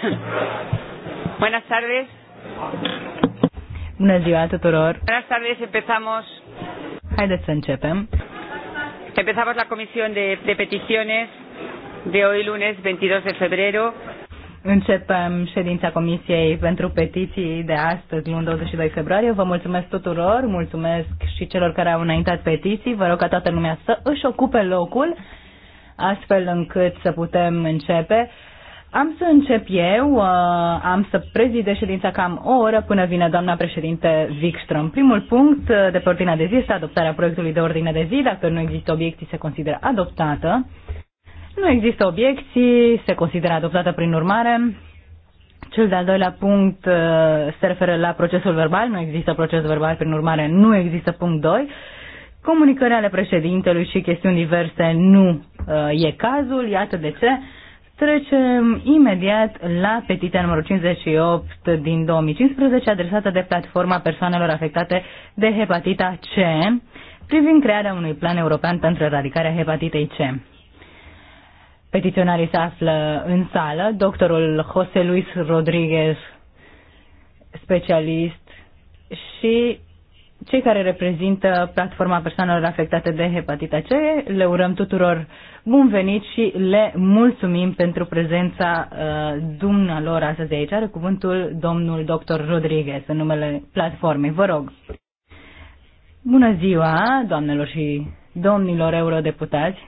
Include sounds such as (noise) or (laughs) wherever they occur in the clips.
(laughs) Buenas tardes. Bună ziua tuturor. Buenas tardes, empezamos. Haideți să începem. Empezamos la comisión de, de peticiones de hoy lunes 22 de febrero. Începem ședința Comisiei pentru Petiții de astăzi, luni 22 februarie. Vă mulțumesc tuturor, mulțumesc și celor care au înaintat petiții. Vă rog ca toată lumea să își ocupe locul astfel încât să putem începe. Am să încep eu, uh, am să de ședința cam o oră până vine doamna președinte Wikström. Primul punct uh, de pe ordinea de zi este adoptarea proiectului de ordine de zi. Dacă nu există obiecții, se consideră adoptată. Nu există obiecții, se consideră adoptată prin urmare. Cel de-al doilea punct uh, se referă la procesul verbal. Nu există proces verbal, prin urmare nu există punct 2. Comunicarea ale președintelui și chestiuni diverse nu uh, e cazul, iată de ce. Trecem imediat la petiția numărul 58 din 2015, adresată de Platforma Persoanelor Afectate de Hepatita C, privind crearea unui plan european pentru eradicarea hepatitei C. Petiționarii se află în sală, doctorul José Luis Rodríguez, specialist, și cei care reprezintă platforma persoanelor afectate de hepatita C. Le urăm tuturor bun venit și le mulțumim pentru prezența uh, dumnealor astăzi aici. Are cuvântul domnul dr. Rodriguez în numele platformei. Vă rog. Bună ziua, doamnelor și domnilor eurodeputați.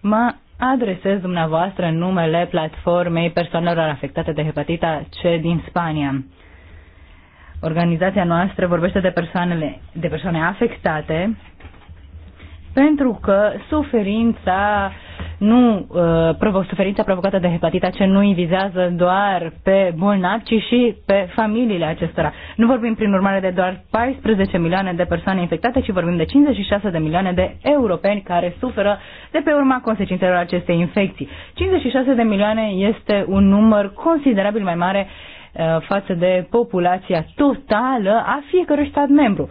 Mă adresez dumneavoastră în numele platformei persoanelor afectate de hepatita C din Spania. Organizația noastră vorbește de, persoanele, de persoane afectate pentru că suferința nu uh, suferința provocată de hepatita C nu îi vizează doar pe bolnavi, ci și pe familiile acestora. Nu vorbim prin urmare de doar 14 milioane de persoane infectate, ci vorbim de 56 de milioane de europeni care suferă de pe urma consecințelor acestei infecții. 56 de milioane este un număr considerabil mai mare Eh, față de populația totală a fiecărui stat membru.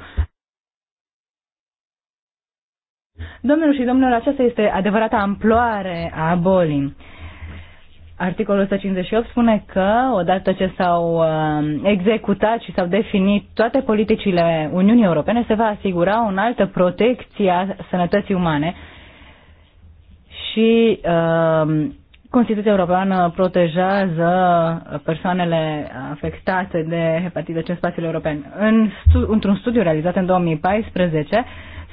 Domnilor și domnilor, aceasta este adevărata amploare a bolii. Articolul 158 spune că odată ce s-au eh, executat și s-au definit toate politicile Uniunii Europene, se va asigura o altă protecție a sănătății umane și uh, Constituția Europeană protejează persoanele afectate de hepatită C în spațiul european. În stu- într-un studiu realizat în 2014,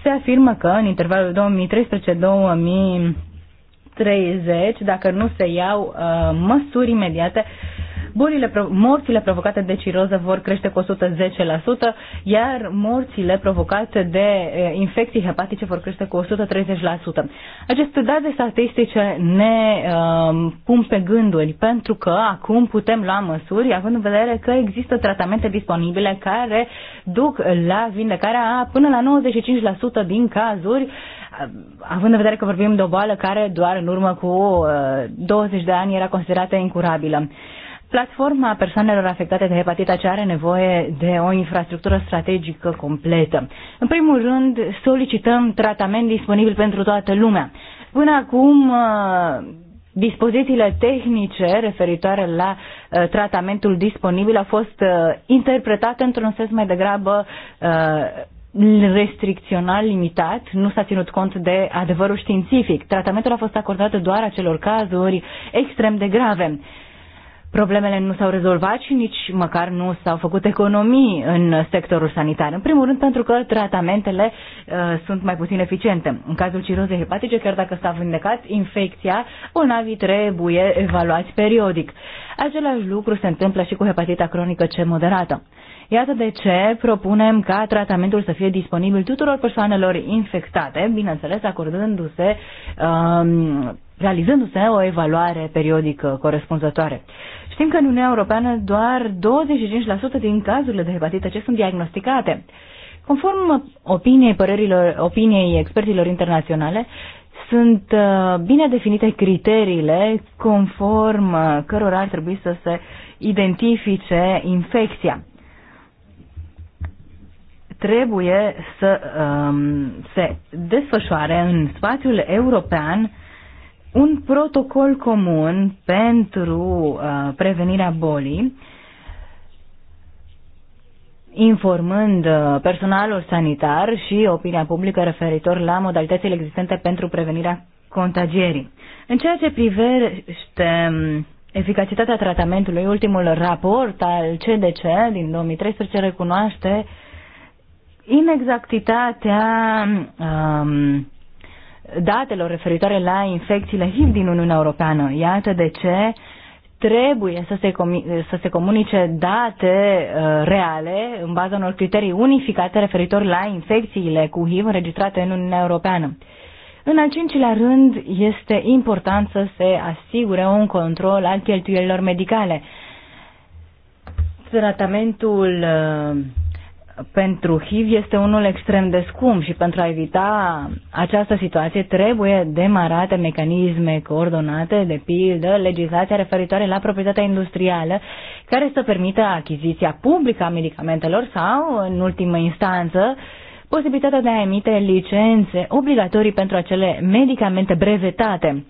se afirmă că în intervalul 2013-2030, dacă nu se iau uh, măsuri imediate, uh, Bolile, morțile provocate de ciroză vor crește cu 110%, iar morțile provocate de infecții hepatice vor crește cu 130%. Aceste date statistice ne uh, pun pe gânduri, pentru că acum putem lua măsuri, având în vedere că există tratamente disponibile care duc la vindecarea până la 95% din cazuri, având în vedere că vorbim de o boală care doar în urmă cu 20 uh, de ani era considerată incurabilă. Platforma persoanelor afectate de hepatita C are nevoie de o infrastructură strategică completă. În primul rând, solicităm tratament disponibil pentru toată lumea. Până acum, uh, dispozițiile tehnice referitoare la uh, tratamentul disponibil au fost uh, interpretate într-un sens mai degrabă restricțional limitat, nu s-a ținut cont de adevărul științific. Tratamentul a fost acordat doar acelor cazuri extrem de grave problemele nu s-au rezolvat și nici măcar nu s-au făcut economii în sectorul sanitar. În primul rând pentru că tratamentele uh, sunt mai puțin eficiente. În cazul cirozei hepatice, chiar dacă s-a vindecat infecția, bolnavii trebuie evaluați periodic. Același lucru se întâmplă și cu hepatita cronică C moderată. Iată de ce propunem ca tratamentul să fie disponibil tuturor persoanelor infectate, bineînțeles acordându-se uh, realizându-se o evaluare periodică corespunzătoare. Știm că în Uniunea Europeană doar 25% din cazurile de hepatită C sunt diagnosticate. Conform opiniei, părerilor, opiniei experților internaționale, sunt uh, bine definite criteriile conform uh, cărora ar trebui să se identifice infecția. Trebuie să um, se desfășoare în spațiul european un protocol comun pentru uh, prevenirea bolii, informând uh, personalul sanitar și opinia publică referitor la modalitățile existente pentru prevenirea contagierii. În ceea ce privește um, eficacitatea tratamentului, ultimul raport al CDC din 2013 recunoaște inexactitatea um, datelor referitoare la infecțiile HIV din Uniunea Europeană. Iată de ce trebuie să se, să se comunice date uh, reale în baza unor criterii unificate referitor la infecțiile cu HIV înregistrate în Uniunea Europeană. În al cincilea rând, este important să se asigure un control al cheltuielilor medicale. Tratamentul uh, pentru HIV este unul extrem de scump și pentru a evita această situație trebuie demarate mecanisme coordonate, de pildă, legislația referitoare la proprietatea industrială, care să permită achiziția publică a medicamentelor sau, în ultimă instanță, posibilitatea de a emite licențe obligatorii pentru acele medicamente brevetate.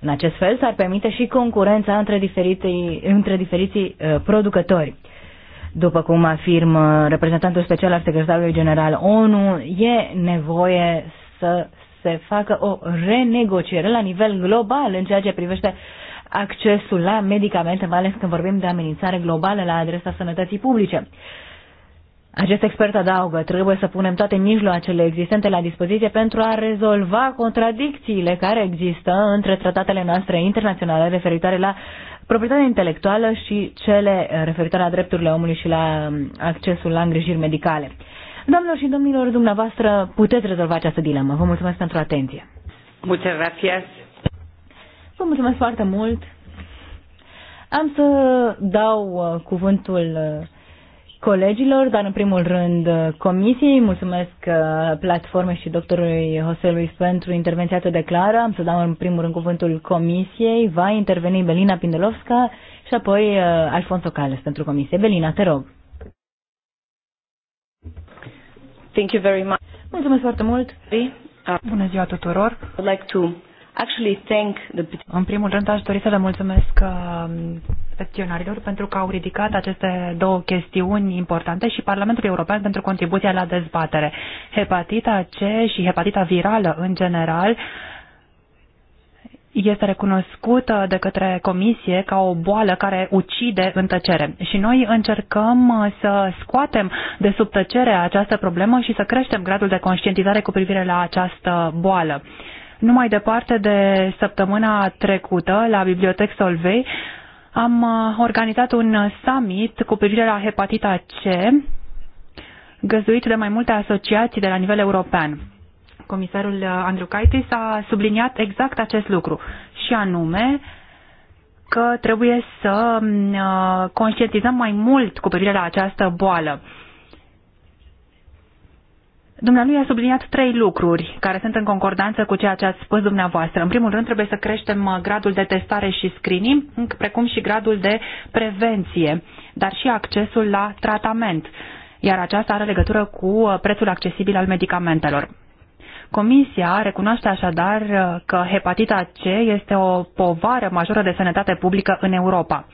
În acest fel s-ar permite și concurența între, diferiții, între diferiții uh, producători. După cum afirmă reprezentantul special al secretarului general ONU, e nevoie să se facă o renegociere la nivel global în ceea ce privește accesul la medicamente, mai ales când vorbim de amenințare globală la adresa sănătății publice. Acest expert adaugă, trebuie să punem toate mijloacele existente la dispoziție pentru a rezolva contradicțiile care există între tratatele noastre internaționale referitoare la proprietatea intelectuală și cele referitoare la drepturile omului și la um, accesul la îngrijiri medicale. Doamnelor și domnilor, dumneavoastră puteți rezolva această dilemă. Vă mulțumesc pentru atenție. Mulțumesc. gracias. Vă mulțumesc foarte mult. Am să dau uh, cuvântul uh, colegilor, dar în primul rând uh, comisiei. Mulțumesc uh, platformei și doctorului Luis pentru intervenția atât de clară. Am să dau în primul rând cuvântul comisiei. Va interveni Belina Pindelovska și apoi uh, Alfonso Cales pentru comisie. Belina, te rog. Thank you very much. Mulțumesc foarte mult. Bună ziua tuturor. I'd like to actually thank the... În primul rând aș dori să le mulțumesc uh, petiționarilor pentru că au ridicat aceste două chestiuni importante și Parlamentul European pentru contribuția la dezbatere. Hepatita C și hepatita virală în general este recunoscută de către comisie ca o boală care ucide în tăcere. Și noi încercăm uh, să scoatem de sub tăcere această problemă și să creștem gradul de conștientizare cu privire la această boală. Nu mai departe de săptămâna trecută, la Bibliotec Solvei, am uh, organizat un summit cu privire la hepatita C, găzuit de mai multe asociații de la nivel european. Comisarul uh, Kaitis a subliniat exact acest lucru și anume că trebuie să mm, uh, conștientizăm mai mult cu privire la această boală. Dumnealui a subliniat trei lucruri care sunt în concordanță cu ceea ce ați spus dumneavoastră. În primul rând, trebuie să creștem uh, gradul de testare și screening, precum și gradul de prevenție, dar și accesul la tratament, iar aceasta are legătură cu uh, prețul accesibil al medicamentelor. Comisia recunoaște așadar uh, că hepatita C este o povară majoră de sănătate publică în Europa.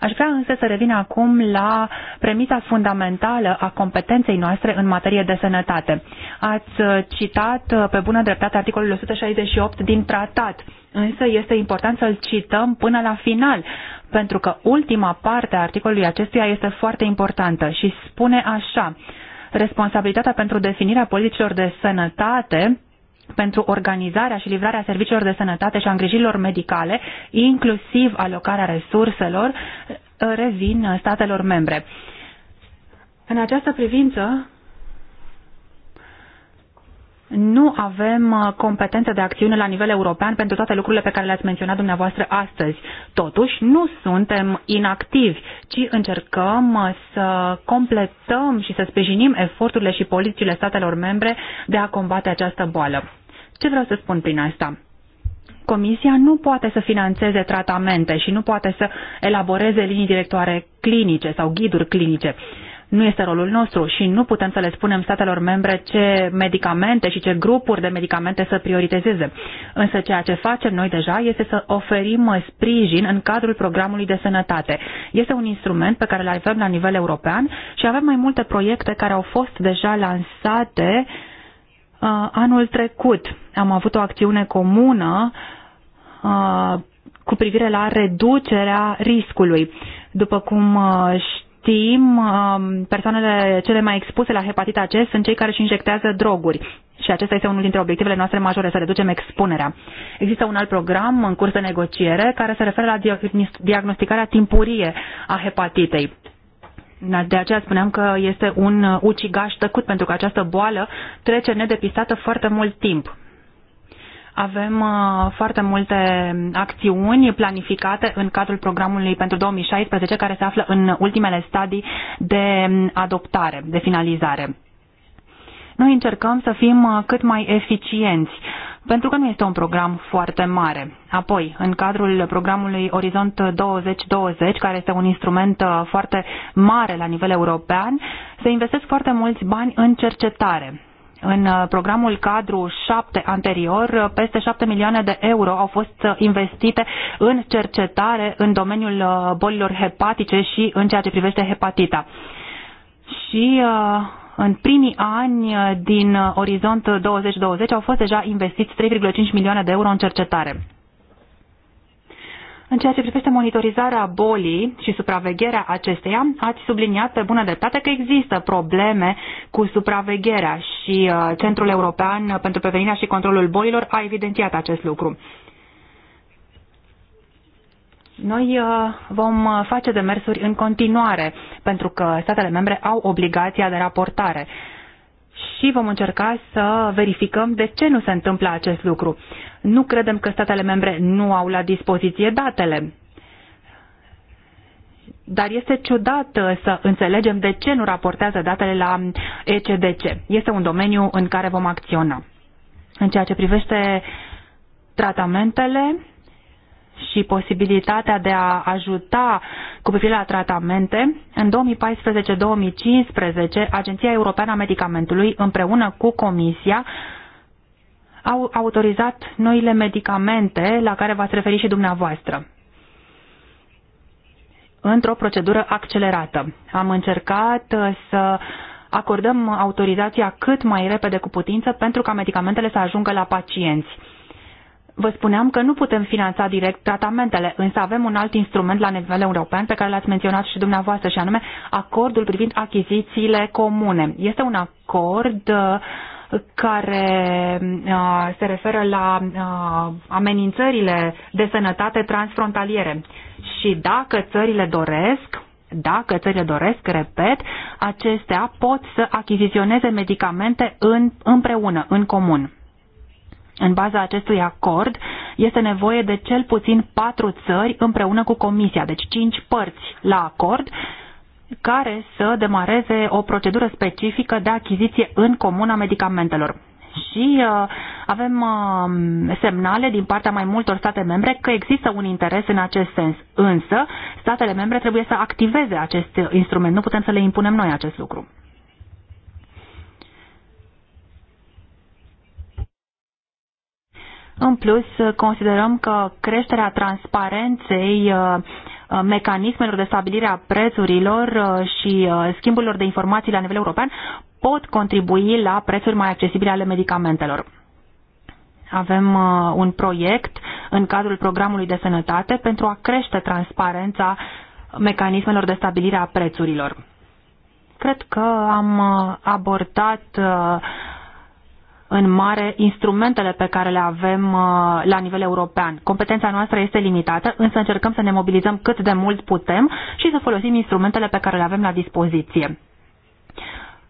Aș vrea însă să revin acum la premisa fundamentală a competenței noastre în materie de sănătate. Ați uh, citat uh, pe bună dreptate articolul 168 din tratat, însă este important să-l cităm până la final, pentru că ultima parte a articolului acestuia este foarte importantă și spune așa responsabilitatea pentru definirea politicilor de sănătate pentru organizarea și livrarea serviciilor de sănătate și a îngrijirilor medicale, inclusiv alocarea resurselor, eh, revin eh, statelor membre. În această privință, nu avem eh, competență de acțiune la nivel european pentru toate lucrurile pe care le-ați menționat dumneavoastră astăzi. Totuși, nu suntem inactivi, ci încercăm să completăm și să sprijinim eforturile și politicile statelor membre de a combate această boală. Ce vreau să spun prin asta? Comisia nu poate să financeze tratamente și nu poate să elaboreze linii directoare clinice sau ghiduri clinice. Nu este rolul nostru și nu putem să le spunem statelor membre ce medicamente și ce grupuri de medicamente să prioritizeze. Însă ceea ce facem noi deja este să oferim sprijin în cadrul programului de sănătate. Este un instrument pe care îl avem la nivel european și avem mai multe proiecte care au fost deja lansate uh, Uh, anul trecut am avut o acțiune comună uh, cu privire la reducerea riscului. După cum uh, știm, persoanele cele mai expuse la hepatita C sunt cei care își injectează droguri. Și acesta este unul dintre obiectivele noastre majore, să reducem expunerea. Există un alt program în curs de negociere care se referă la diagnosticarea timpurie a hepatitei de aceea spuneam că este un ucigaș tăcut, pentru că această boală trece nedepistată foarte mult timp. Avem uh, foarte multe acțiuni planificate în cadrul programului pentru 2016, care se află în ultimele stadii de um, adoptare, de finalizare. Noi încercăm să fim uh, cât mai eficienți pentru că nu este un program foarte mare. Apoi, în cadrul programului Orizont 2020, care este un instrument uh, foarte mare la nivel european, se investesc foarte mulți bani în cercetare. În uh, programul cadru 7 anterior, uh, peste 7 milioane de euro au fost investite în cercetare în domeniul bolilor hepatice și în ceea ce privește hepatita. Și uh, în primii ani uh, din uh, Orizont 2020 au fost deja investiți 3,5 milioane de euro în cercetare. În ceea ce privește monitorizarea bolii și supravegherea acesteia, ați subliniat pe bună dreptate că există probleme cu supravegherea și uh, Centrul European pentru Prevenirea și Controlul Bolilor a evidențiat acest lucru. Noi uh, vom uh, face demersuri în continuare, pentru că statele membre au obligația de raportare și vom încerca să verificăm de ce nu se întâmplă acest lucru. Nu credem că statele membre nu au la dispoziție datele. Dar este ciudat uh, să înțelegem de ce nu raportează datele la ECDC. Este un domeniu în care vom acționa. În ceea ce privește tratamentele, și posibilitatea de a ajuta cu privire la tratamente, în 2014-2015, Agenția Europeană a Medicamentului, împreună cu Comisia, au autorizat noile medicamente la care v-ați referit și dumneavoastră într-o procedură accelerată. Am încercat uh, să acordăm autorizația cât mai repede cu putință pentru ca medicamentele să ajungă la pacienți. Vă spuneam că nu putem finanța direct tratamentele, însă avem un alt instrument la nivel european pe care l-ați menționat și dumneavoastră, și anume acordul privind achizițiile comune. Este un acord uh, care uh, se referă la uh, amenințările de sănătate transfrontaliere. Și dacă țările doresc, dacă țările doresc, repet, acestea pot să achiziționeze medicamente în, împreună, în comun. În baza acestui acord este nevoie de cel puțin patru țări împreună cu Comisia, deci cinci părți la acord, care să demareze o procedură specifică de achiziție în comun a medicamentelor. Și uh, avem uh, semnale din partea mai multor state membre că există un interes în acest sens. Însă, statele membre trebuie să activeze acest instrument. Nu putem să le impunem noi acest lucru. În plus, considerăm că creșterea transparenței uh, uh, mecanismelor de stabilire a prețurilor uh, și schimburilor de informații la nivel european pot contribui la prețuri mai accesibile ale medicamentelor. Avem un proiect în cadrul programului de sănătate pentru a crește transparența mecanismelor de stabilire a prețurilor. Cred că am abordat în mare instrumentele pe care le avem uh, la nivel european. Competența noastră este limitată, însă încercăm să ne mobilizăm cât de mult putem și să folosim instrumentele pe care le avem la dispoziție.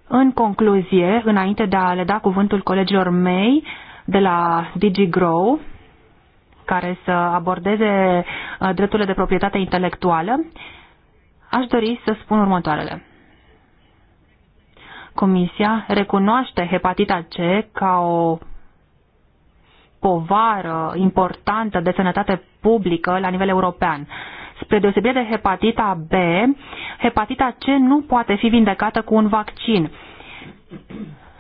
În concluzie, înainte de a le da cuvântul colegilor mei de la DigiGrow, care să abordeze uh, drepturile de proprietate intelectuală, aș dori să spun următoarele. Comisia recunoaște hepatita C ca o povară importantă de sănătate publică la nivel european. Spre deosebire de hepatita B, hepatita C nu poate fi vindecată cu un vaccin.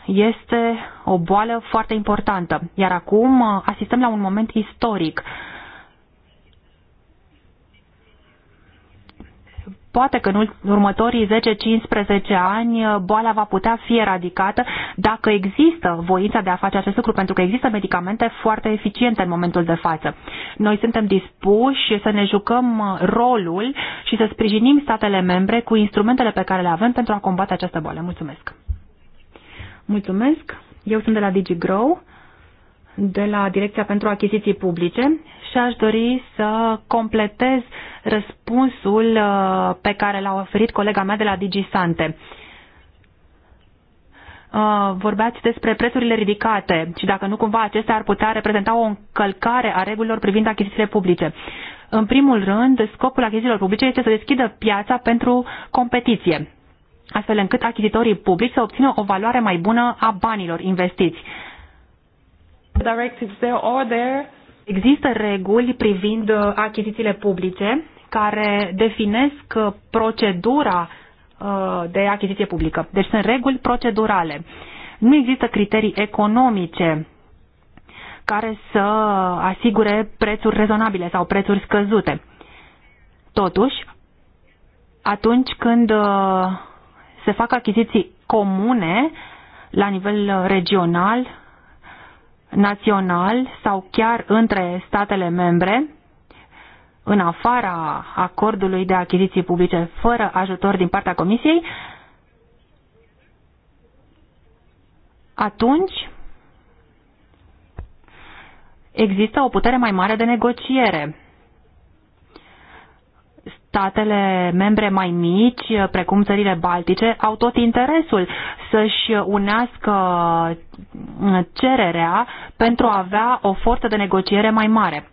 Este o boală foarte importantă. Iar acum asistăm la un moment istoric poate că în următorii 10-15 ani uh, boala va putea fi eradicată dacă există voința de a face acest lucru, pentru că există medicamente foarte eficiente în momentul de față. Noi suntem dispuși să ne jucăm uh, rolul și să sprijinim statele membre cu instrumentele pe care le avem pentru a combate această boală. Mulțumesc! Mulțumesc! Eu sunt de la DigiGrow, de la Direcția pentru Achiziții Publice și aș dori să completez uh, răspunsul uh, pe care l-a oferit colega mea de la DigiSante. Uh, vorbeați despre prețurile ridicate și dacă nu cumva acestea ar putea reprezenta o încălcare a regulilor privind achizițiile publice. În primul rând, scopul achizițiilor publice este să deschidă piața pentru competiție, astfel încât achizitorii publici să obțină o valoare mai bună a banilor investiți. Directives there there Există reguli privind uh, achizițiile publice care definesc uh, procedura uh, de achiziție publică. Deci sunt reguli procedurale. Nu există criterii economice care să asigure prețuri rezonabile sau prețuri scăzute. Totuși, atunci când se fac achiziții comune la nivel regional, național sau chiar între statele membre, în afara acordului de achiziții publice fără ajutor din partea Comisiei, atunci există o putere mai mare de negociere statele membre mai mici, precum țările baltice, au tot interesul să-și unească uh, cererea pentru a avea o forță de negociere mai mare.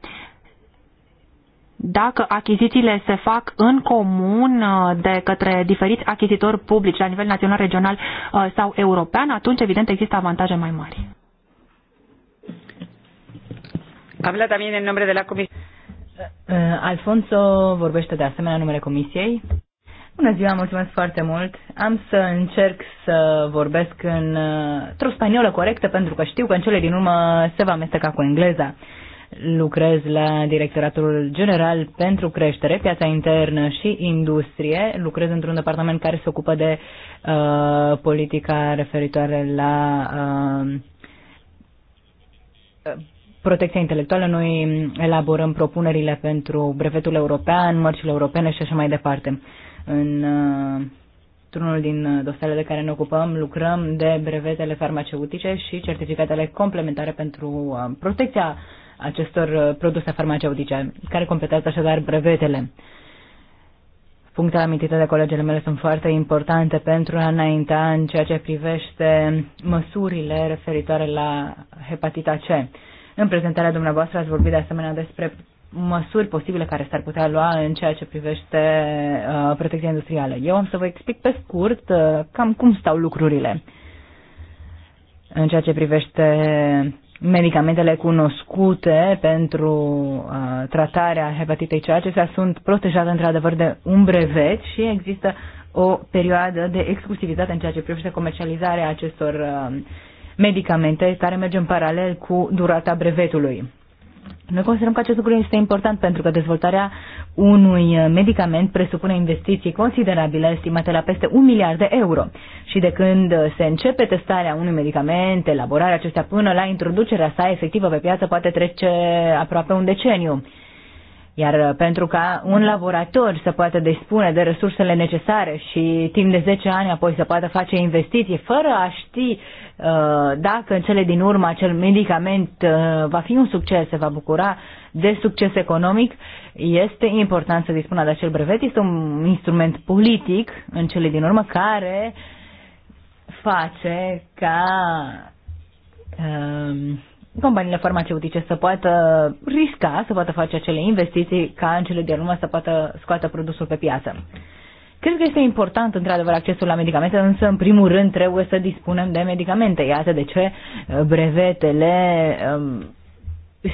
Dacă achizițiile se fac în comun uh, de către diferiți achizitori publici la nivel național, regional uh, sau european, atunci evident există avantaje mai mari. Habla también en nombre de la Comisión. Eh, Alfonso vorbește de asemenea numele comisiei. Bună ziua, mulțumesc foarte mult. Am să încerc să vorbesc în, eh, într-o spaniolă corectă, pentru că știu că în cele din urmă se va amesteca cu engleza. Lucrez la Directoratul General pentru Creștere, Piața Internă și Industrie. Lucrez într-un departament care se ocupă de uh, politica referitoare la uh, protecția intelectuală, noi elaborăm propunerile pentru brevetul european, mărcile europene și așa mai departe. În uh, unul din uh, dosarele de care ne ocupăm, lucrăm de brevetele farmaceutice și certificatele complementare pentru uh, protecția acestor produse farmaceutice, care completează așadar brevetele. Punctele amintite de colegele mele sunt foarte importante pentru a înainta în ceea ce privește măsurile referitoare la hepatita C. În prezentarea dumneavoastră ați vorbit de asemenea despre măsuri posibile care s-ar putea lua în ceea ce privește uh, protecția industrială. Eu am să vă explic pe scurt uh, cam cum stau lucrurile în ceea ce privește medicamentele cunoscute pentru uh, tratarea hepatitei C. Acestea sunt protejate într-adevăr de un brevet și există o perioadă de exclusivitate în ceea ce privește comercializarea acestor uh, medicamente care merge în paralel cu durata brevetului. Noi considerăm că acest lucru este important pentru că dezvoltarea unui medicament presupune investiții considerabile, estimate la peste un miliard de euro. Și de când se începe testarea unui medicament, elaborarea acestea până la introducerea sa efectivă pe piață poate trece aproape un deceniu. Iar uh, pentru ca un laborator să poată dispune de resursele necesare și timp de 10 ani apoi să poată face investiții fără a ști uh, dacă în cele din urmă acel medicament uh, va fi un succes, se va bucura de succes economic, este important să dispună de acel brevet. Este un instrument politic în cele din urmă care face ca uh, companiile farmaceutice să poată risca, să poată face acele investiții ca în cele din urmă să poată scoate produsul pe piață. Cred că este important, într-adevăr, accesul la medicamente, însă, în primul rând, trebuie să dispunem de medicamente. Iată de ce uh, brevetele um,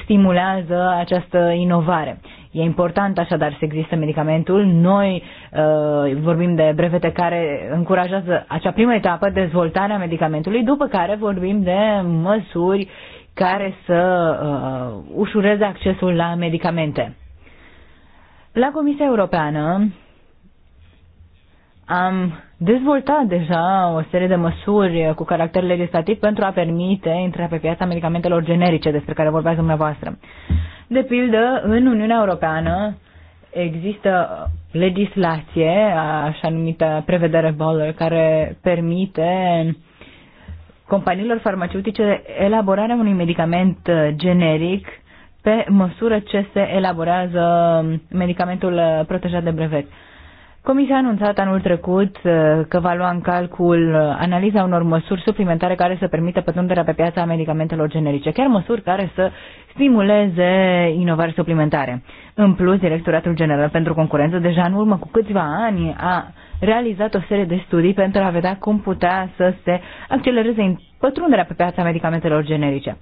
stimulează această inovare. E important, așadar, să existe medicamentul. Noi uh, vorbim de brevete care încurajează acea primă etapă, dezvoltarea medicamentului, după care vorbim de măsuri care să uh, ușureze accesul la medicamente. La Comisia Europeană am dezvoltat deja o serie de măsuri cu caracter legislativ pentru a permite intrarea pe piața medicamentelor generice despre care vorbeați dumneavoastră. De pildă, în Uniunea Europeană există legislație, așa numită prevedere Boller, care permite companiilor farmaceutice elaborarea unui medicament uh, generic pe măsură ce se elaborează medicamentul uh, protejat de brevet. Comisia a anunțat anul trecut uh, că va lua în calcul analiza unor măsuri suplimentare care să permită pătrunderea pe piața a medicamentelor generice, chiar măsuri care să stimuleze inovare suplimentare. În plus, Directoratul General pentru Concurență deja în urmă cu câțiva ani a realizat o serie de studii pentru a vedea cum putea să se accelereze pătrunderea pe piața medicamentelor generice.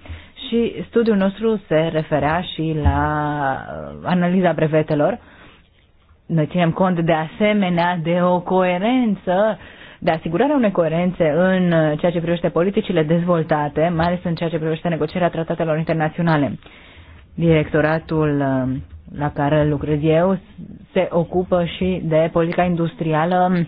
Și studiul nostru se referea și la uh, analiza brevetelor. Noi ținem cont de asemenea de o coerență de asigurarea unei coerențe în ceea ce privește politicile dezvoltate, mai ales în ceea ce privește negocierea tratatelor internaționale. Directoratul uh, la care lucrez eu se ocupă și de politica industrială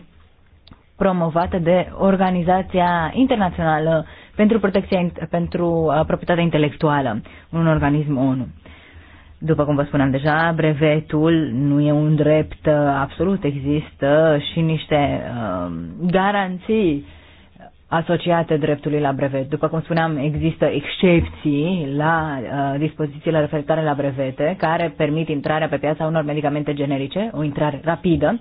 promovată de Organizația Internațională pentru Protecție pentru uh, Proprietatea Intelectuală, un organism ONU. După cum vă spuneam deja, brevetul nu e un drept uh, absolut, există și niște uh, garanții uh, asociate dreptului la brevet. După cum spuneam, există excepții la uh, dispozițiile referitoare la brevete care permit intrarea pe piața unor medicamente generice, o intrare rapidă,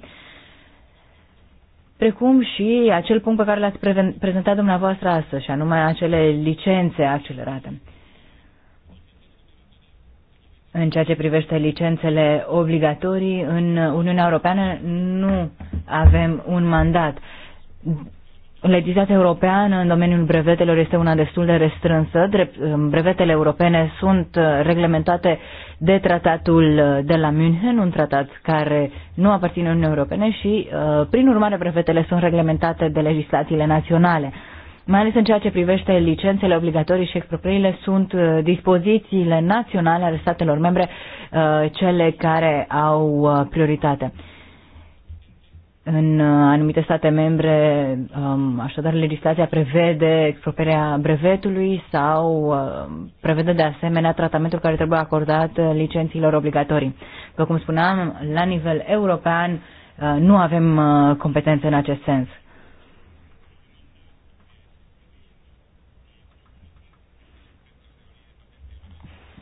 precum și acel punct pe care l-ați prezentat dumneavoastră astăzi, și anume acele licențe accelerate. În ceea ce privește licențele obligatorii, în Uniunea Europeană nu avem un mandat legislația europeană în domeniul brevetelor este una destul de restrânsă. Um, brevetele europene sunt uh, reglementate de tratatul uh, de la München, un tratat care nu aparține Uniunii Europene și, uh, prin urmare, brevetele sunt reglementate de legislațiile naționale. Mai ales în ceea ce privește licențele obligatorii și expropriile, sunt dispozițiile naționale ale statelor membre cele care au prioritate. În uh, anumite state membre, um, așadar, legislația prevede exproprierea brevetului sau uh, prevede de asemenea tratamentul care trebuie acordat uh, licențiilor obligatorii. După cum spuneam, la nivel european nu avem competențe în acest sens.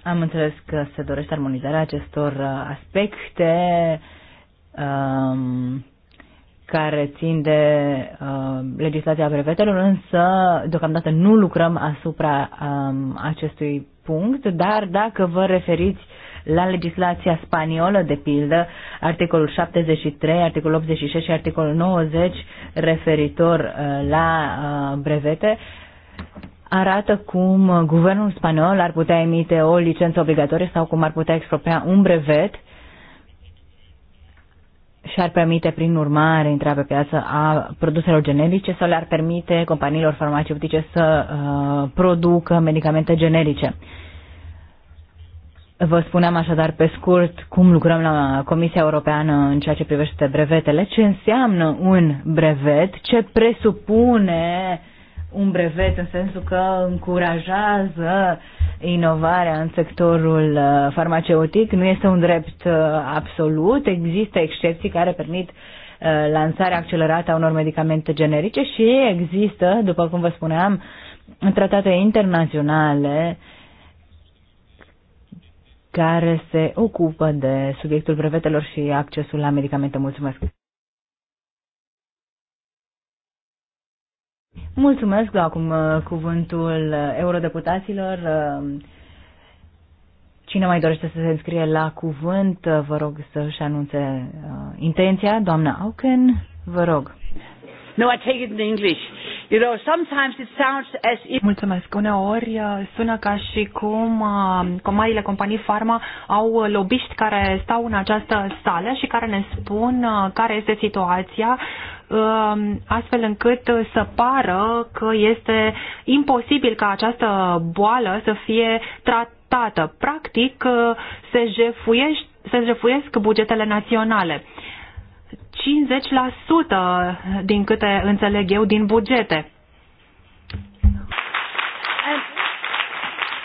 Am înțeles că se dorește armonizarea acestor aspecte. Um, care țin de uh, legislația brevetelor, însă deocamdată nu lucrăm asupra um, acestui punct, dar dacă vă referiți la legislația spaniolă, de pildă, articolul 73, articolul 86 și articolul 90 referitor uh, la uh, brevete, arată cum guvernul spaniol ar putea emite o licență obligatorie sau cum ar putea expropria un brevet uh, și-ar permite, prin urmare, intra pe piață a produselor generice sau le-ar permite companiilor farmaceutice să uh, producă medicamente generice. Vă spuneam așadar pe scurt cum lucrăm la Comisia Europeană în ceea ce privește brevetele, ce înseamnă un brevet, ce presupune un brevet în sensul că încurajează inovarea în sectorul uh, farmaceutic. Nu este un drept uh, absolut. Există excepții care permit uh, lansarea accelerată a unor medicamente generice și există, după cum vă spuneam, tratate internaționale care se ocupă de subiectul brevetelor și accesul la medicamente. Mulțumesc! Mulțumesc, La acum uh, cuvântul uh, eurodeputaților. Uh, cine mai dorește să se înscrie la cuvânt, vă rog să-și anunțe intenția. Doamna Auken, vă rog. No, I take it in English. You know, sometimes it sounds as if... Mulțumesc. Uneori uh, sună ca și cum uh, marile companii farma au uh, lobiști care stau în această sală și care ne spun care este situația um, astfel încât să pară că este imposibil ca această boală să fie tratată. Practic, se jefuiesc, se jefuiesc bugetele naționale. 50% din câte înțeleg eu din bugete. And,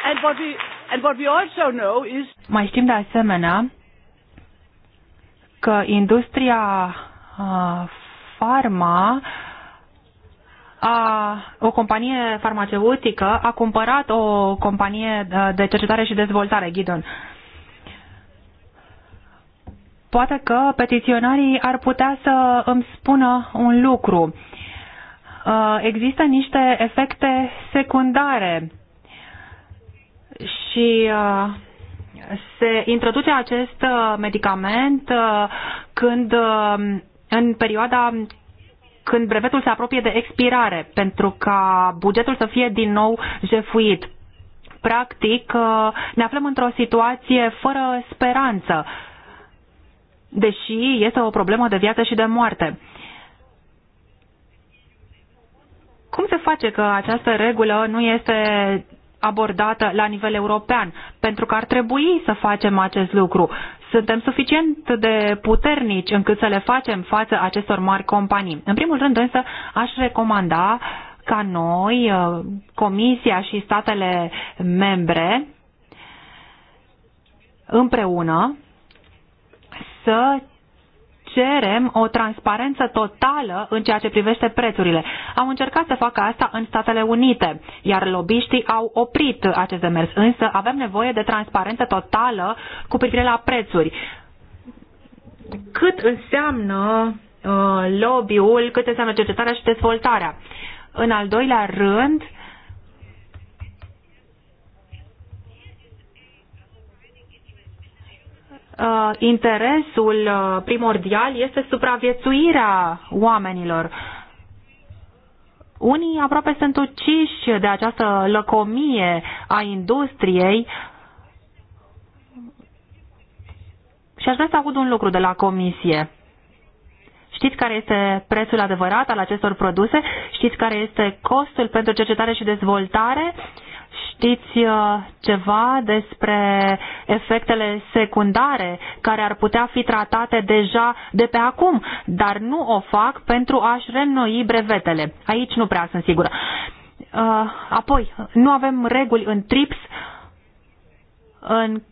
and what we, and what we also know is... Mai știm de asemenea că industria uh, farma a, o companie farmaceutică a cumpărat o companie uh, de cercetare și dezvoltare, Ghidon. Uh, Poate că petiționarii ar putea să îmi spună un lucru. Uh, există niște efecte secundare și uh, se introduce acest uh, medicament când în perioada când brevetul se apropie de expirare pentru ca bugetul să fie din nou jefuit. Practic, ne aflăm într-o situație fără speranță deși este o problemă de viață și de moarte. Cum se face că această regulă nu este abordată la nivel european? Pentru că ar trebui să facem acest lucru. Suntem suficient de puternici încât să le facem față acestor mari companii. În primul rând, însă, aș recomanda ca noi, uh, Comisia și statele membre, împreună, să cerem o transparență totală în ceea ce privește prețurile. Au încercat să facă asta în Statele Unite, iar lobiștii au oprit acest demers. Însă avem nevoie de transparență totală cu privire la prețuri. Cât înseamnă uh, lobby-ul, cât înseamnă cercetarea și dezvoltarea. În al doilea rând, uh, Uh, interesul uh, primordial este supraviețuirea oamenilor. Unii aproape sunt uciși de această lăcomie a industriei și aș vrea să aud un lucru de la comisie. Știți care este prețul adevărat al acestor produse? Știți care este costul pentru cercetare și dezvoltare? Uh, știți uh, ceva despre efectele secundare care ar putea fi tratate deja de pe acum, dar nu o fac pentru a-și reînnoi brevetele. Aici nu prea sunt sigură. Uh, apoi, nu avem reguli în TRIPS în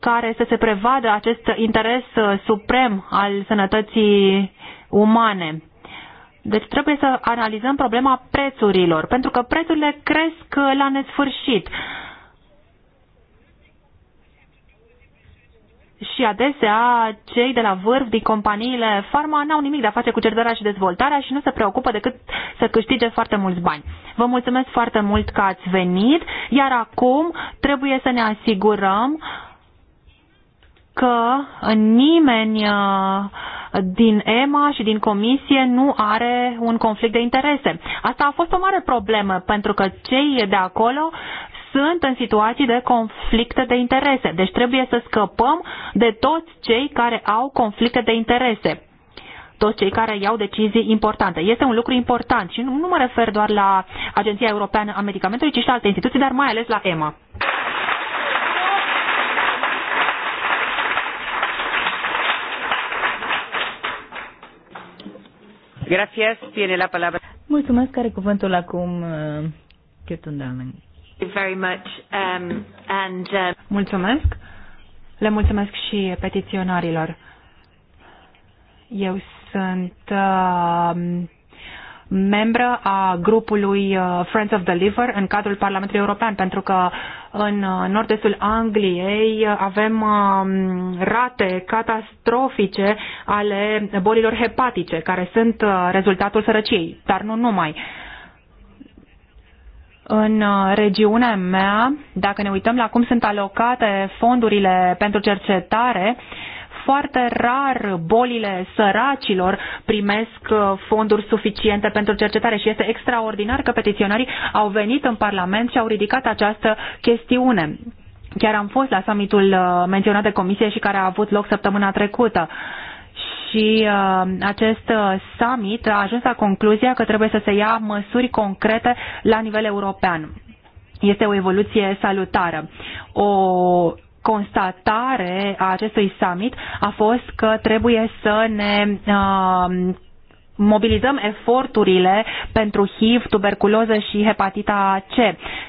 care să se prevadă acest interes uh, suprem al sănătății umane deci trebuie să analizăm problema prețurilor, pentru că prețurile cresc la nesfârșit. Și adesea cei de la vârf din companiile farma n-au nimic de a face cu cercetarea și dezvoltarea și nu se preocupă decât să câștige foarte mulți bani. Vă mulțumesc foarte mult că ați venit, iar acum trebuie să ne asigurăm uh, că nimeni uh, din EMA și din Comisie nu are un conflict de interese. Asta a fost o mare problemă, pentru că cei de acolo sunt în situații de conflicte de interese. Deci trebuie să scăpăm de toți cei care au conflicte de interese toți cei care iau decizii importante. Este un lucru important și nu, mă refer doar la Agenția Europeană a Medicamentului, ci și la alte instituții, dar mai ales la EMA. Gracias, tiene la palabra. Mulțumesc, care cuvântul acum, uh, Chetun Dalman. Very much, um, and, uh, Mulțumesc. Le mulțumesc și petiționarilor. Eu sunt uh, membră a grupului uh, Friends of the Liver în cadrul Parlamentului European, pentru că în uh, nord-estul Angliei avem um, rate catastrofice ale bolilor hepatice, care sunt uh, rezultatul sărăciei, dar nu numai. În regiunea mea, dacă ne uităm la cum sunt alocate fondurile pentru cercetare, uh, foarte rar bolile săracilor primesc uh, fonduri suficiente pentru cercetare și este extraordinar că petiționarii au venit în Parlament și au ridicat această chestiune. Chiar am fost la summitul uh, menționat de comisie și care a avut loc săptămâna trecută și uh, acest uh, summit a ajuns la concluzia că trebuie să se ia măsuri concrete la nivel european. Este o evoluție salutară. O constatare a acestui summit a fost că trebuie să ne uh, mobilizăm eforturile pentru HIV, tuberculoză și hepatita C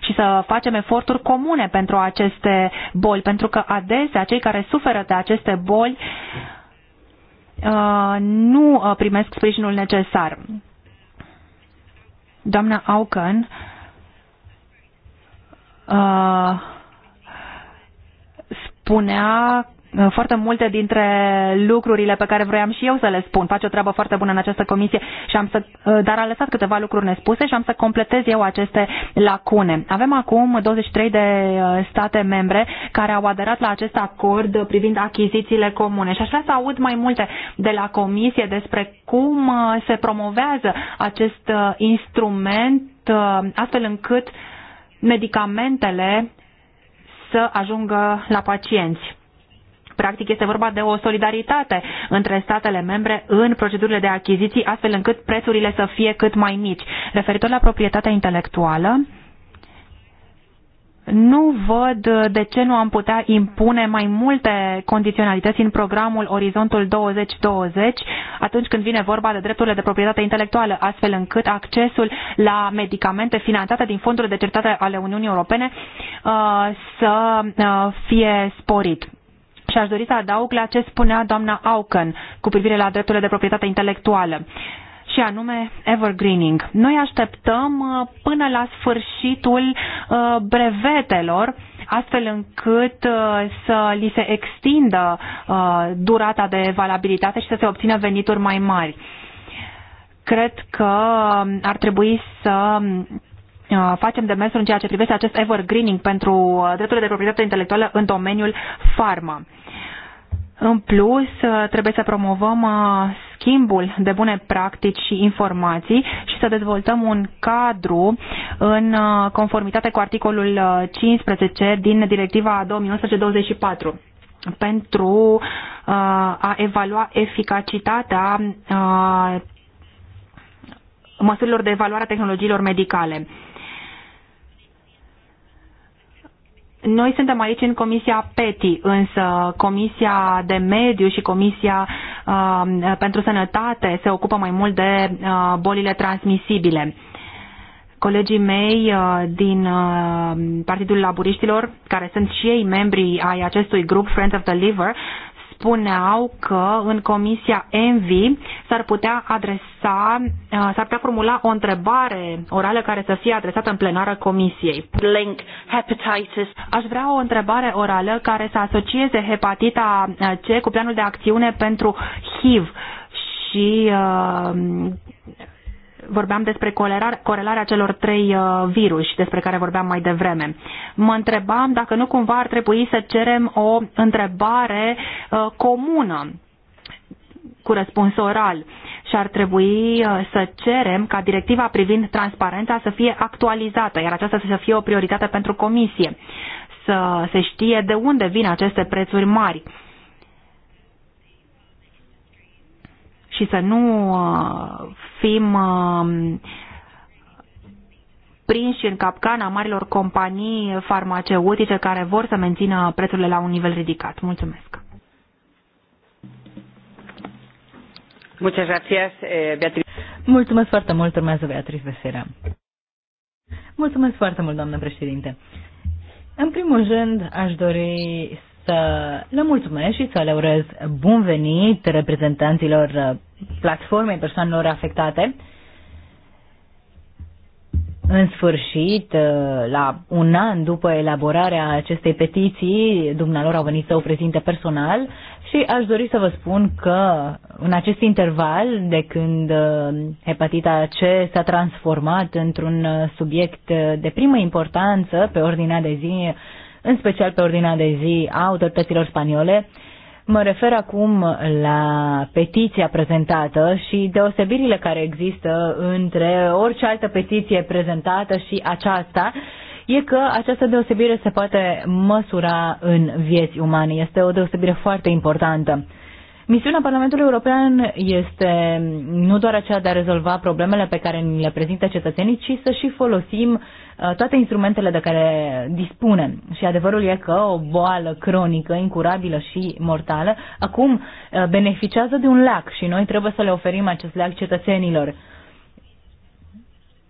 și să facem eforturi comune pentru aceste boli, pentru că adesea cei care suferă de aceste boli uh, nu uh, primesc sprijinul necesar. Doamna Auken, uh, spunea uh, foarte multe dintre lucrurile pe care vroiam și eu să le spun. Face o treabă foarte bună în această comisie, și am să, uh, dar a lăsat câteva lucruri nespuse și am să completez eu aceste lacune. Avem acum 23 de uh, state membre care au aderat la acest acord privind achizițiile comune și aș vrea să aud mai multe de la comisie despre cum se promovează acest instrument astfel încât medicamentele să ajungă la pacienți. Practic este vorba de o solidaritate între statele membre în procedurile de achiziții, astfel încât prețurile să fie cât mai mici. Referitor la proprietatea intelectuală, nu văd uh, de ce nu am putea impune mai multe condiționalități în programul Orizontul 2020 atunci când vine vorba de drepturile de proprietate intelectuală, astfel încât accesul la medicamente finanțate din fondurile de certate ale Uniunii Europene uh, să uh, fie sporit. Și aș dori să adaug la ce spunea doamna Auken cu privire la drepturile de proprietate intelectuală. Uh, și anume evergreening. Noi așteptăm uh, până la sfârșitul uh, brevetelor astfel încât uh, să li se extindă durata de valabilitate și să se obțină venituri mai mari. Cred că um, ar trebui să um, facem demersul în ceea ce privește acest evergreening pentru drepturile de proprietate intelectuală în domeniul farma. În plus, trebuie să promovăm uh, schimbul de bune practici și informații și să dezvoltăm un cadru în uh, conformitate cu articolul 15 uh, din Directiva 2024 pentru a evalua eficacitatea măsurilor de evaluare a tehnologiilor medicale. Noi suntem aici în Comisia PETI, însă Comisia de Mediu și Comisia uh, pentru Sănătate se ocupă mai mult de uh, bolile transmisibile. Colegii mei uh, din uh, Partidul Laburiștilor, care sunt și ei membri ai acestui grup Friends of the Liver, spuneau că în comisia ENVI s-ar putea adresa, uh, s-ar putea formula o întrebare orală care să fie adresată în plenară comisiei. Link hepatitis. Aș vrea o întrebare orală care să asocieze hepatita uh, C cu planul de acțiune pentru HIV și uh, vorbeam despre corelarea celor trei uh, virus despre care vorbeam mai devreme. Mă întrebam dacă nu cumva ar trebui să cerem o întrebare uh, comună cu răspuns oral și ar trebui uh, să cerem ca directiva privind transparența să fie actualizată, iar aceasta să fie o prioritate pentru comisie, să se știe de unde vin aceste prețuri mari și să nu uh, fim uh, prinși în capcana marilor companii farmaceutice care vor să mențină prețurile la un nivel ridicat. Mulțumesc! Eh, Mulțumesc foarte mult, urmează Beatriz Vesera. Mulțumesc foarte mult, doamnă președinte. În primul rând, aș dori să le mulțumesc și să le urez bun venit reprezentanților uh, platformei persoanelor afectate. În sfârșit, uh, la un an după elaborarea acestei petiții, dumnealor au venit să o prezinte personal și aș dori să vă spun că în acest interval, de când uh, hepatita C s-a transformat într-un subiect de primă importanță pe ordinea de zi în special pe ordinea de zi a autorităților spaniole. Mă refer acum la petiția prezentată și deosebirile care există între orice altă petiție prezentată și aceasta, e că această deosebire se poate măsura în vieți umane. Este o deosebire foarte importantă. Misiunea Parlamentului European este nu doar aceea de a rezolva problemele pe care ni le prezintă cetățenii, ci să și folosim uh, toate instrumentele de care dispunem. Și adevărul e că o boală cronică, incurabilă și mortală, acum uh, beneficiază de un lac și noi trebuie să le oferim acest lac cetățenilor.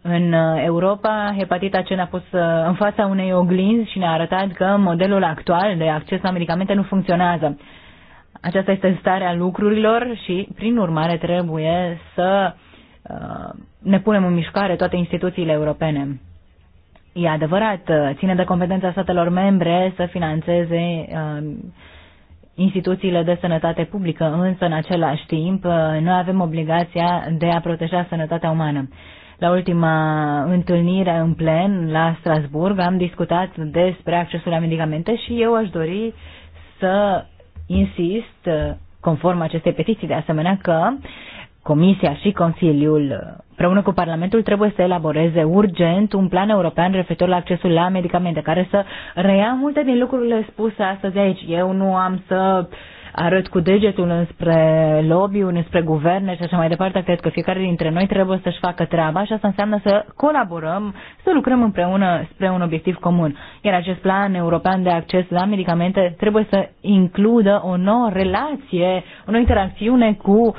În uh, Europa, hepatita C ne-a pus în fața unei oglinzi și ne-a arătat că modelul actual de acces la medicamente nu funcționează aceasta este starea lucrurilor și, prin urmare, trebuie să uh, ne punem în mișcare toate instituțiile europene. E adevărat, uh, ține de competența statelor membre să financeze uh, instituțiile de sănătate publică, însă în același timp noi avem obligația de a proteja sănătatea umană. La ultima întâlnire în plen la Strasburg am discutat despre accesul la medicamente și eu aș dori să Insist, uh, conform acestei petiții, de asemenea că Comisia și Consiliul, uh, împreună cu Parlamentul, trebuie să elaboreze urgent un plan european referitor la accesul la medicamente, care să reia multe din lucrurile spuse astăzi aici. Eu nu am să uh, arăt cu degetul înspre lobby înspre guverne și așa mai departe. Cred că fiecare dintre noi trebuie să-și facă treaba și asta înseamnă să colaborăm, să lucrăm împreună spre un obiectiv comun. Iar acest plan european de acces la medicamente trebuie să includă o nouă relație, o nouă interacțiune cu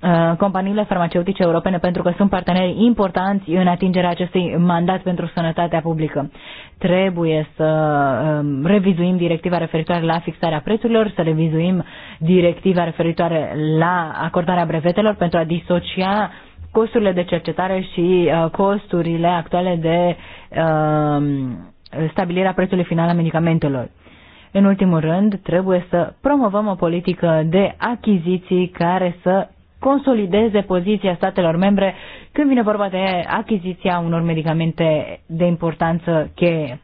Uh, companiile farmaceutice europene pentru că sunt parteneri importanți în atingerea acestui mandat pentru sănătatea publică. Trebuie să um, revizuim directiva referitoare la fixarea prețurilor, să revizuim directiva referitoare la acordarea brevetelor pentru a disocia costurile de cercetare și uh, costurile actuale de um, stabilirea prețului final a medicamentelor. În ultimul rând, trebuie să promovăm o politică de achiziții care să consolideze poziția statelor membre când vine vorba de achiziția unor medicamente de importanță cheie.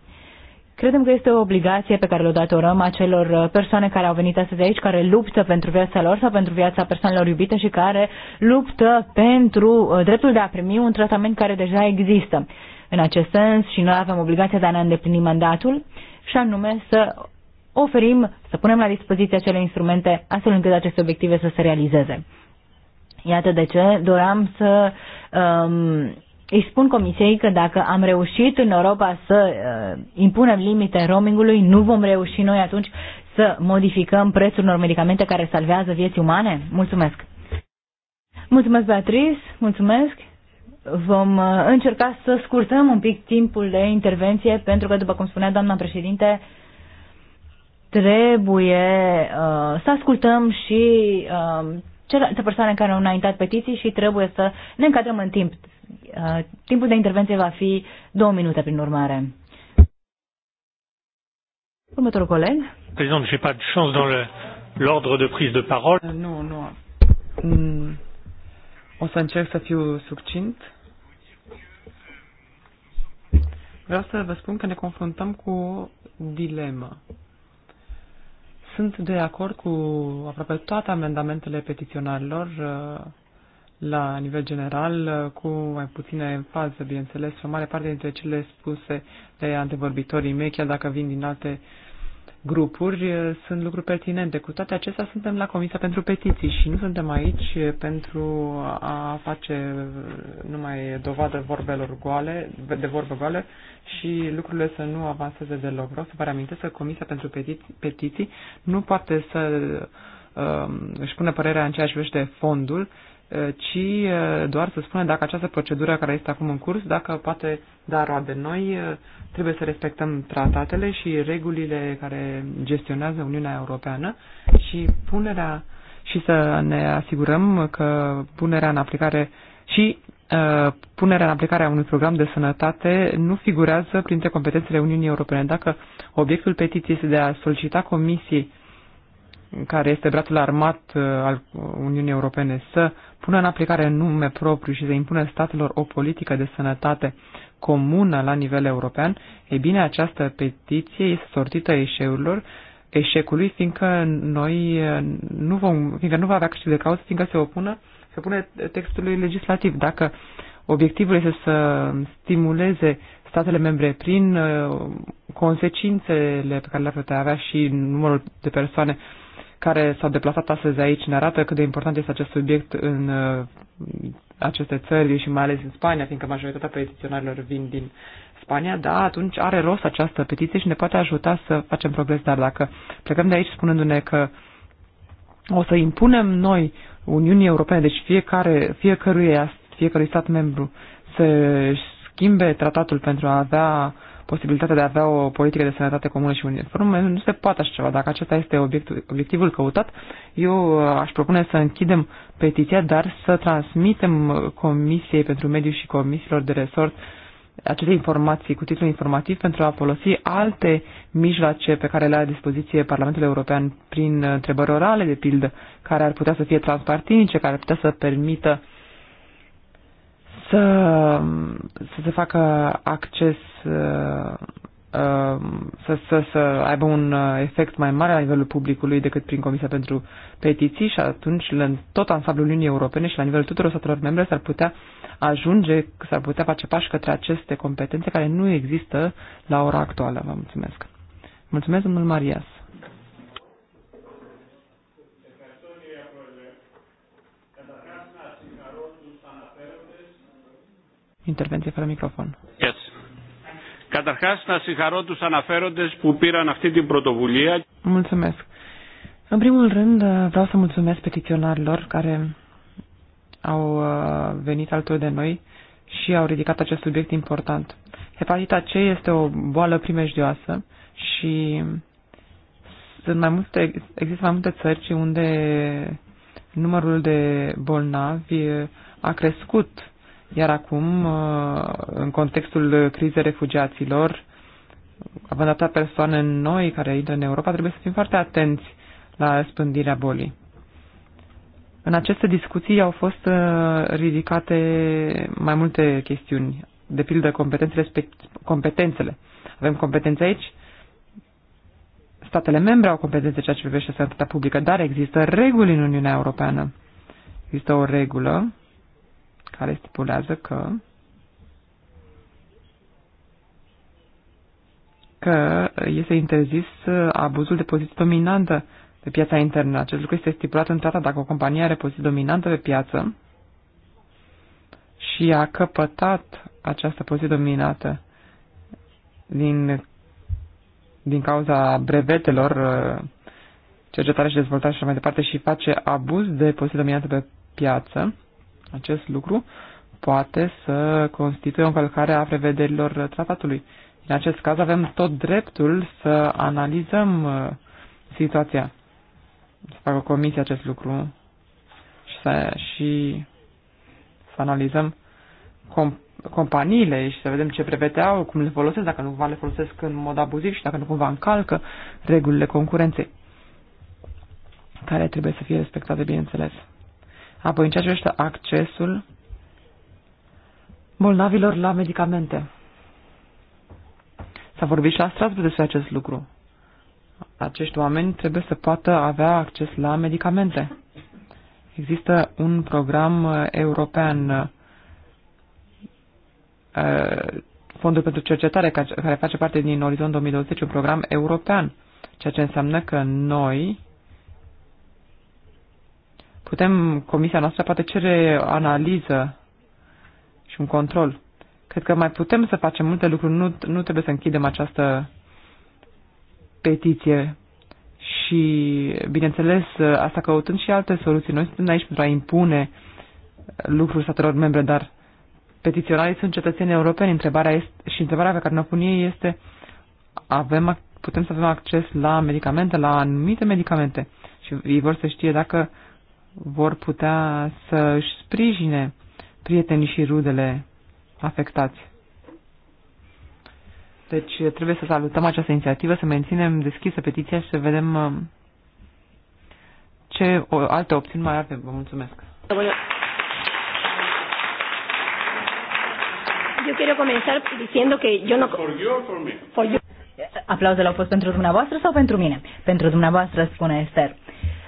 Credem că este o obligație pe care le datorăm acelor uh, persoane care au venit astăzi aici, care luptă pentru viața lor sau pentru viața persoanelor iubite și care luptă pentru uh, dreptul de a primi un tratament care deja există. În acest sens și noi avem obligația de a ne îndeplini mandatul și anume să oferim, să punem la dispoziție acele instrumente astfel încât aceste obiective să se realizeze. Iată de ce doream să um, îi spun Comisiei că dacă am reușit în Europa să uh, impunem limite roamingului, nu vom reuși noi atunci să modificăm prețul unor medicamente care salvează vieți umane? Mulțumesc! Mulțumesc, Beatrice! Mulțumesc! Vom uh, încerca să scurtăm un pic timpul de intervenție, pentru că, după cum spunea doamna președinte, trebuie uh, să ascultăm și uh, celelalte persoane care au înaintat petiții și trebuie să ne încadrăm în timp. Uh, timpul de intervenție va fi două minute, prin urmare. Următorul coleg. Président, ai pas de chance dans l'ordre de prise de parole. Uh, nu, nu. Mm, o să încerc să fiu succint. Vreau să vă spun că ne confruntăm cu o dilemă. Sunt de acord cu aproape toate amendamentele petiționarilor uh, la nivel general, uh, cu mai puține în fază, bineînțeles, o mare parte dintre cele spuse de antevorbitorii mei, chiar dacă vin din alte grupuri sunt lucruri pertinente. Cu toate acestea, suntem la Comisia pentru Petiții și nu suntem aici pentru a face numai dovadă vorbelor goale, de vorbe goale și lucrurile să nu avanseze deloc. Vreau să vă reamintesc că Comisia pentru Petiții, petiții nu poate să um, își pune părerea în ceea ce privește fondul, Eh, ci eh, doar să spună dacă această procedură care este acum în curs, dacă poate da roade. Noi eh, trebuie să respectăm tratatele și regulile care gestionează Uniunea Europeană și punerea și să ne asigurăm că punerea în aplicare și uh, punerea în aplicare a unui program de sănătate nu figurează printre competențele Uniunii Europene. Dacă obiectul petiției este de a solicita Comisiei uh, care este brațul armat uh, al Uniunii Europene, să pună în aplicare nume propriu și să impună statelor o politică de sănătate comună la nivel european, e bine, această petiție este sortită eșeurilor, eșecului, fiindcă noi uh, nu vom, fiindcă nu va avea câștig de cauză, fiindcă se opună, se opune textului legislativ. Dacă obiectivul este să stimuleze statele membre prin uh, consecințele pe care le-ar putea avea și numărul de persoane uh, care s-au deplasat astăzi aici ne arată cât de important este acest subiect în uh, aceste țări și mai ales în Spania, fiindcă majoritatea petiționarilor vin din Spania, da, atunci are rost această petiție și ne poate ajuta să facem progres, dar dacă plecăm de aici spunându-ne că o să impunem noi Uniunii Europene, deci fiecare, fiecărui, fiecărui stat membru să schimbe tratatul pentru a avea uh, posibilitatea de a avea o politică de sănătate comună și uniformă, nu se poate așa ceva. Dacă acesta este obiectul, obiectivul căutat, eu uh, aș propune să închidem petiția, dar să transmitem uh, Comisiei pentru Mediu și Comisiilor de Resort acele informații cu titlu informativ pentru a folosi alte mijloace pe care le are dispoziție Parlamentul European prin uh, întrebări orale, de pildă, care ar putea să fie transpartinice, care ar putea să permită uh, să, să se facă acces, uh, um, să, să, să aibă un uh, efect mai mare la nivelul publicului decât prin Comisia pentru Petiții și atunci în tot ansamblul Uniunii Europene și la nivelul tuturor statelor membre s-ar putea ajunge, s-ar putea face pași către aceste competențe care nu există la ora actuală. Vă mulțumesc. Mulțumesc, domnul Marias. Intervenție fără microfon. Yes. Καταρχάς, να συγχαρώ τους αναφέροντες που πήραν αυτή την πρωτοβουλία. Mulțumesc. În primul rând, vreau să mulțumesc petiționarilor care au uh, venit alături de noi și au ridicat acest subiect important. Hepatita C este o boală primejdioasă și sunt mai multe, există mai multe țări unde numărul de bolnavi uh, a crescut iar acum, uh, în contextul crizei refugiaților, având atâtea persoane noi care intră în Europa, trebuie să fim foarte atenți la răspândirea bolii. În aceste discuții au fost uh, ridicate mai multe chestiuni, de pildă competențele. competențele. Avem competențe aici, statele membre au competențe ceea ce privește sănătatea publică, dar există reguli în Uniunea Europeană. Există o regulă care stipulează că că este interzis abuzul de poziție dominantă pe piața internă. Acest lucru este stipulat în tratat. Dacă o companie are poziție dominantă pe piață și a căpătat această poziție dominată din, din cauza brevetelor, cercetare și dezvoltare și așa mai departe și face abuz de poziție dominantă pe piață, acest lucru poate să constituie o încălcare a prevederilor tratatului. În acest caz avem tot dreptul să analizăm uh, situația, să facă comisie acest lucru și să, și să analizăm com- companiile și să vedem ce prevedeau, cum le folosesc, dacă nu cumva le folosesc în mod abuziv și dacă nu cumva încalcă regulile concurenței, care trebuie să fie respectate, bineînțeles. Apoi, în ceea ce este accesul bolnavilor la medicamente. S-a vorbit și la Strasbourg despre acest lucru. Acești oameni trebuie să poată avea acces la medicamente. Există un program uh, european, uh, Fondul pentru Cercetare, care face parte din Orizont 2020, un program european, ceea ce înseamnă că noi putem, comisia noastră poate cere analiză și un control. Cred că mai putem să facem multe lucruri, nu, nu trebuie să închidem această petiție și, bineînțeles, asta căutând și alte soluții. Noi suntem aici pentru a impune lucruri statelor membre, dar petiționarii sunt cetățeni europeni. Întrebarea este, și întrebarea pe care ne-o pun ei este avem, putem să avem acces la medicamente, la anumite medicamente și ei vor să știe dacă vor putea să își sprijine prietenii și rudele afectați. Deci trebuie să salutăm această inițiativă, să menținem deschisă petiția și să vedem uh, ce alte opțiuni mai avem. Vă mulțumesc. Eu quiero comenzar diciendo que yo no... For you or for me? For you. Aplauzele au fost pentru dumneavoastră sau pentru mine? Pentru dumneavoastră, spune Esther.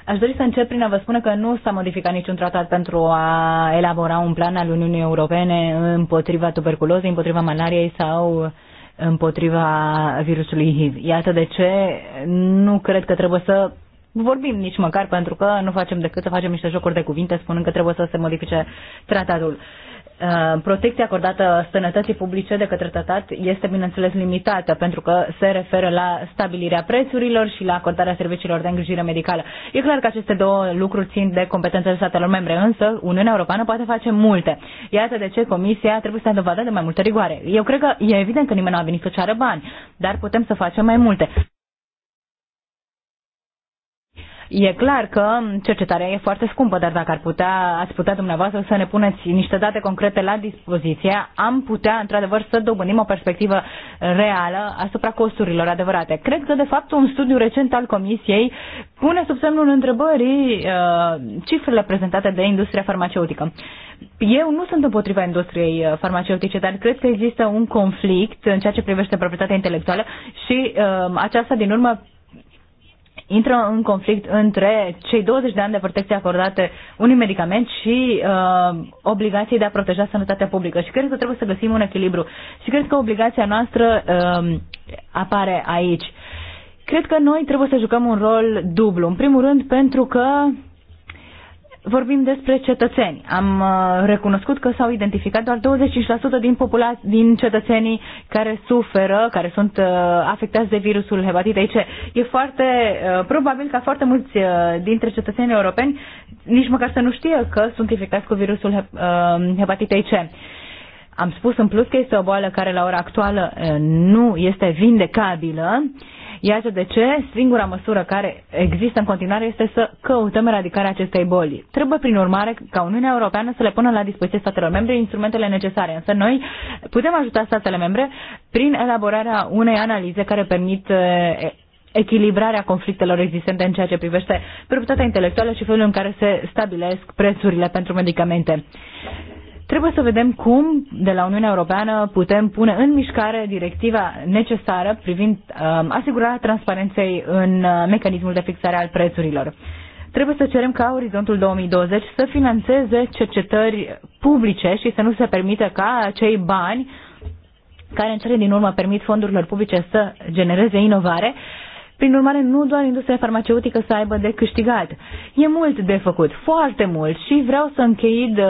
Aș dori să încep prin a vă spune că nu s-a modificat niciun tratat pentru a elabora un plan al Uniunii Europene împotriva tuberculozei, împotriva malariei sau împotriva virusului HIV. Iată de ce nu cred că trebuie să vorbim nici măcar pentru că nu facem decât să facem niște jocuri de cuvinte spunând că trebuie să se modifice tratatul. Uh, protecția acordată sănătății publice de către tratat este, bineînțeles, limitată pentru că se referă la stabilirea prețurilor și la acordarea serviciilor de îngrijire medicală. E clar că aceste două lucruri țin de competențele statelor membre, însă Uniunea Europeană poate face multe. Iată de ce Comisia trebuie să dovadă de mai multe rigoare. Eu cred că e evident că nimeni nu a venit să ceară bani, dar putem să facem mai multe. E clar că cercetarea e foarte scumpă, dar dacă ar putea, ați putea dumneavoastră să ne puneți niște date concrete la dispoziție, am putea, într-adevăr, să dobândim o perspectivă reală asupra costurilor adevărate. Cred că, de fapt, un studiu recent al Comisiei pune sub semnul întrebării uh, cifrele prezentate de industria farmaceutică. Eu nu sunt împotriva industriei uh, farmaceutice, dar cred că există un conflict în ceea ce privește proprietatea intelectuală și uh, aceasta, din urmă, intră în conflict între cei 20 de ani de protecție acordate unui medicament și uh, obligației de a proteja sănătatea publică. Și cred că trebuie să găsim un echilibru. Și cred că obligația noastră uh, apare aici. Cred că noi trebuie să jucăm un rol dublu. În primul rând pentru că vorbim despre cetățeni. Am uh, recunoscut că s-au identificat doar 25% din, popula- din cetățenii care suferă, care sunt uh, afectați de virusul hepatitei C. E foarte uh, probabil ca foarte mulți dintre cetățenii europeni nici măcar să nu știe că sunt infectați cu virusul hepatitei C. Am spus în plus că este o boală care la ora actuală nu este vindecabilă. Iată de ce singura măsură care există în continuare este să căutăm eradicarea acestei boli. Trebuie, prin urmare, ca Uniunea Europeană să le pună la dispoziție statelor membre instrumentele necesare. Însă noi putem ajuta statele membre prin elaborarea unei analize care permit echilibrarea conflictelor existente în ceea ce privește proprietatea intelectuală și felul în care se stabilesc prețurile pentru medicamente. Trebuie să vedem cum de la Uniunea Europeană putem pune în mișcare directiva necesară privind um, asigurarea transparenței în uh, mecanismul de fixare al prețurilor. Trebuie să cerem ca Orizontul 2020 să financeze cercetări publice și să nu se permită ca acei bani care în cele din urmă permit fondurilor publice să genereze inovare, uh, prin urmare, nu doar industria farmaceutică să aibă de câștigat. E mult de făcut, foarte mult și vreau să închei uh,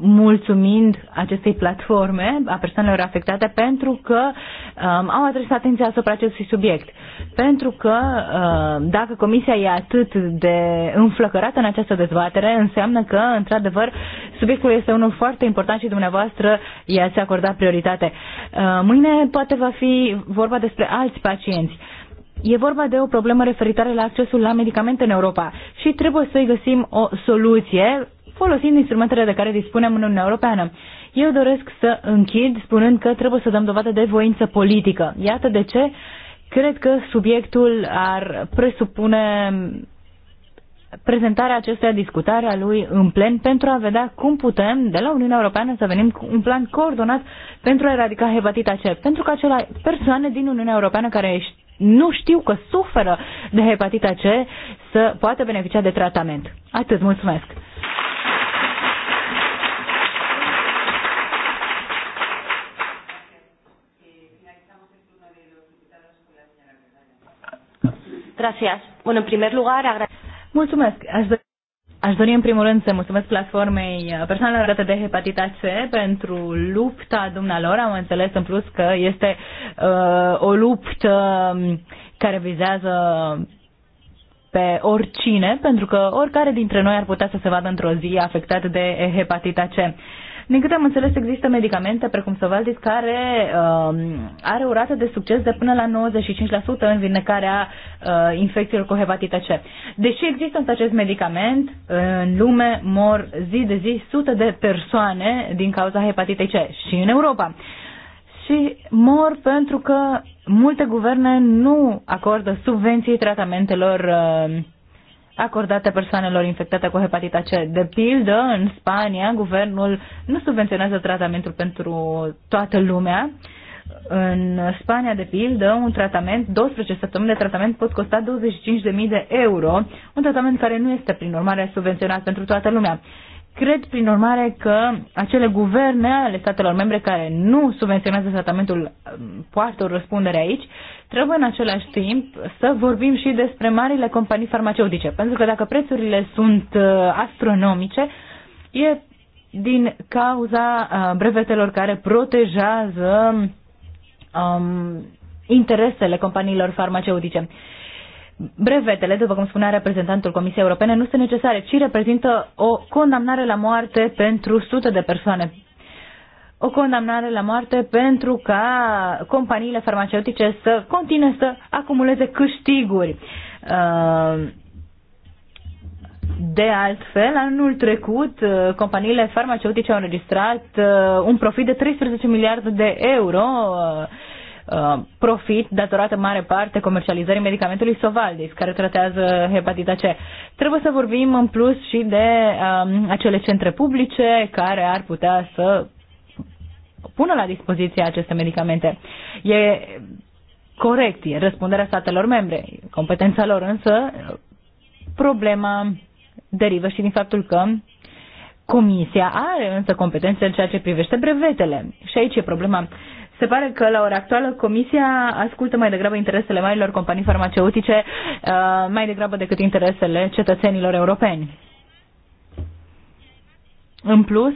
mulțumind acestei platforme a persoanelor afectate pentru că um, au adresat atenția asupra acestui subiect. Pentru că uh, dacă comisia e atât de înflăcărată în această dezbatere, înseamnă că, într-adevăr, subiectul este unul foarte important și dumneavoastră i-ați acordat prioritate. Uh, mâine poate va fi vorba despre alți pacienți. Uh, E vorba de o problemă referitoare la accesul la medicamente în Europa și trebuie să-i găsim o soluție folosind instrumentele de care dispunem în Uniunea Europeană. Eu doresc să închid spunând că trebuie să dăm dovadă de voință politică. Iată de ce cred că subiectul ar presupune prezentarea acestuia, discutarea lui în plen pentru a vedea cum putem de la Uniunea Europeană să venim cu un plan coordonat pentru a eradica hepatita C, pentru că acele persoane din Uniunea Europeană care nu știu că suferă de hepatita C să poată beneficia de tratament. Atât, mulțumesc! Gracias. Bueno, en primer lugar, Muchas gracias. Aș dori în primul rând să mulțumesc platformei persoanelor date de hepatita C pentru lupta dumnealor. Am înțeles în plus că este uh, o luptă um, care vizează pe oricine, pentru că oricare dintre noi ar putea să se vadă într-o zi afectat de hepatita C. Din câte am înțeles, există medicamente precum Sovaldis care uh, are o rată de succes de până la 95% în vindecarea uh, infecțiilor cu hepatită C. Deși există însă acest medicament, uh, în lume mor zi de zi sute de persoane din cauza hepatitei C și în Europa. Și mor pentru că multe guverne nu acordă subvenții tratamentelor uh, acordate persoanelor infectate cu hepatita C. De pildă, în Spania, guvernul nu subvenționează tratamentul pentru toată lumea. În Spania, de pildă, un tratament, 12 săptămâni de tratament pot costa 25.000 de euro, un tratament care nu este, prin urmare, subvenționat pentru toată lumea. Cred, prin urmare, că acele guverne ale statelor membre care nu subvenționează tratamentul um, poartă o răspundere aici, trebuie în același timp să vorbim și despre marile companii farmaceutice, pentru că dacă prețurile sunt uh, astronomice, e din cauza uh, brevetelor care protejează um, interesele companiilor farmaceutice brevetele, după cum spunea reprezentantul Comisiei Europene, nu sunt necesare, ci reprezintă o condamnare la moarte pentru sute de persoane. O condamnare la moarte pentru ca companiile farmaceutice să continue să acumuleze câștiguri. Uh, de altfel, anul trecut, uh, companiile farmaceutice au înregistrat uh, un profit de 13 miliarde de euro Uh, profit datorată în mare parte comercializării medicamentului Sovaldis, care tratează hepatita C. Trebuie să vorbim în plus și de um, acele centre publice care ar putea să pună la dispoziție aceste medicamente. E corect, e răspunderea statelor membre, competența lor, însă problema derivă și din faptul că Comisia are însă competențe în ceea ce privește brevetele. Și aici e problema. Se pare că la ora actuală Comisia ascultă mai degrabă interesele marilor companii farmaceutice, uh, mai degrabă decât interesele cetățenilor europeni. În plus,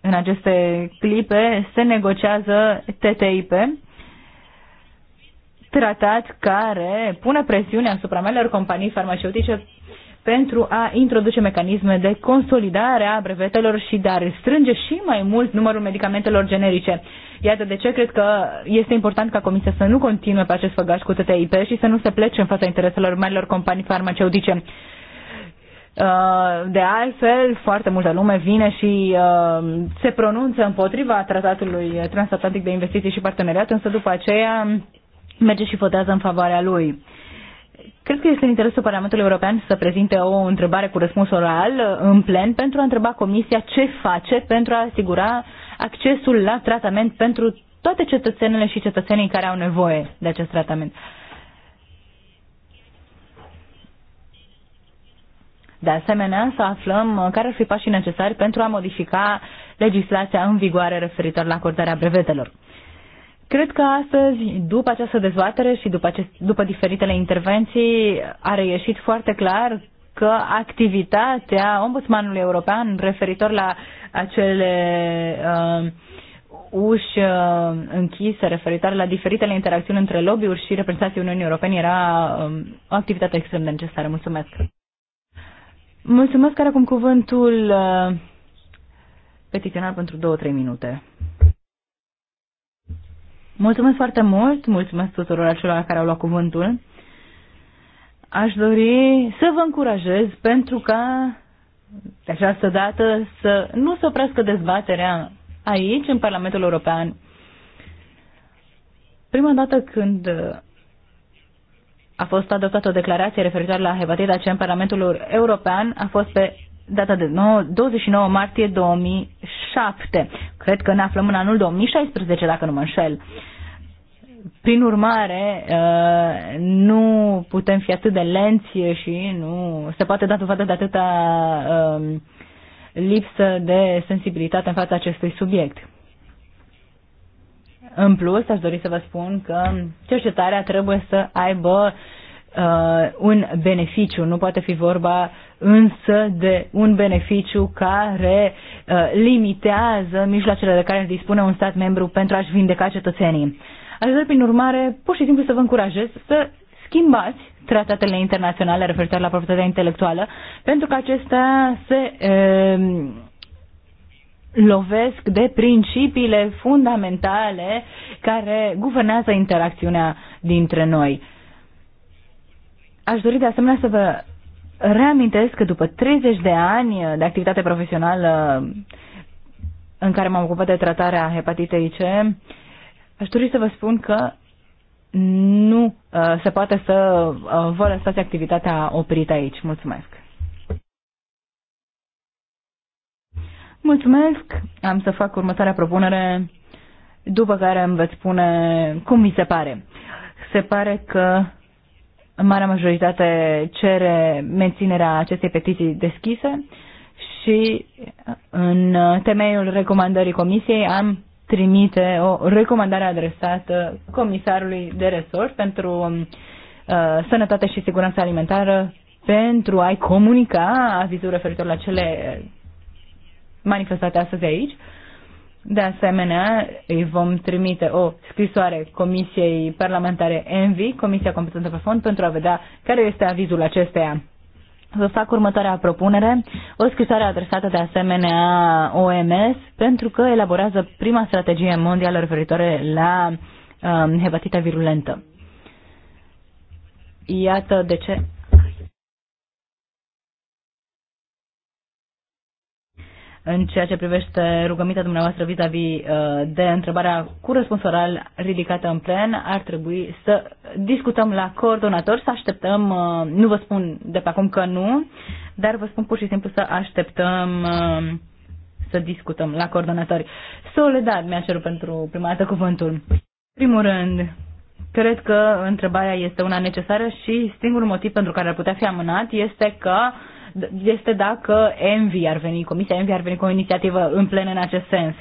în aceste clipe se negociază TTIP, tratat care pune presiune asupra marilor companii farmaceutice pentru a introduce mecanisme de consolidare a brevetelor și de a restrânge și mai mult numărul medicamentelor generice. Iată de ce cred că este important ca Comisia să nu continue pe acest făgaș cu TTIP și să nu se plece în fața intereselor marilor companii farmaceutice. Uh, de altfel, foarte multă lume vine și uh, se pronunță împotriva tratatului transatlantic de investiții și parteneriat, însă după aceea merge și votează în favoarea lui. Cred că este în interesul Parlamentului European să prezinte o întrebare cu răspuns oral uh, în plen pentru a întreba Comisia ce face pentru a asigura accesul la tratament pentru toate cetățenele și cetățenii care au nevoie de acest tratament. De asemenea, să aflăm uh, care ar fi pașii necesari pentru a modifica legislația în vigoare referitor la acordarea brevetelor. Cred că astăzi, după această dezbatere și după, acest, după diferitele intervenții, a reieșit foarte clar că activitatea Ombudsmanului European referitor la acele uh, uși uh, închise, referitor la diferitele interacțiuni între lobby-uri și reprezentanții Uniunii Europene, era uh, o activitate extrem de necesară. Mulțumesc! Mulțumesc, care acum cuvântul uh, petițional pentru două-trei minute. Mulțumesc foarte mult, mulțumesc tuturor acelora care au luat cuvântul. Aș dori să vă încurajez pentru ca de această dată să nu se oprească dezbaterea aici, în Parlamentul European. Prima dată când a fost adoptată o declarație referitoare la hepatita C în Parlamentul European a fost pe data de 9, 29 martie 2007. Cred că ne aflăm în anul 2016, dacă nu mă înșel. Prin urmare, uh, nu putem fi atât de lenți și nu se poate da dovadă de atâta um, lipsă de sensibilitate în fața acestui subiect. În plus, aș dori să vă spun că cercetarea trebuie să aibă uh, un beneficiu, nu poate fi vorba însă de un beneficiu care uh, limitează mijloacele de care dispune un stat membru pentru a-și vindeca cetățenii. Aș vrea, prin urmare, pur și simplu să vă încurajez să schimbați tratatele internaționale referitoare la proprietatea intelectuală, pentru că acestea se e, um, lovesc de principiile fundamentale care guvernează interacțiunea dintre noi. Aș dori de asemenea să vă reamintesc că după 30 de ani de activitate profesională în care m-am ocupat de tratarea hepatitei C, aș dori să vă spun că nu uh, se poate să uh, vă lăsați activitatea oprită aici. Mulțumesc! Mulțumesc! Am să fac următoarea propunere, după care îmi veți spune cum mi se pare. Se pare că marea majoritate cere menținerea acestei petiții deschise și în temeiul recomandării comisiei am trimite o recomandare adresată comisarului de resort pentru uh, sănătate și siguranță alimentară pentru a-i comunica avizul referitor la cele manifestate astăzi aici de asemenea, îi vom trimite o scrisoare Comisiei Parlamentare ENVI, Comisia Competentă pe Fond, pentru a vedea care este avizul acesteia. Vă fac următoarea propunere, o scrisoare adresată de asemenea OMS, pentru că elaborează prima strategie mondială referitoare la um, hepatita virulentă. Iată de ce în ceea ce privește rugămintea dumneavoastră vis-a-vis uh, de întrebarea cu răspuns oral ridicată în plen, ar trebui să discutăm la coordonator, să așteptăm, uh, nu vă spun de pe acum că nu, dar vă spun pur și simplu să așteptăm uh, să discutăm la coordonatori. Soledad mi-a cerut pentru prima dată cuvântul. Primul rând, cred că întrebarea este una necesară și singurul motiv pentru care ar putea fi amânat este că uh, este dacă Envy ar veni, Comisia Envy ar veni cu o inițiativă în plen în acest sens.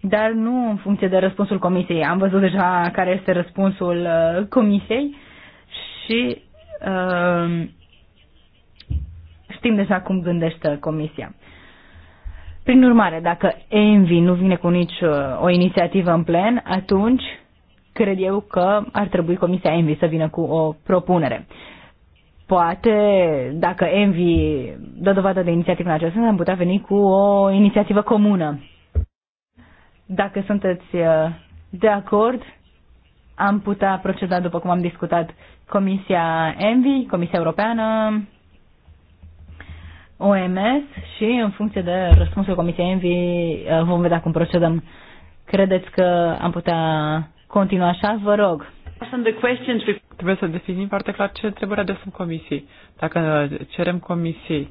Dar nu în funcție de răspunsul Comisiei. Am văzut deja care este răspunsul uh, Comisiei și uh, știm deja cum gândește Comisia. Prin urmare, dacă Envy nu vine cu nici uh, o inițiativă în plen, atunci cred eu că ar trebui Comisia Envy să vină cu o propunere poate, dacă Envi dă dovadă de inițiativă în acest sens, am putea veni cu o inițiativă comună. Dacă sunteți uh, de acord, am putea proceda după cum am discutat Comisia Envi, Comisia Europeană, OMS și în funcție de răspunsul Comisiei Envi uh, vom vedea cum procedăm. Credeți că am putea continua așa? Vă rog. Trebuie să definim foarte clar ce întrebări adresăm comisiei. Dacă cerem comisiei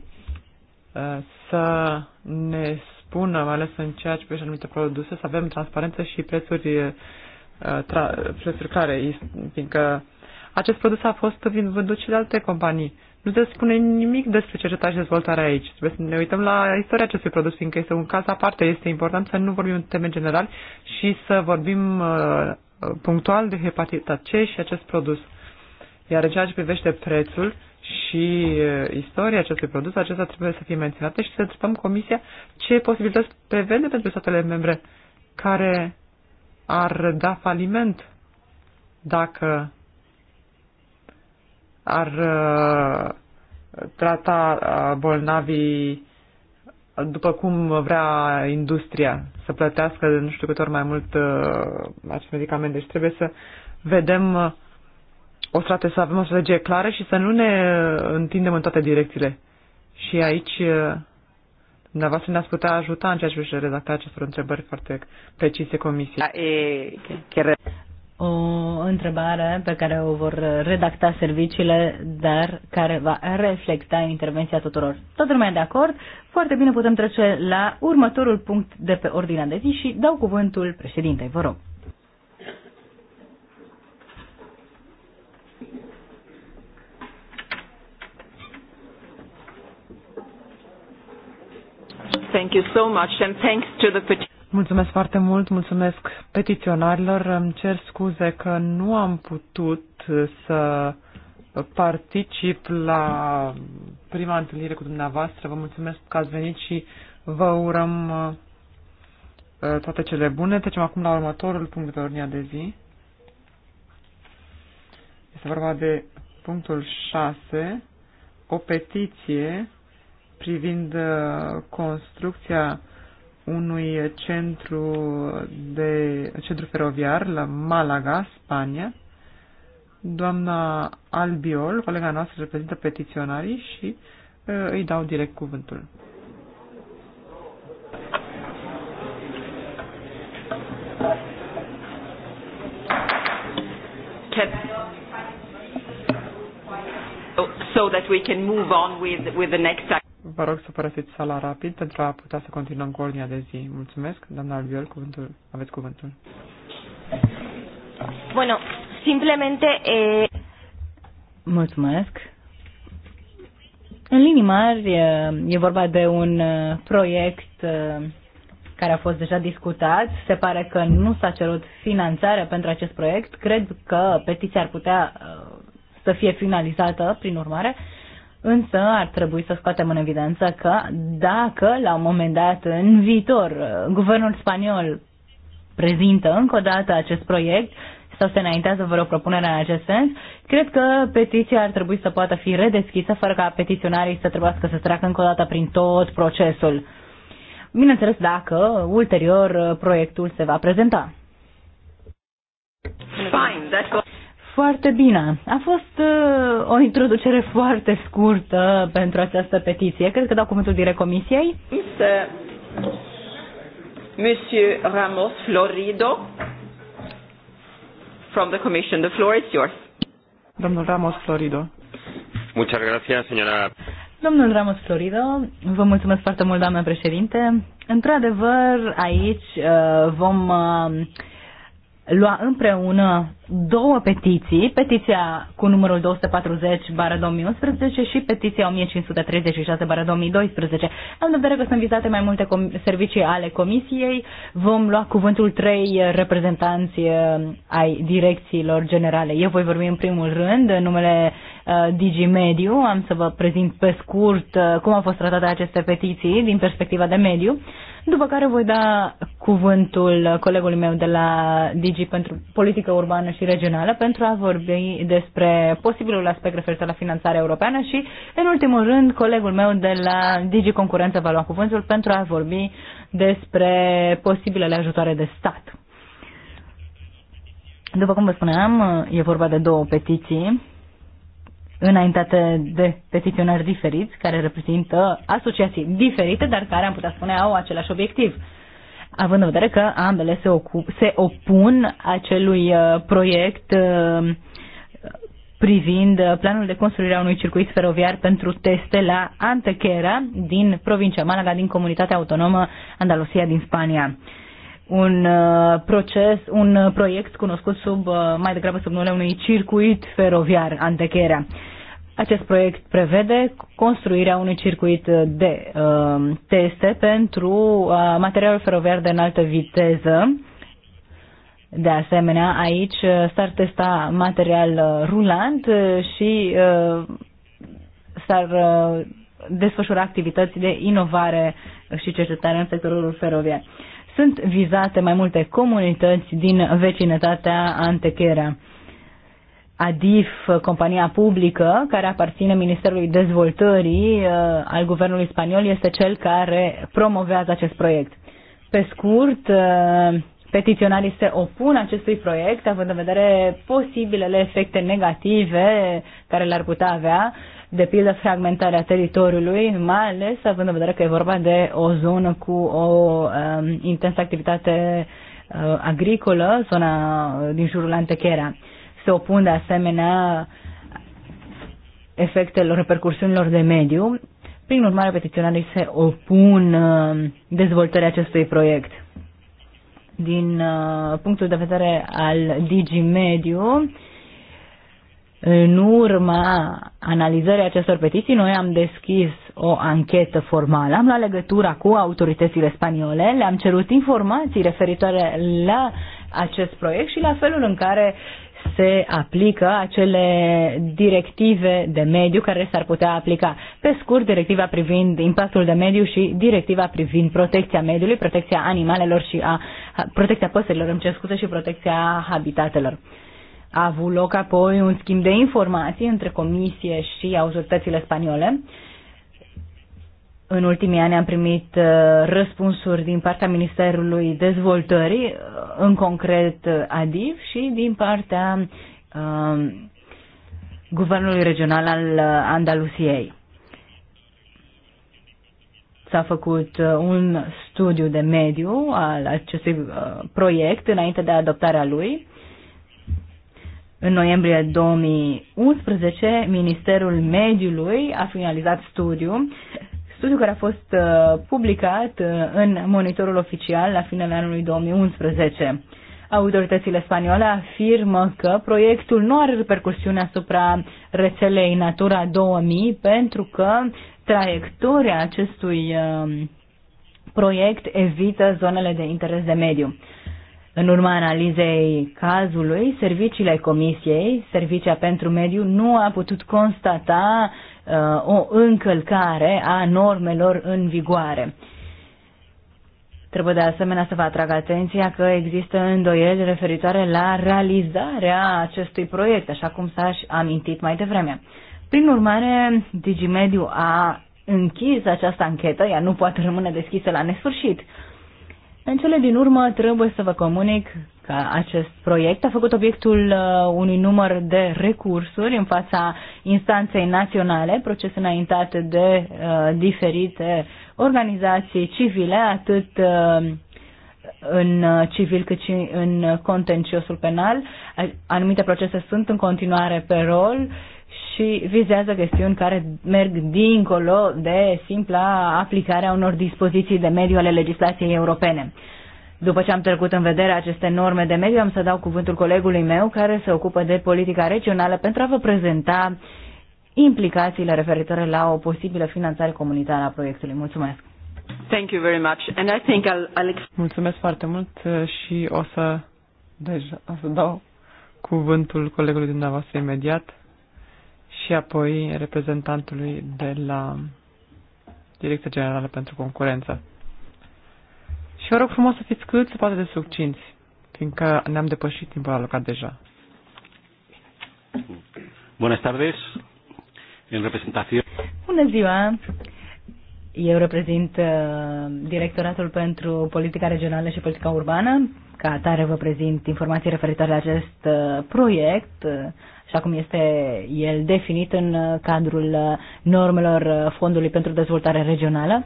uh, să ne spună, mai ales în ceea ce privește anumite produse, să avem transparență și prețuri, uh, tra, prețuri clare, fiindcă acest produs a fost vândut și de alte companii. Nu se spune nimic despre cercetare și dezvoltare aici. Trebuie să ne uităm la istoria acestui produs, fiindcă este un caz aparte. Este important să nu vorbim în teme general și să vorbim uh, punctual de hepatita C și acest produs. Iar în ceea ce privește prețul și istoria acestui produs, acesta trebuie să fie menționată și să întrebăm Comisia ce posibilități prevede pentru statele membre care ar da faliment dacă ar uh, trata uh, bolnavii după cum vrea industria să plătească de nu știu câte ori mai mult uh, acest medicament. Deci trebuie să vedem uh, o strategie, să avem o strategie clară și să nu ne uh, întindem în toate direcțiile. Și aici uh, dumneavoastră ne-ați putea ajuta în ceea ce privește redacta acestor întrebări foarte precise comisiei. Da, o întrebare pe care o vor redacta serviciile, dar care va reflecta intervenția tuturor. Toată lumea de acord? Foarte bine putem trece la următorul punct de pe ordinea de zi și dau cuvântul președintei. Vă rog. Thank you so much and thanks to the Mulțumesc foarte mult, mulțumesc petiționarilor. Îmi cer scuze că nu am putut să particip la prima întâlnire cu dumneavoastră. Vă mulțumesc că ați venit și vă urăm uh, toate cele bune. Trecem acum la următorul punct de ordinea de zi. Este vorba de punctul 6, o petiție privind uh, construcția unui centru, de, centru feroviar la Malaga, Spania. Doamna Albiol, colega noastră, reprezintă petiționarii și uh, îi dau direct cuvântul. Can... Oh, so that we can move on with, with the next Vă rog să părăsiți sala rapid pentru a putea să continuăm cu ordinea de zi. Mulțumesc, doamna Albiol, cuvântul, aveți cuvântul. Bueno, simplemente... Eh... Mulțumesc. În linii mari, eh, e vorba de un eh, proiect eh, care a fost deja discutat. Se pare că nu s-a cerut finanțare pentru acest proiect. Cred că petiția ar putea să fie finalizată, prin urmare. Însă ar trebui să scoatem în evidență că dacă la un moment dat în viitor uh, guvernul spaniol prezintă încă o dată acest proiect sau se înaintează vreo propunere în acest sens, cred că petiția ar trebui să poată fi redeschisă fără ca petiționarii să trebuiască să treacă încă o dată prin tot procesul. Bineînțeles dacă ulterior uh, proiectul se va prezenta. Fine, that's foarte bine. A fost uh, o introducere foarte scurtă pentru această petiție. Cred că dau cuvântul direct comisiei. Este Monsieur Ramos Florido from the Commission. The floor is yours. Domnul Ramos Florido. Muchas gracias, señora. Domnul Ramos Florido, vă mulțumesc foarte mult, doamnă președinte. Într-adevăr, aici uh, vom uh, lua împreună două petiții, petiția cu numărul 240 2011 și petiția 1536 2012. Am vedere că sunt vizate mai multe servicii ale comisiei, vom lua cuvântul trei reprezentanți uh, ai direcțiilor generale. Eu voi vorbi în primul rând în numele uh, DigiMediu, am să vă prezint pe scurt uh, cum au fost tratate aceste petiții din perspectiva de mediu. Uh, după care voi da cuvântul colegului meu de la Digi pentru politică urbană și regională pentru a vorbi despre posibilul aspect referitor la finanțarea europeană și, în ultimul rând, colegul meu de la Digi Concurență va lua cuvântul pentru a vorbi despre posibilele ajutoare de stat. După cum vă spuneam, e vorba de două petiții înaintate de petiționari diferiți, care reprezintă asociații diferite, dar care, am putea spune, au același obiectiv. Având în vedere că ambele se, ocup, se opun acelui uh, proiect uh, privind uh, planul de construire a unui circuit feroviar pentru teste la Antequera din provincia Malaga, din comunitatea autonomă Andalusia din Spania un uh, proces, un uh, proiect cunoscut sub, uh, mai degrabă sub numele unui circuit feroviar, Antecherea. Acest proiect prevede construirea unui circuit de uh, teste pentru uh, materialul feroviar de înaltă viteză. De asemenea, aici s-ar testa material rulant și uh, s-ar uh, desfășura activități de inovare și cercetare în sectorul feroviar. Uh, sunt vizate mai multe comunități din vecinătatea Antecherea. ADIF, compania publică care aparține Ministerului Dezvoltării uh, al Guvernului Spaniol, este cel care promovează acest proiect. Pe scurt, uh, petiționarii se opun acestui proiect, având în vedere posibilele efecte negative care l ar putea avea de pildă fragmentarea teritoriului, mai ales având în vedere că e vorba de o zonă cu o um, intensă activitate uh, agricolă, zona uh, din jurul Antechera. Se opun de asemenea efectelor, repercursiunilor de mediu. Prin urmare, petiționarii se opun uh, dezvoltării acestui proiect. Din uh, punctul de vedere al DigiMediu, în urma analizării acestor petiții, noi am deschis o anchetă formală, am luat legătura cu autoritățile spaniole, le-am cerut informații referitoare la acest proiect și la felul în care se aplică acele directive de mediu care s-ar putea aplica. Pe scurt, directiva privind impactul de mediu și directiva privind protecția mediului, protecția animalelor și a, protecția păsărilor, îmi cer scuze, și protecția habitatelor. A avut loc apoi un schimb de informații între comisie și autoritățile spaniole. În ultimii ani am primit uh, răspunsuri din partea Ministerului Dezvoltării, uh, în concret uh, ADIV, și din partea Guvernului Regional al Andalusiei. S-a făcut un studiu de mediu al acestui proiect înainte de adoptarea lui în noiembrie 2011, Ministerul Mediului a finalizat studiu, studiu care a fost uh, publicat uh, în monitorul oficial la finele anului 2011. Autoritățile spaniole afirmă că proiectul nu are repercusiune asupra rețelei Natura 2000 pentru că traiectoria acestui um, proiect evită zonele de interes de mediu. În urma analizei cazului, serviciile Comisiei, Servicia pentru Mediu, nu a putut constata uh, o încălcare a normelor în vigoare. Trebuie de asemenea să vă atrag atenția că există îndoieli referitoare la realizarea acestui proiect, așa cum s-a amintit mai devreme. Prin urmare, Digimediu a închis această anchetă, ea nu poate rămâne deschisă la nesfârșit. În cele din urmă trebuie să vă comunic că acest proiect a făcut obiectul uh, unui număr de recursuri în fața instanței naționale, proces înaintate de uh, diferite organizații civile, atât uh, în civil cât și în contenciosul penal. Anumite procese sunt în continuare pe rol și vizează chestiuni care merg dincolo de simpla aplicarea unor dispoziții de mediu ale legislației europene. După ce am trecut în vedere aceste norme de mediu, am să dau cuvântul colegului meu care se ocupă de politica regională pentru a vă prezenta implicațiile referitoare la o posibilă finanțare comunitară a proiectului. Mulțumesc! Thank you very much. And I think I'll, I'll... Mulțumesc foarte mult uh, și o să, deja, o să dau cuvântul colegului dumneavoastră imediat și apoi reprezentantului de la Direcția Generală pentru Concurență. Și vă rog frumos să fiți cât se poate de succinți, fiindcă ne-am depășit timpul alocat deja. Bună tardes. În reprezentație. Bună ziua. Eu reprezint uh, Directoratul pentru Politica Regională și Politica Urbană. Ca atare vă prezint informații referitoare la acest uh, proiect. Uh, așa cum este el definit în uh, cadrul uh, normelor uh, Fondului pentru Dezvoltare Regională.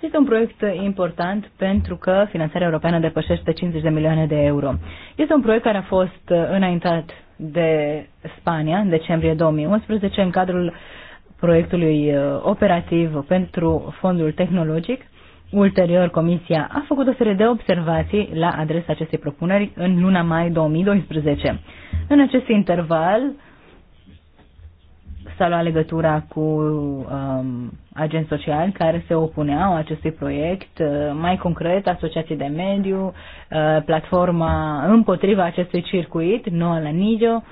Este un proiect important pentru că finanțarea europeană depășește 50 de milioane de euro. Este un proiect care a fost înaintat de Spania în decembrie 2011 în cadrul proiectului operativ pentru fondul tehnologic Ulterior, Comisia a făcut o serie de observații la adresa acestei propuneri în luna mai 2012. În acest interval s-a luat legătura cu um, agenți sociali care se opuneau acestui proiect, uh, mai concret asociații de mediu, uh, platforma împotriva acestui circuit, Noa la Nigio,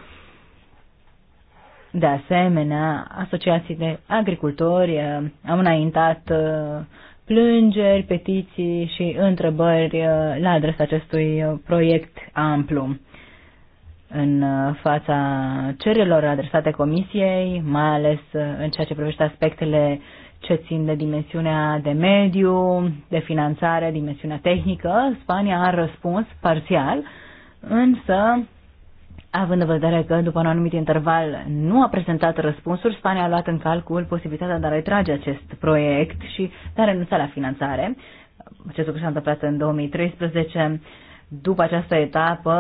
de asemenea, asociații de agricultori uh, au înaintat uh, plângeri, petiții și întrebări uh, la adresa acestui uh, proiect amplu. În uh, fața cererilor adresate Comisiei, mai ales în ceea ce privește aspectele ce țin de dimensiunea de mediu, de finanțare, dimensiunea tehnică, Spania a răspuns parțial, însă Având în vedere că după un anumit interval nu a prezentat răspunsuri, Spania a luat în calcul posibilitatea de a retrage acest proiect și de a renunța la finanțare. Acest lucru s-a întâmplat în 2013. După această etapă,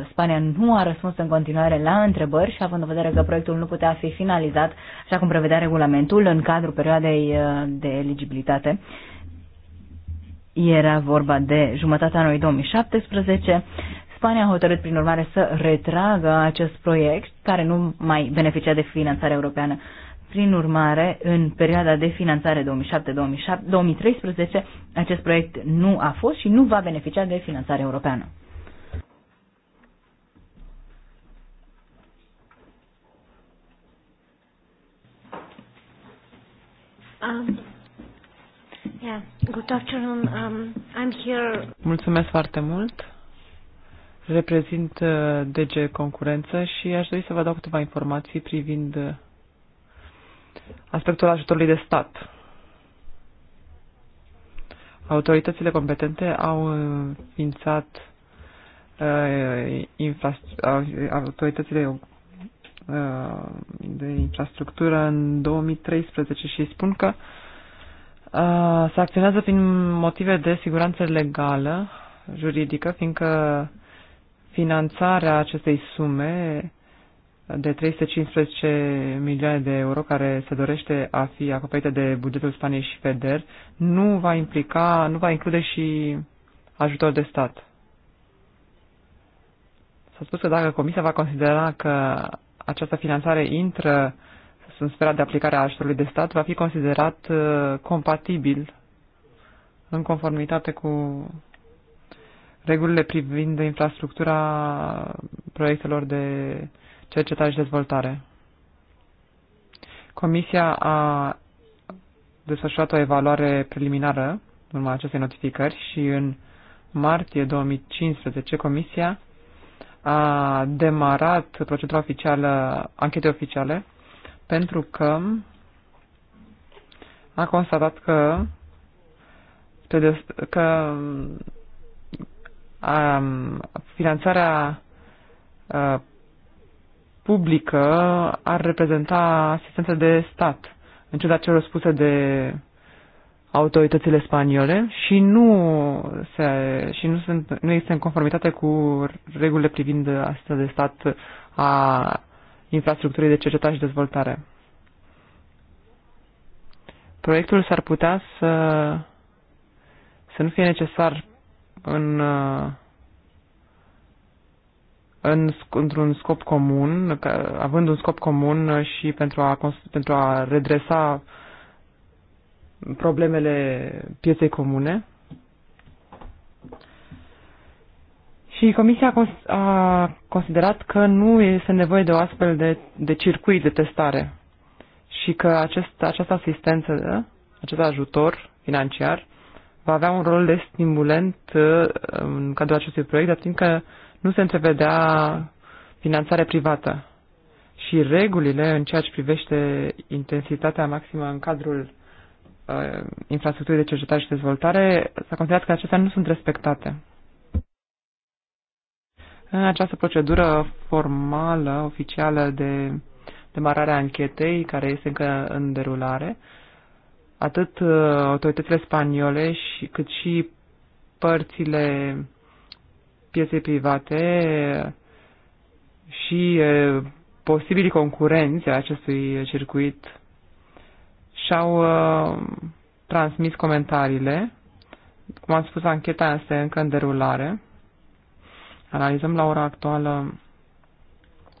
uh, Spania nu a răspuns în continuare la întrebări și având în vedere că proiectul nu putea fi finalizat, așa cum prevedea regulamentul, în cadrul perioadei uh, de eligibilitate, era vorba de jumătatea anului 2017, Spania a hotărât, prin urmare, să retragă acest proiect, care nu mai beneficia de finanțare europeană. Prin urmare, în perioada de finanțare 2007-2013, acest proiect nu a fost și nu va beneficia de finanțare europeană. Um, yeah. Good afternoon. Um, I'm here. Mulțumesc foarte mult reprezint DG Concurență și aș dori să vă dau câteva informații privind uh, aspectul ajutorului de stat. Autoritățile competente au uh, înființat uh, autoritățile de infrastructură în 2013 și spun că se acționează prin motive de siguranță legală, juridică, fiindcă Finanțarea acestei sume de 315 milioane de euro care se dorește a fi acoperită de bugetul Spaniei și FEDER nu va implica, nu va include și ajutor de stat. S-a spus că dacă Comisia va considera că această finanțare intră în sfera de aplicare a ajutorului de stat, va fi considerat uh, compatibil în conformitate cu regulile privind infrastructura proiectelor de cercetare și dezvoltare. Comisia a desfășurat o evaluare preliminară în urma acestei notificări și în martie 2015 Comisia a demarat procedura oficială, anchete oficiale, pentru că a constatat că, că um, finanțarea uh, publică ar reprezenta asistență de stat, în ciuda celor spuse de autoritățile spaniole și nu, se, și nu, sunt, nu este în conformitate cu regulile privind asistența de stat a infrastructurii de cercetare și dezvoltare. Proiectul s-ar putea să, să nu fie necesar în, uh, în, într-un scop comun, având un scop comun și pentru a, pentru a redresa problemele pieței comune. Și Comisia a considerat că nu este nevoie de o astfel de, de circuit de testare și că acest, această asistență, acest ajutor financiar, va avea un rol de stimulent uh, în cadrul acestui proiect, dar fiindcă nu se întrevedea finanțare privată. Și regulile în ceea ce privește intensitatea maximă în cadrul uh, infrastructurii de cercetare și dezvoltare, s-a considerat că acestea nu sunt respectate. În această procedură formală, oficială de demarare a anchetei, care este încă în derulare, uh, atât uh, autoritățile spaniole și, cât și părțile pieței private și uh, posibilii concurenți a acestui circuit și-au uh, transmis comentariile. Cum am spus, ancheta este încă în derulare. Analizăm la ora actuală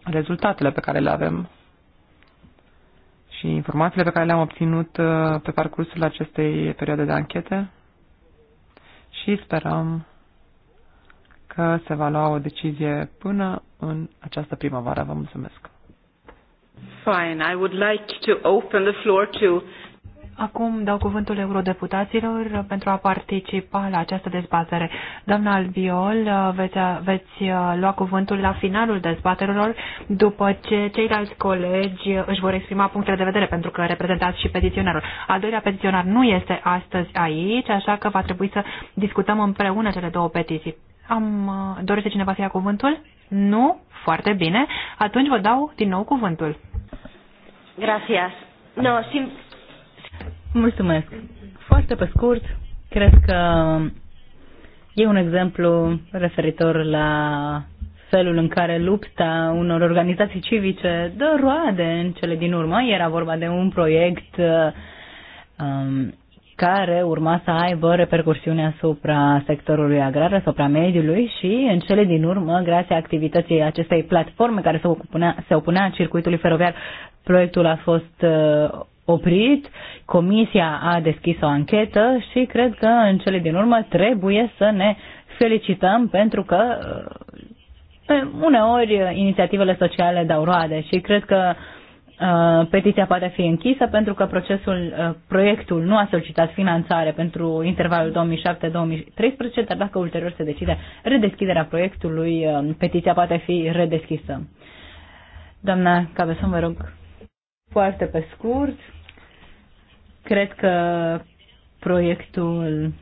rezultatele pe care le avem și informațiile pe care le-am obținut uh, pe parcursul acestei perioade de anchete și sperăm că se va lua o decizie până în această primăvară. Vă mulțumesc. Fine, I would like to open the floor to Acum dau cuvântul eurodeputaților pentru a participa la această dezbatere. Doamna Albiol, veți, veți uh, lua cuvântul la finalul dezbaterilor după ce ceilalți colegi își vor exprima punctele de vedere, pentru că reprezentați și petiționarul. Al doilea petiționar nu este astăzi aici, așa că va trebui să discutăm împreună cele două petiții. Am, uh, dorește cineva să ia cuvântul? Nu? Foarte bine. Atunci vă dau din nou cuvântul. Gracias. No, sim Mulțumesc. Foarte pe scurt, cred că e un exemplu referitor la felul în care lupta unor organizații civice dă roade în cele din urmă. Era vorba de un proiect um, care urma să aibă repercursiuni asupra sectorului agrar, asupra mediului și în cele din urmă, grație activității acestei platforme care se opunea, se opunea circuitului feroviar, proiectul a fost uh, oprit, comisia a deschis o anchetă și cred că în cele din urmă trebuie să ne felicităm pentru că uneori inițiativele sociale dau roade și cred că uh, petiția poate fi închisă pentru că procesul, uh, proiectul nu a solicitat finanțare pentru intervalul 2007-2013, dar dacă ulterior se decide redeschiderea proiectului, uh, petiția poate fi redeschisă. Doamna Cabeson, vă rog foarte pe scurt. Cred că proiectul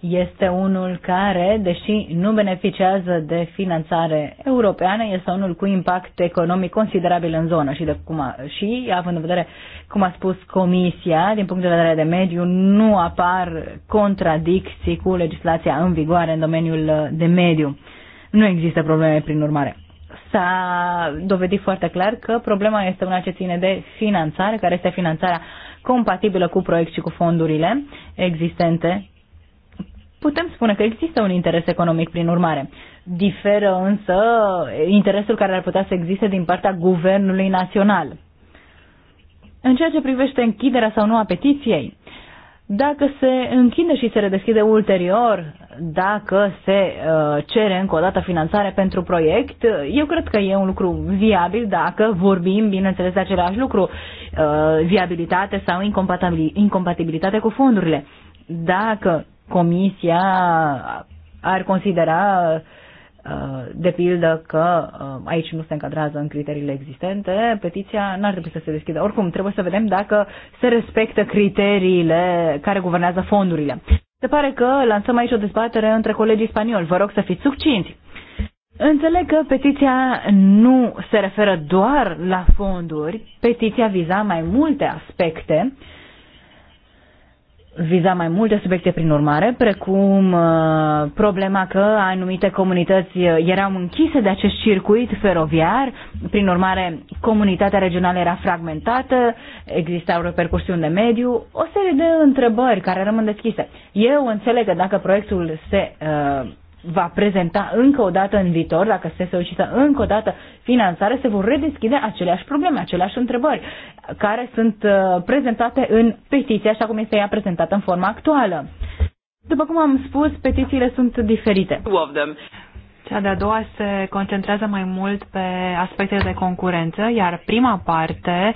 este unul care, deși nu beneficiază de finanțare europeană, este unul cu impact economic considerabil în zonă și, de cum a, și având în vedere, cum a spus Comisia, din punct de vedere de mediu, nu apar contradicții cu legislația în vigoare în domeniul de mediu. Nu există probleme prin urmare s-a dovedit foarte clar că problema este una ce ține de finanțare, care este finanțarea compatibilă cu proiect și cu fondurile existente. Putem spune că există un interes economic prin urmare. Diferă însă interesul care ar putea să existe din partea guvernului național. În ceea ce privește închiderea sau nu a petiției, dacă se închide și se redeschide ulterior, dacă se uh, cere încă o dată finanțare pentru proiect, uh, eu cred că e un lucru viabil dacă vorbim, bineînțeles, de același lucru, uh, viabilitate sau incompatibilitate cu fondurile. Dacă comisia ar considera uh, Uh, de pildă că uh, aici nu se încadrează în criteriile existente, petiția n-ar trebui să se deschidă. Oricum, trebuie să vedem dacă se respectă criteriile care guvernează fondurile. Se pare că lansăm aici o dezbatere între colegii spanioli. Vă rog să fiți succinți. Înțeleg că petiția nu se referă doar la fonduri, petiția viza mai multe aspecte viza mai multe subiecte prin urmare, precum uh, problema că anumite comunități uh, erau închise de acest circuit feroviar, prin urmare comunitatea regională era fragmentată, existau repercursiuni de mediu, o serie de întrebări care rămân deschise. Eu înțeleg că dacă proiectul se uh, va prezenta încă o dată în viitor, dacă se solicită încă o dată finanțare, se vor redeschide aceleași probleme, aceleași întrebări, care sunt uh, prezentate în petiție, așa cum este ea prezentată în forma actuală. După cum am spus, petițiile sunt diferite. Cea de-a doua se concentrează mai mult pe aspectele de concurență, iar prima parte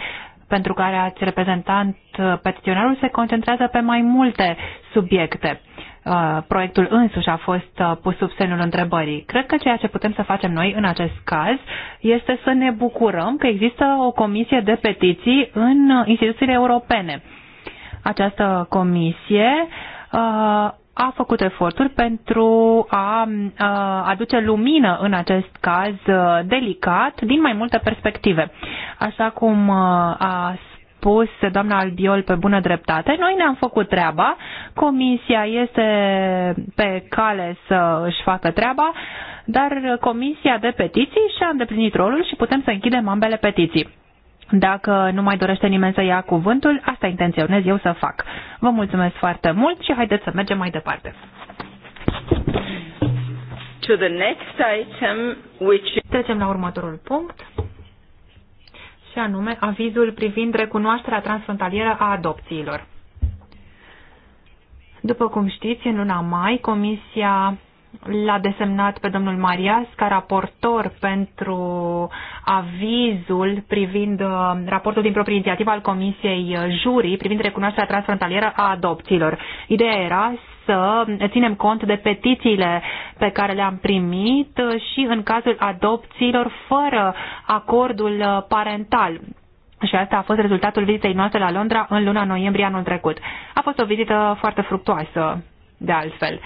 pentru care ați reprezentant uh, petiționarul se concentrează pe mai multe subiecte. Uh, proiectul însuși a fost uh, pus sub semnul întrebării. Cred că ceea ce putem să facem noi în acest caz este să ne bucurăm că există o comisie de petiții în uh, instituțiile europene. Această comisie a făcut eforturi pentru a aduce lumină în acest caz delicat din mai multe perspective. Așa cum a spus doamna Albiol pe bună dreptate. Noi ne-am făcut treaba, comisia este pe cale să își facă treaba, dar comisia de petiții și-a îndeplinit rolul și putem să închidem ambele petiții. Dacă nu mai dorește nimeni să ia cuvântul, asta intenționez eu să fac. Vă mulțumesc foarte mult și haideți să mergem mai departe. To the next item, which... Trecem la următorul punct și anume avizul privind recunoașterea transfrontalieră a adopțiilor. După cum știți, în luna mai, Comisia l-a desemnat pe domnul Marias ca raportor pentru avizul privind uh, raportul din proprie inițiativă al Comisiei Jurii privind recunoașterea transfrontalieră a adopțiilor. Ideea era să ținem cont de petițiile pe care le-am primit și în cazul adopțiilor fără acordul parental. Și asta a fost rezultatul vizitei noastre la Londra în luna noiembrie anul trecut. A fost o vizită foarte fructoasă, de altfel.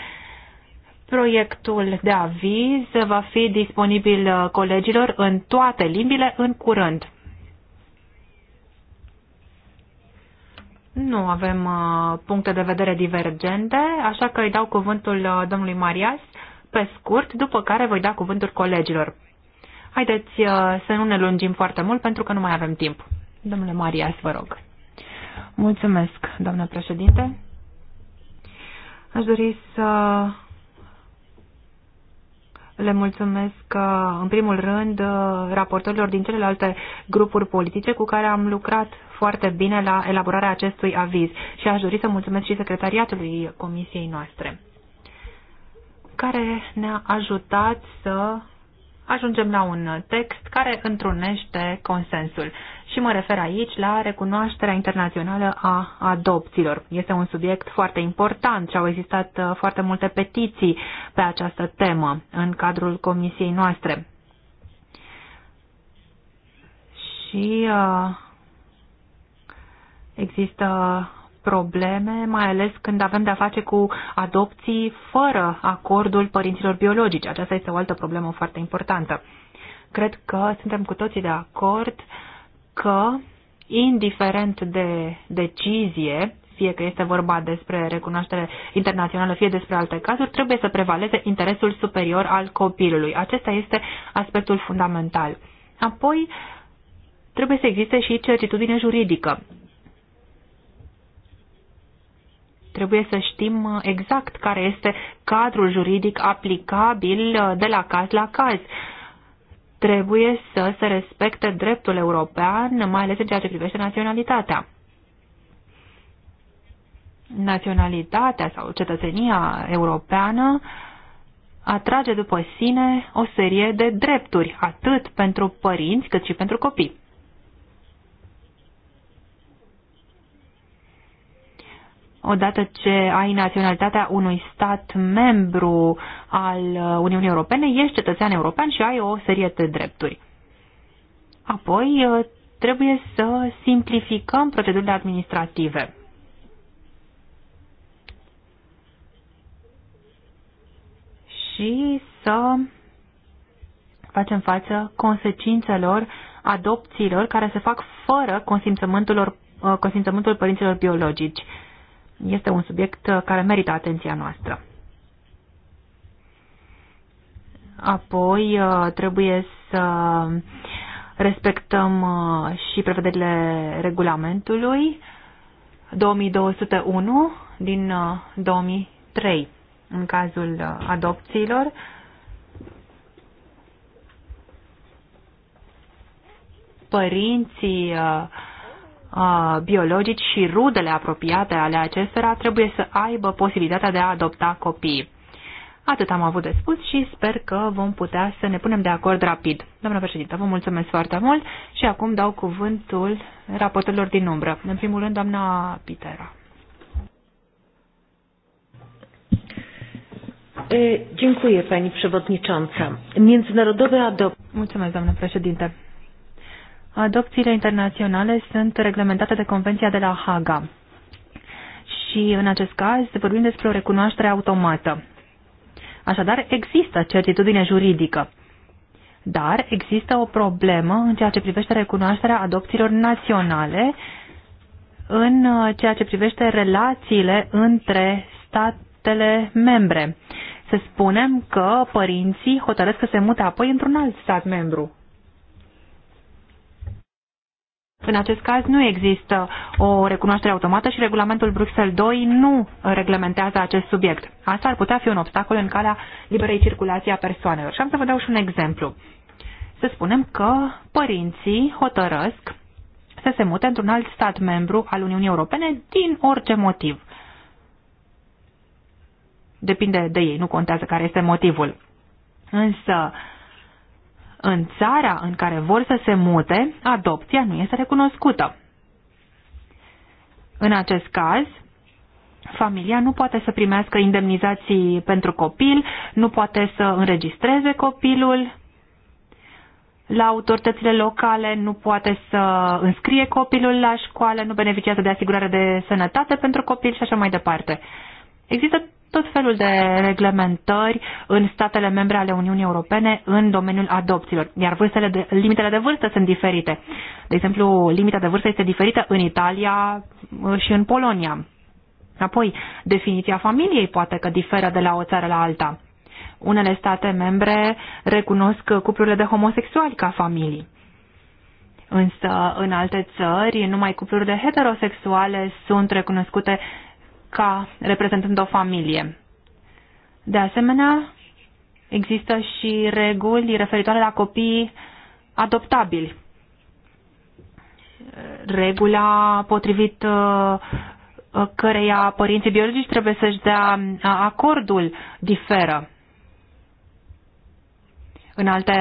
Proiectul de aviz va fi disponibil colegilor în toate limbile în curând. Nu avem uh, puncte de vedere divergente, așa că îi dau cuvântul uh, domnului Marias pe scurt, după care voi da cuvântul colegilor. Haideți uh, să nu ne lungim foarte mult pentru că nu mai avem timp. Domnule Marias, vă rog. Mulțumesc, doamnă președinte. Aș dori să le mulțumesc, uh, în primul rând, uh, raportorilor din celelalte grupuri politice cu care am lucrat foarte bine la elaborarea acestui aviz și aș dori să mulțumesc și secretariatului comisiei noastre, care ne-a ajutat să ajungem la un text care întrunește consensul. Și mă refer aici la recunoașterea internațională a adopțiilor. Este un subiect foarte important și au existat uh, foarte multe petiții pe această temă în cadrul comisiei noastre. Și uh, Există probleme, mai ales când avem de-a face cu adopții fără acordul părinților biologici. Aceasta este o altă problemă foarte importantă. Cred că suntem cu toții de acord că, indiferent de decizie, fie că este vorba despre recunoaștere internațională, fie despre alte cazuri, trebuie să prevaleze interesul superior al copilului. Acesta este aspectul fundamental. Apoi, trebuie să existe și certitudine juridică. Trebuie să știm uh, exact care este cadrul juridic aplicabil uh, de la caz la caz. Trebuie să se respecte dreptul european, mai ales în ceea ce privește naționalitatea naționalitatea sau cetățenia europeană atrage după sine o serie de drepturi, atât pentru părinți cât și pentru copii. odată ce ai naționalitatea unui stat membru al uh, Uniunii Europene, ești cetățean european și ai o serie de drepturi. Apoi, uh, trebuie să simplificăm procedurile administrative. Și să facem față consecințelor adopțiilor care se fac fără consimțământul, uh, consimțământul părinților biologici este un subiect uh, care merită atenția noastră. Apoi uh, trebuie să respectăm uh, și prevederile regulamentului 2201 din 2003 în cazul adopțiilor. Părinții uh, biologici și rudele apropiate ale acestora trebuie să aibă posibilitatea de a adopta copii. Atât am avut de spus și sper că vom putea să ne punem de acord rapid. Doamna președintă, vă mulțumesc foarte mult și acum dau cuvântul raportelor din umbră. În primul rând, doamna Pitera. Dziękuję Pani Przewodnicząca. Międzynarodowe adopcje. Mulțumesc, doamnă președinte. Adopțiile internaționale sunt reglementate de Convenția de la Haga și, în acest caz, vorbim despre o recunoaștere automată. Așadar, există certitudine juridică, dar există o problemă în ceea ce privește recunoașterea adopțiilor naționale, în uh, ceea ce privește relațiile între statele membre. Să spunem că părinții hotărăsc să se mute apoi într-un alt stat membru. În acest caz nu există o recunoaștere automată și regulamentul Bruxelles 2 nu reglementează acest subiect. Asta ar putea fi un obstacol în calea liberei circulații a persoanelor. Și am să vă dau și un exemplu. Să spunem că părinții hotărăsc să se mute într-un alt stat membru al Uniunii Europene din orice motiv. Depinde de ei, nu contează care este motivul. Însă, în țara în care vor să se mute, adopția nu este recunoscută. În acest caz, familia nu poate să primească indemnizații pentru copil, nu poate să înregistreze copilul, la autoritățile locale nu poate să înscrie copilul la școală, nu beneficiază de asigurare de sănătate pentru copil și așa mai departe. Există tot felul de reglementări în statele membre ale Uniunii Europene în domeniul adopțiilor, iar vârstele de, limitele de vârstă sunt diferite. De exemplu, limita de vârstă este diferită în Italia uh, și în Polonia. Apoi, definiția familiei poate că diferă de la o țară la alta. Unele state membre recunosc cuplurile de homosexuali ca familii. Însă, în alte țări, numai cuplurile heterosexuale sunt recunoscute ca reprezentând o familie. De asemenea, există și reguli referitoare la copiii adoptabili. Regula potrivit uh, căreia părinții biologici trebuie să-și dea uh, acordul diferă. În alte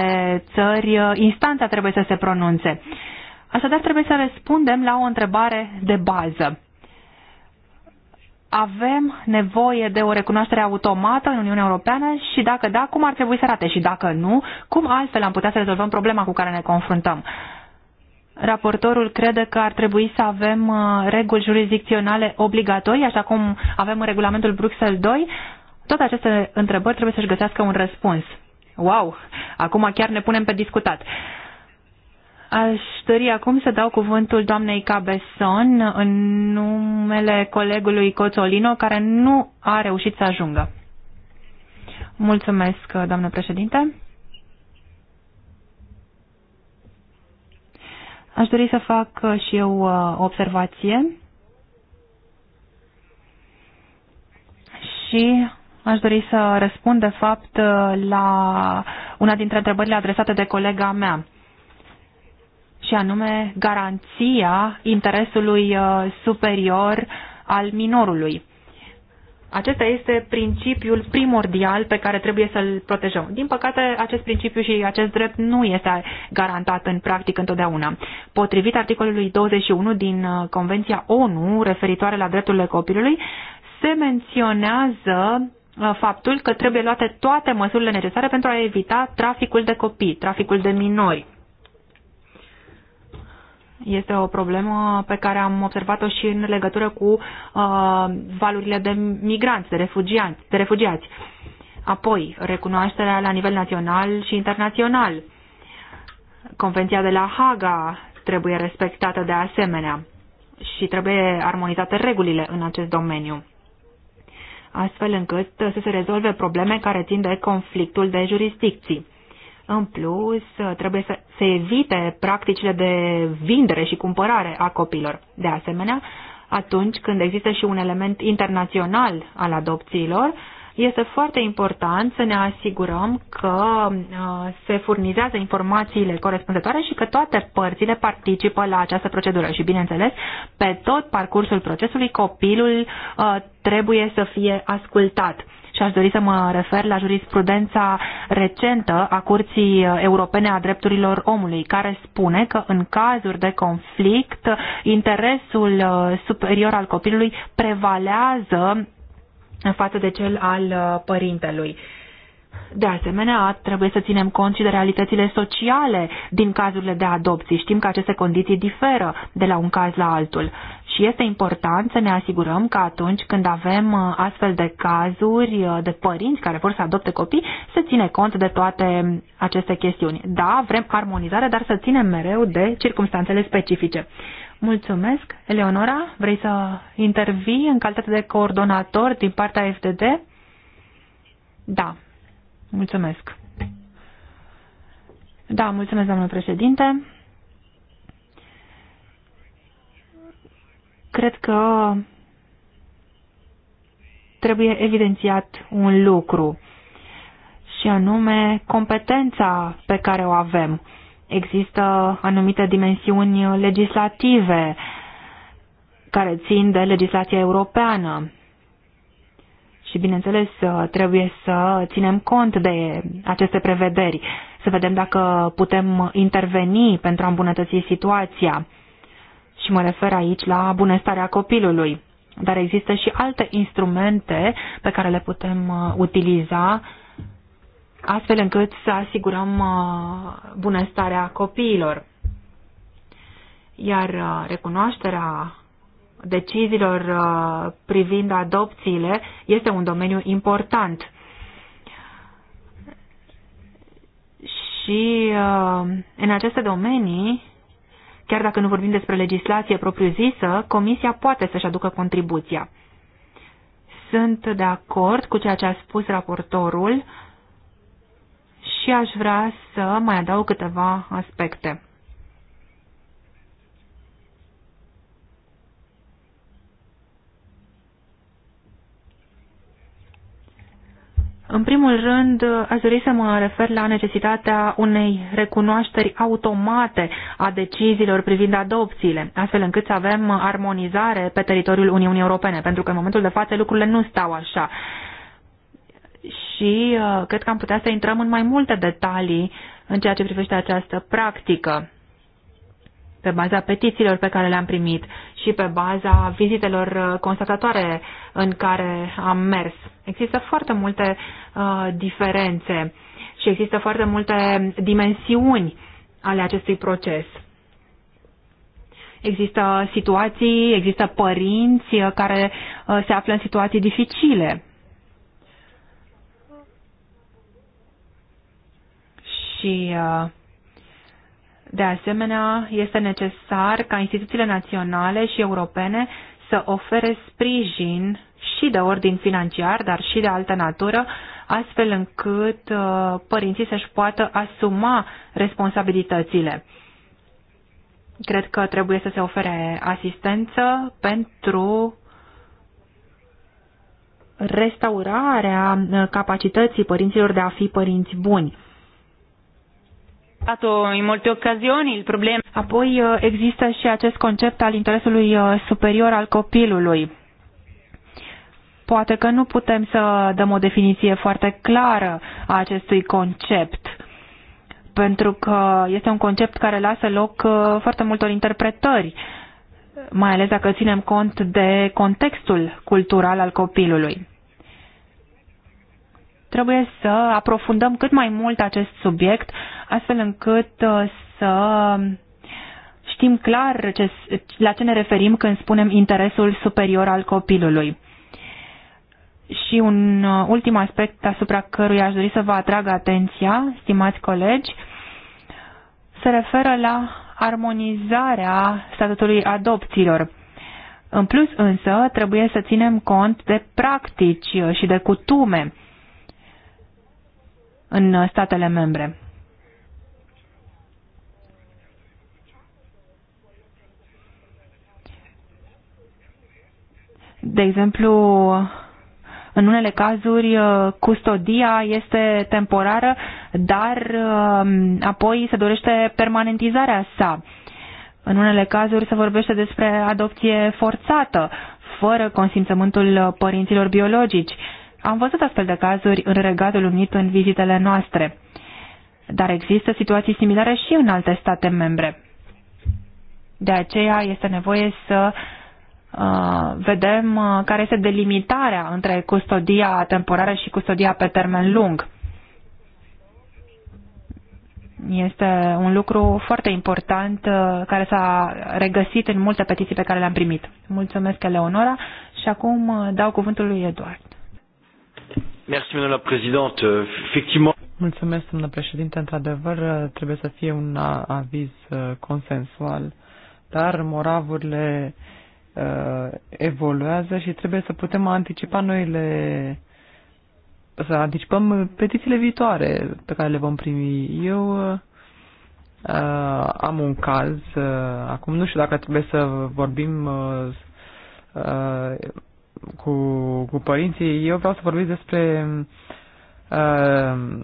țări, uh, instanța trebuie să se pronunțe. Așadar, trebuie să răspundem la o întrebare de bază avem nevoie de o recunoaștere automată în Uniunea Europeană și dacă da, cum ar trebui să arate și dacă nu, cum altfel am putea să rezolvăm problema cu care ne confruntăm. Raportorul crede că ar trebui să avem uh, reguli jurisdicționale obligatorii, așa cum avem în regulamentul Bruxelles 2. Toate aceste întrebări trebuie să-și găsească un răspuns. Wow! Acum chiar ne punem pe discutat. Aș dori acum să dau cuvântul doamnei Cabeson în numele colegului Coțolino, care nu a reușit să ajungă. Mulțumesc, doamnă președinte. Aș dori să fac și eu uh, o observație și aș dori să răspund, de fapt, uh, la una dintre întrebările adresate de colega mea și anume garanția interesului uh, superior al minorului. Acesta este principiul primordial pe care trebuie să-l protejăm. Din păcate, acest principiu și acest drept nu este garantat în practic întotdeauna. Potrivit articolului 21 din uh, Convenția ONU referitoare la drepturile copilului, se menționează uh, faptul că trebuie luate toate măsurile necesare pentru a evita traficul de copii, traficul de minori. Este o problemă pe care am observat-o și în legătură cu uh, valurile de migranți, de refugiați. De refugiați. Apoi, recunoașterea la nivel național și internațional. Convenția de la Haga trebuie respectată de asemenea și trebuie armonizate regulile în acest domeniu, astfel încât să se rezolve probleme care țin de conflictul de jurisdicții. În plus, trebuie să se evite practicile de vindere și cumpărare a copilor. De asemenea, atunci când există și un element internațional al adopțiilor, este foarte important să ne asigurăm că uh, se furnizează informațiile corespunzătoare și că toate părțile participă la această procedură. Și, bineînțeles, pe tot parcursul procesului, copilul uh, trebuie să fie ascultat și aș dori să mă refer la jurisprudența recentă a Curții Europene a Drepturilor Omului, care spune că în cazuri de conflict, interesul uh, superior al copilului prevalează în față de cel al uh, părintelui. De asemenea, trebuie să ținem cont și de realitățile sociale din cazurile de adopții. Știm că aceste condiții diferă de la un caz la altul și este important să ne asigurăm că atunci când avem uh, astfel de cazuri uh, de părinți care vor să adopte copii, să ține cont de toate aceste chestiuni. Da, vrem armonizare, dar să ținem mereu de circumstanțele specifice. Mulțumesc. Eleonora, vrei să intervii în calitate de coordonator din partea FDD? Da. Mulțumesc. Da, mulțumesc, doamnă președinte. cred că trebuie evidențiat un lucru și anume competența pe care o avem. Există anumite dimensiuni legislative care țin de legislația europeană și, bineînțeles, trebuie să ținem cont de aceste prevederi, să vedem dacă putem interveni pentru a îmbunătăți situația și mă refer aici la bunăstarea copilului. Dar există și alte instrumente pe care le putem uh, utiliza astfel încât să asigurăm uh, bunăstarea copiilor. Iar uh, recunoașterea deciziilor privind adopțiile este un domeniu important. Și în aceste domenii Chiar dacă nu vorbim despre legislație propriu-zisă, Comisia poate să-și aducă contribuția. Sunt de acord cu ceea ce a spus raportorul și aș vrea să mai adaug câteva aspecte. În primul rând, aș dori să mă refer la necesitatea unei recunoașteri automate a deciziilor privind adopțiile, astfel încât să avem armonizare pe teritoriul Uniunii Europene, pentru că în momentul de față lucrurile nu stau așa. Și uh, cred că am putea să intrăm în mai multe detalii în ceea ce privește această practică pe baza petițiilor pe care le-am primit și pe baza vizitelor uh, constatatoare în care am mers. Există foarte multe uh, diferențe și există foarte multe dimensiuni ale acestui proces. Există situații, există părinți uh, care uh, se află în situații dificile. Și uh, de asemenea, este necesar ca instituțiile naționale și europene să ofere sprijin și de ordin financiar, dar și de altă natură, astfel încât uh, părinții să-și poată asuma responsabilitățile. Cred că trebuie să se ofere asistență pentru restaurarea uh, capacității părinților de a fi părinți buni. In molte occasioni il problema. Apoi uh, există și acest concept al interesului uh, superior al copilului. Poate că nu putem să dăm o definiție foarte clară a acestui concept, pentru că este un concept care lasă loc uh, foarte multor interpretări, mai ales dacă ținem cont de contextul cultural al copilului trebuie să aprofundăm cât mai mult acest subiect astfel încât uh, să știm clar ce, la ce ne referim când spunem interesul superior al copilului. Și un uh, ultim aspect asupra căruia aș dori să vă atrag atenția, stimați colegi, se referă la armonizarea statutului adopțiilor. În plus însă, trebuie să ținem cont de practici și de cutume în statele membre. De exemplu, în unele cazuri uh, custodia este temporară, dar um, apoi se dorește permanentizarea sa. În unele cazuri se vorbește despre adopție forțată, fără consimțământul părinților biologici. Am văzut astfel de cazuri în Regatul Unit în vizitele noastre. Dar există situații similare și în alte state membre. De aceea este nevoie să uh, Uh, vedem uh, care este delimitarea între custodia temporară și custodia pe termen lung. Este un lucru foarte important uh, care s-a regăsit în multe petiții pe care le-am primit. Mulțumesc, Eleonora, și acum dau cuvântul lui Eduard. Merci, euh, Mulțumesc, domnule președinte. Într-adevăr, trebuie să fie un aviz consensual, dar moravurile uh, Uh, evoluează și trebuie să putem anticipa noile să anticipăm petițiile viitoare pe care le vom primi. Eu uh, uh, am un caz, uh, acum nu știu dacă trebuie să vorbim uh, uh, cu, cu părinții, eu vreau să vorbesc despre uh,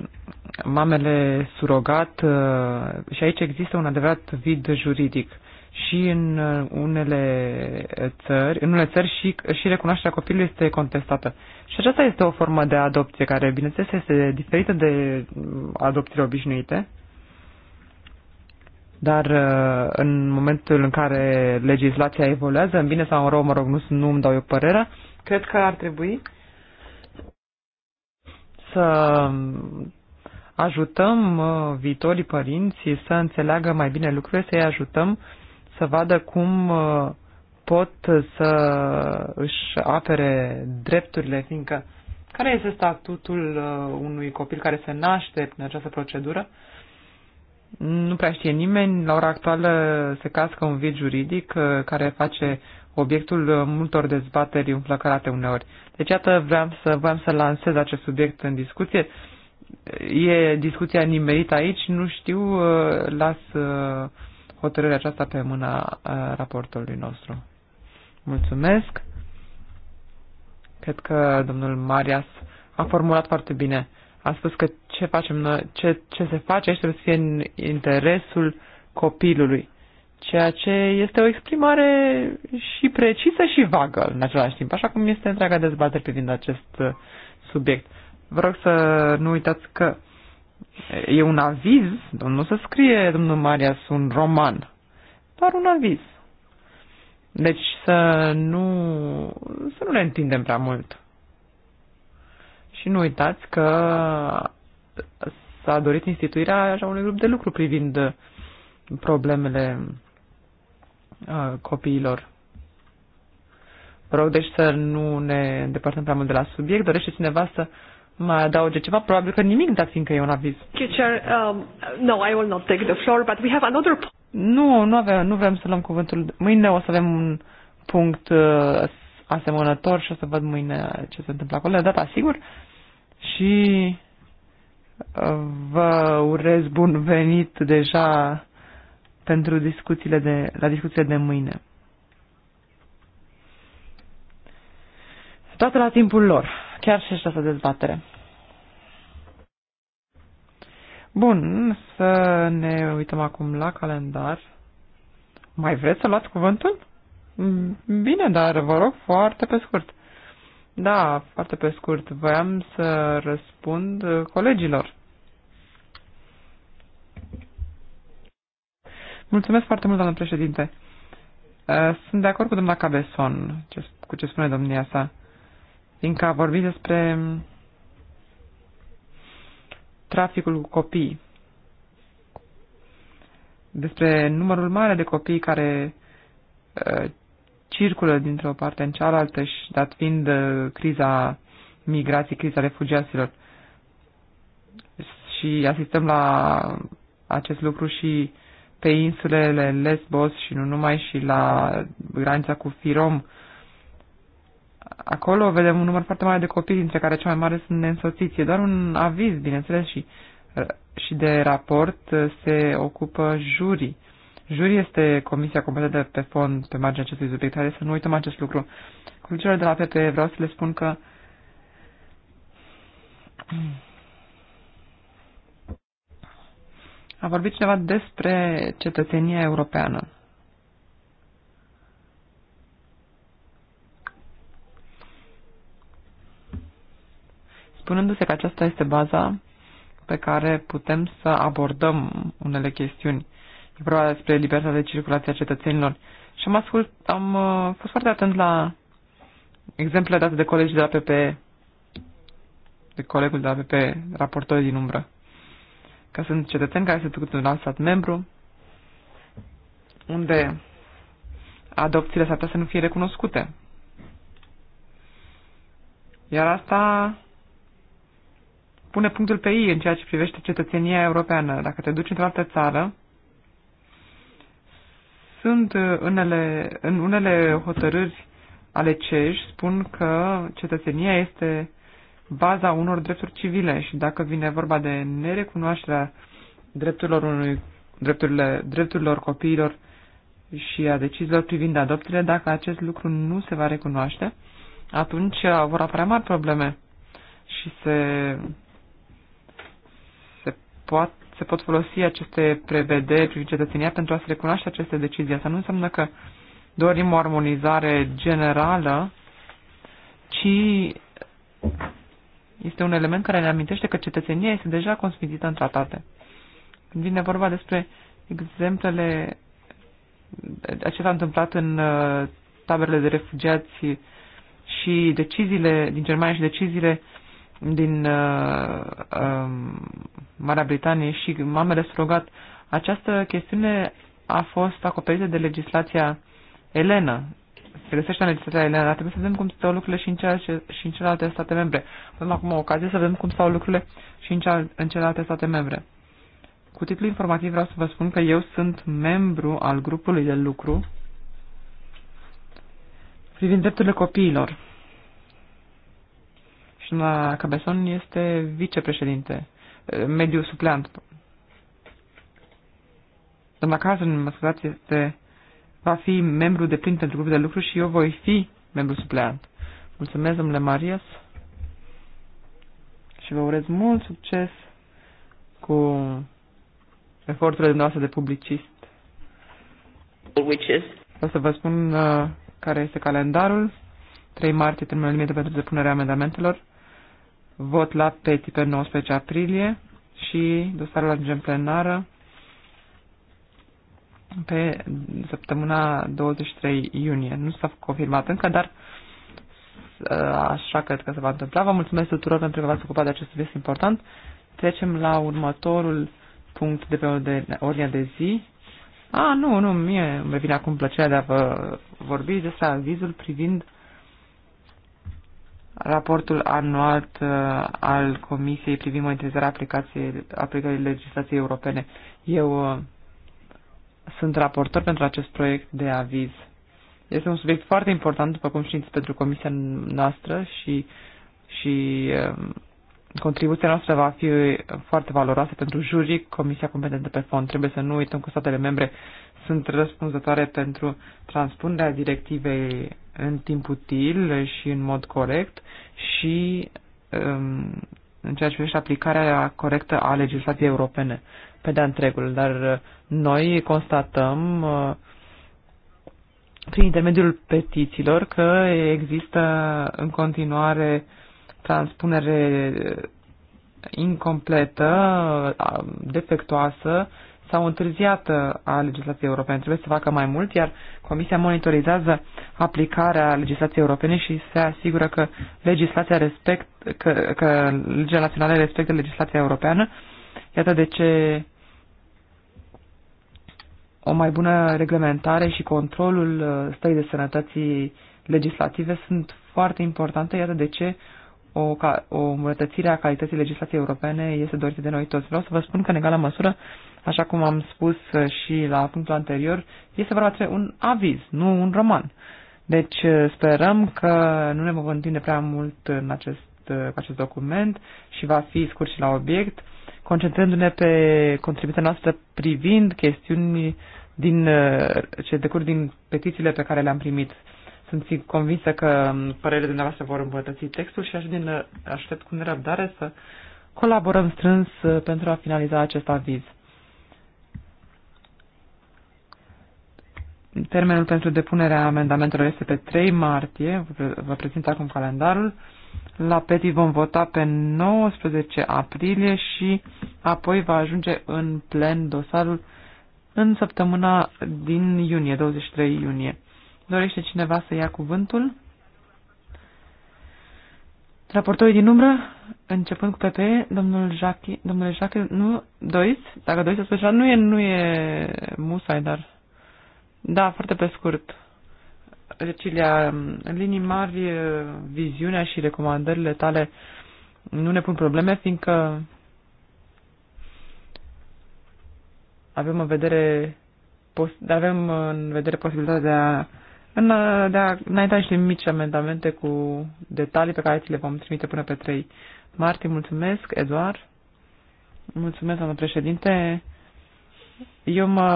mamele surogat uh, și aici există un adevărat vid juridic. Uh, și în uh, unele uh, țări, în unele țări și, și recunoașterea copilului este contestată. Și aceasta este o formă de adopție care, bineînțeles, este diferită de mm, adopțiile obișnuite, dar uh, în momentul în care legislația evoluează, în bine sau în rău, mă rog, nu, nu îmi dau eu părerea, cred că ar trebui să mm, ajutăm viitorii părinți să înțeleagă mai bine lucrurile, să-i ajutăm uh, să vadă cum uh, pot să își apere drepturile, fiindcă care este statutul uh, unui copil care se naște prin această procedură? Nu prea știe nimeni. La ora actuală se cască un vid juridic uh, care face obiectul multor dezbateri înflăcărate uneori. Deci, iată, vreau să, vreau să lansez acest subiect în discuție. E discuția nimerită aici, nu știu, las hotărârea aceasta pe mâna uh, raportului nostru. Mulțumesc! Cred că domnul Marias a formulat foarte bine. A spus că ce, facem noi, ce, ce se face aici trebuie să fie în interesul copilului, ceea ce este o exprimare și precisă și vagă în același timp, așa cum este întreaga dezbatere privind acest uh, subiect. Vă rog să nu uitați că E un aviz, nu se scrie, domnul Marias, un roman. Doar un aviz. Deci să nu, să nu le întindem prea mult. Și nu uitați că s-a dorit instituirea așa unui grup de lucru privind problemele copiilor. Vă rog deci să nu ne îndepărtăm prea mult de la subiect. Dorește cineva să mai adauge ceva? Probabil că nimic, dar fiindcă e un aviz. Teacher, um, no, I will not take the floor, but we have another... Nu, nu, avem, nu vrem să luăm cuvântul. Mâine o să avem un punct uh, asemănător și o să văd mâine ce se întâmplă acolo. Data, sigur. Și uh, vă urez bun venit deja pentru discuțiile de, la discuțiile de mâine. Toate la timpul lor chiar și această dezbatere. Bun, să ne uităm acum la calendar. Mai vreți să luați cuvântul? Mm, bine, dar vă rog foarte pe scurt. Da, foarte pe scurt. Voiam să răspund colegilor. Mulțumesc foarte mult, doamnă președinte. Uh, sunt de acord cu doamna Cabeson, cu ce spune domnia sa fiindcă a vorbit despre traficul cu copii, despre numărul mare de copii care uh, circulă dintr-o parte în cealaltă și dat fiind uh, criza migrației, criza refugiaților. Și asistăm la acest lucru și pe insulele Lesbos și nu numai și la granița cu Firom, acolo vedem un număr foarte mare de copii, dintre care cea mai mare sunt neînsoțiți. E doar un aviz, bineînțeles, și, și de raport se ocupă jurii. Jurii este comisia competentă pe fond pe marginea acestui subiect. Hai să nu uităm acest lucru. Colegilor de la PP vreau să le spun că a vorbit cineva despre cetățenia europeană. spunându-se că aceasta este baza pe care putem să abordăm unele chestiuni. E vorba despre libertatea de circulație a cetățenilor. Și am, ascult, am uh, fost foarte atent la exemplele date de colegii de la PP, de colegul de la PP, raportor din umbră, că sunt cetățeni care se duc un alt stat membru, unde adopțiile s-ar putea să nu fie recunoscute. Iar asta pune punctul pe ei în ceea ce privește cetățenia europeană. Dacă te duci într-o altă țară, sunt uh, unele, în unele hotărâri ale CEJ spun că cetățenia este baza unor drepturi civile și dacă vine vorba de nerecunoașterea drepturilor, unui, drepturile, drepturilor copiilor și a deciziilor privind adopțiile, dacă acest lucru nu se va recunoaște, atunci vor apărea mari probleme și se poate se pot folosi aceste prevederi privind cetățenia pentru a se recunoaște aceste decizii. Asta nu înseamnă că dorim o armonizare generală, ci este un element care ne amintește că cetățenia este deja consfințită în tratate. Când vine vorba despre exemplele ce a întâmplat în uh, taberele de refugiați și deciziile din Germania și deciziile din uh, uh, Marea Britanie și m-am surogat. Această chestiune a fost acoperită de legislația Elena. Se găsește în legislația Elena. dar trebuie să vedem cum stau lucrurile și în, cea, și în celelalte state membre. Avem acum o ocazie să vedem cum stau lucrurile și în, cea, în celelalte state membre. Cu titlul informativ vreau să vă spun că eu sunt membru al grupului de lucru privind drepturile copiilor Doamna Cabeson este vicepreședinte, mediu supleant. Doamna Carson, mă scuzați, este, va fi membru de plin pentru grupul de lucru și eu voi fi membru supleant. Mulțumesc, domnule Marias, și vă urez mult succes cu eforturile noastre de publicist. Which is... O să vă spun uh, care este calendarul. 3 martie termenul limită pentru depunerea amendamentelor vot la PETI pe 19 aprilie și dosarul la în plenară pe săptămâna 23 iunie. Nu s-a confirmat încă, dar uh, așa cred că se va întâmpla. Vă mulțumesc tuturor pentru că v-ați ocupat de acest subiect important. Trecem la următorul punct de pe ordinea de zi. A, ah, nu, nu, mie îmi vine acum plăcerea de a vă vorbi despre avizul privind uh, raportul anual uh, al Comisiei privind monitorizarea aplicației, aplicării legislației europene. Eu uh, sunt raportor pentru acest proiect de aviz. Este un subiect foarte important, după cum știți, pentru comisia noastră și, și uh, contribuția noastră va fi foarte valoroasă pentru jurii comisia competentă pe fond. Trebuie să nu uităm că statele membre sunt răspunzătoare pentru transpunerea directivei în timp util și în mod corect și um, în ceea ce privește aplicarea corectă a legislației europene pe de-a întregul. Dar uh, noi constatăm uh, prin intermediul petițiilor că există în continuare transpunere uh, incompletă, defectoasă sau întârziat uh, a legislației europene. Trebuie să facă mai mult, iar Comisia monitorizează aplicarea legislației europene și se asigură că legislația respect, că, că legea națională respectă legislația europeană. Iată de ce o mai bună reglementare și controlul uh, stării de sănătății legislative sunt foarte importante. Iată de ce o, o îmbunătățire a calității legislației europene este dorită de noi toți. Vreau să vă spun că, în egală măsură, Așa cum am spus uh, și la punctul anterior, este vorba despre un aviz, nu un roman. Deci uh, sperăm că nu ne vom întinde prea mult în acest, uh, cu acest document și va fi scurt și la obiect, concentrându-ne pe contribuția noastră privind chestiuni din, ce decur din petițiile pe care le-am primit. Sunt convinsă că um, părerile dumneavoastră vor îmbunătăți textul și aș din, aștept cu nerăbdare să colaborăm strâns pentru a finaliza acest aviz. Termenul pentru depunerea amendamentelor este pe 3 martie. Vă prezint acum calendarul. La PETI vom vota pe 19 aprilie și apoi va ajunge în plen dosarul în săptămâna din iunie, 23 iunie. Dorește cineva să ia cuvântul? Raportorii din umbră, începând cu PP, domnul Jacques, domnule Jacques, nu, doiți, Dacă doiți să spuneți, nu e, nu e musai, dar da, foarte pe scurt. Cecilia, în linii mari, viziunea și recomandările tale nu ne pun probleme, fiindcă avem în vedere, avem în vedere posibilitatea de a, în, de a înainta niște mici amendamente cu detalii pe care ți le vom trimite până pe 3 martie. Mulțumesc, Eduard. Mulțumesc, doamnă președinte. Eu mă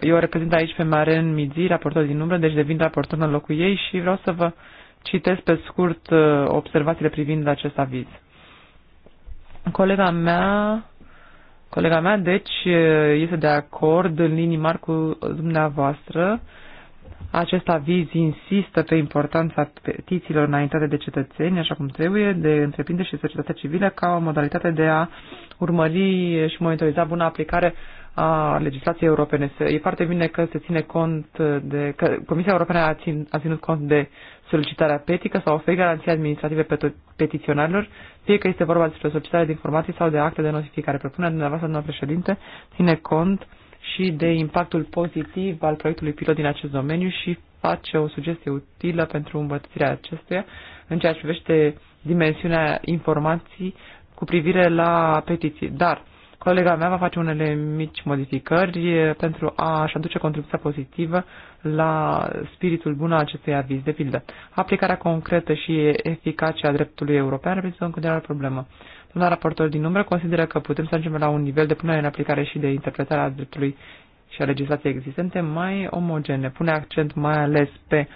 eu reprezint aici pe Maren Mizi, raportor din umbră, deci devin raportor în locul ei și vreau să vă citesc pe scurt uh, observațiile privind acest aviz. Colega mea, colega mea, deci, uh, este de acord în linii mari cu dumneavoastră. Acest aviz insistă pe importanța petițiilor înaintate de cetățeni, așa cum trebuie, de întreprindere și societatea civilă, ca o modalitate de a urmări și monitoriza buna aplicare a legislației europene. E foarte bine că se ține cont de, că Comisia Europeană a, țin, a ținut cont de solicitarea petică sau oferi garanții administrative petiționarilor, fie că este vorba despre solicitare de informații sau de acte de notificare. Propunerea dumneavoastră, domnul președinte, ține cont și de impactul pozitiv al proiectului pilot din acest domeniu și face o sugestie utilă pentru îmbătățirea acestuia în ceea ce privește dimensiunea informații cu privire la petiții. Dar, Colega mea va face unele mici modificări pentru a-și aduce contribuția pozitivă la spiritul bun al acestui aviz. De pildă, aplicarea concretă și eficace a dreptului european reprezintă în continuare o problemă. Doamna raportor din umbră consideră că putem să ajungem la un nivel de punere în aplicare și de interpretare a dreptului și a legislației existente mai omogene. Pune accent mai ales pe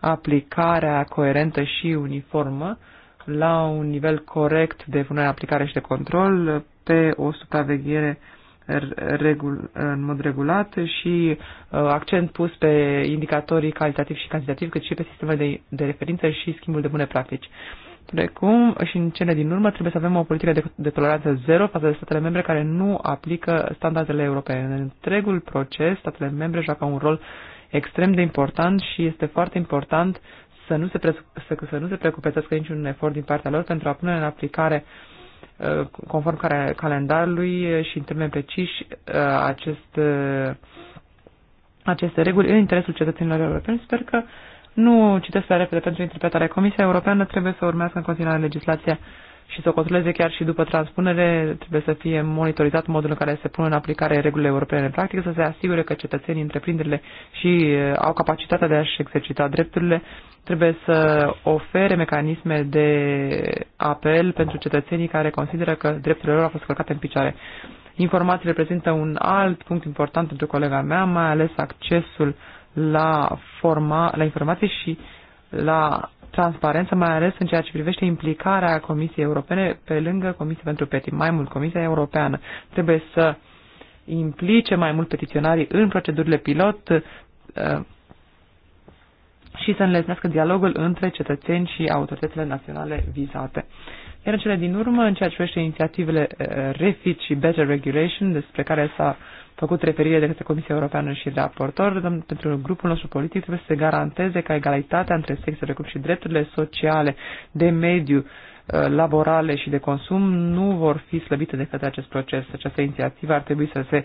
aplicarea coerentă și uniformă la un nivel corect de punere aplicare și de control, pe o supraveghere regul, în mod regulat și uh, accent pus pe indicatorii calitativ și cantitativ, cât și pe sistemele de, de referință și schimbul de bune practici. Precum și în cele din urmă, trebuie să avem o politică de, de toleranță zero față de statele membre care nu aplică standardele europene. În întregul proces, statele membre joacă un rol extrem de important și este foarte important să nu se, pre, să, să nu se precupețească niciun efort din partea lor pentru a pune în aplicare uh, conform care, calendarului și în termeni preciși uh, acest, uh, aceste reguli în interesul cetățenilor europeni. Sper că nu citesc prea repede pentru interpretare. Comisia Europeană trebuie să urmească în continuare legislația uh, și să o controleze chiar și după transpunere, trebuie să fie monitorizat modul în care se pun în aplicare regulile europene în practică, să se asigure că cetățenii, întreprinderile și uh, au capacitatea de a-și exercita drepturile, trebuie să ofere mecanisme de apel pentru cetățenii care consideră că drepturile lor au fost călcate în picioare. Informațiile reprezintă un alt punct important pentru colega mea, mai ales accesul la, forma, la informații și la transparență, mai ales în ceea ce privește implicarea Comisiei Europene pe lângă Comisia pentru Peti. Mai mult, Comisia Europeană trebuie să implice mai mult petiționarii în procedurile pilot uh, și să înlesnească dialogul între cetățeni și autoritățile naționale vizate. Iar în cele din urmă, în ceea ce privește inițiativele uh, REFIT și Better Regulation, despre care s-a uh, făcut referire de către Comisia Europeană și raportor, pentru grupul nostru politic trebuie să se garanteze ca egalitatea între sexe, precum și drepturile sociale, de mediu, uh, laborale și de consum nu vor fi slăbite de către acest proces. Această inițiativă ar trebui să se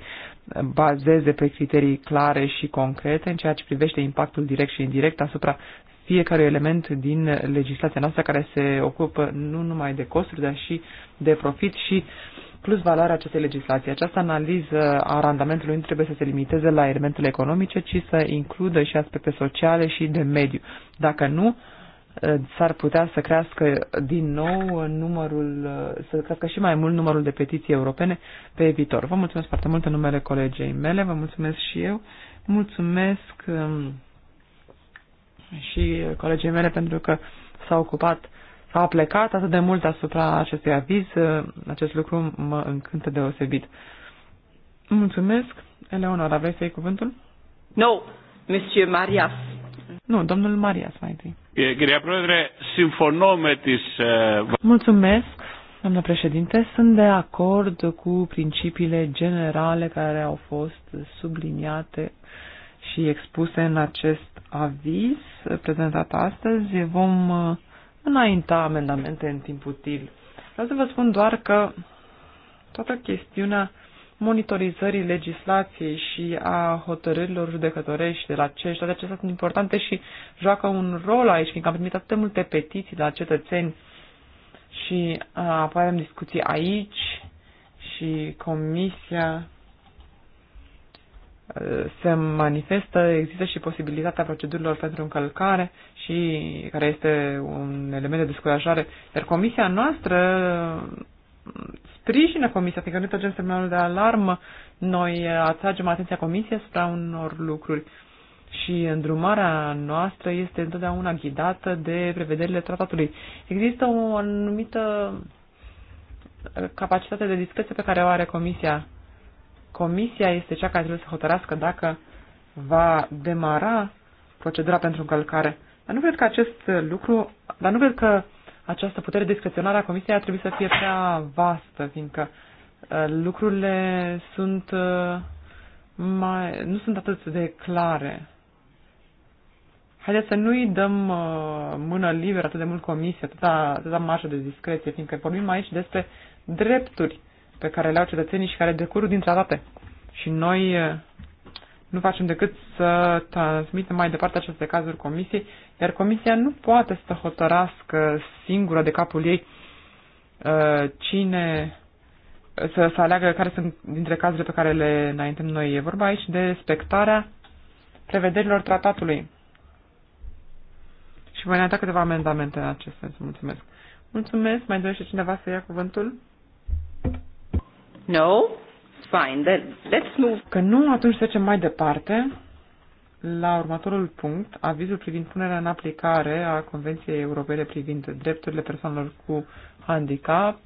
bazeze pe criterii clare și concrete în ceea ce privește impactul direct și indirect asupra fiecare element din legislația noastră care se ocupă nu numai de costuri, dar și de profit și plus valoarea acestei legislații. Această analiză a randamentului nu trebuie să se limiteze la elementele economice, ci să includă și aspecte sociale și de mediu. Dacă nu, s-ar putea să crească din nou numărul, să crească și mai mult numărul de petiții europene pe viitor. Vă mulțumesc foarte mult în numele colegei mele, vă mulțumesc și eu, mulțumesc um, și colegii mele pentru că s-au ocupat s-a plecat atât de mult asupra acestui aviz, acest lucru mă încântă deosebit. Mulțumesc. Eleonora, vrei să iei cuvântul? No, Monsieur Marias. Nu, domnul Marias mai întâi. Mulțumesc, doamnă președinte. Sunt de acord cu principiile generale care au fost subliniate și expuse în acest aviz prezentat astăzi. Vom înainta amendamente în timp util. Vreau să vă spun doar că toată chestiunea monitorizării legislației și a hotărârilor judecătorești de la ce și toate acestea sunt importante și joacă un rol aici, fiindcă am primit atât de multe petiții de la cetățeni și apoi avem discuții aici și comisia se manifestă, există și posibilitatea procedurilor pentru încălcare și care este un element de descurajare. Dar comisia noastră sprijină comisia, fiindcă noi tragem semnalul de alarmă, noi atragem atenția comisiei asupra unor lucruri și îndrumarea noastră este întotdeauna ghidată de prevederile tratatului. Există o anumită capacitate de discreție pe care o are comisia Comisia este cea care trebuie să hotărască dacă va demara procedura pentru încălcare. Dar nu cred că acest lucru, dar nu cred că această putere discreționară a Comisiei ar trebui să fie prea vastă, fiindcă uh, lucrurile sunt uh, mai, nu sunt atât de clare. Haideți să nu-i dăm uh, mână liberă atât de mult comisie, atâta, atâta marjă de discreție, fiindcă vorbim aici despre drepturi pe care le au cetățenii și care decurg din tratate. Și noi eh, nu facem decât să transmitem mai departe aceste cazuri comisiei, iar comisia nu poate să hotărască singură de capul ei eh, cine eh, să, să aleagă care sunt dintre cazurile pe care le înaintăm noi. E vorba aici de respectarea prevederilor tratatului. Și voi ne câteva amendamente în acest sens. Mulțumesc. Mulțumesc. Mai dorește cineva să ia cuvântul? No? Fine, then let's move. Că nu, atunci trecem mai departe la următorul punct, avizul privind punerea în aplicare a Convenției Europene privind drepturile persoanelor cu handicap,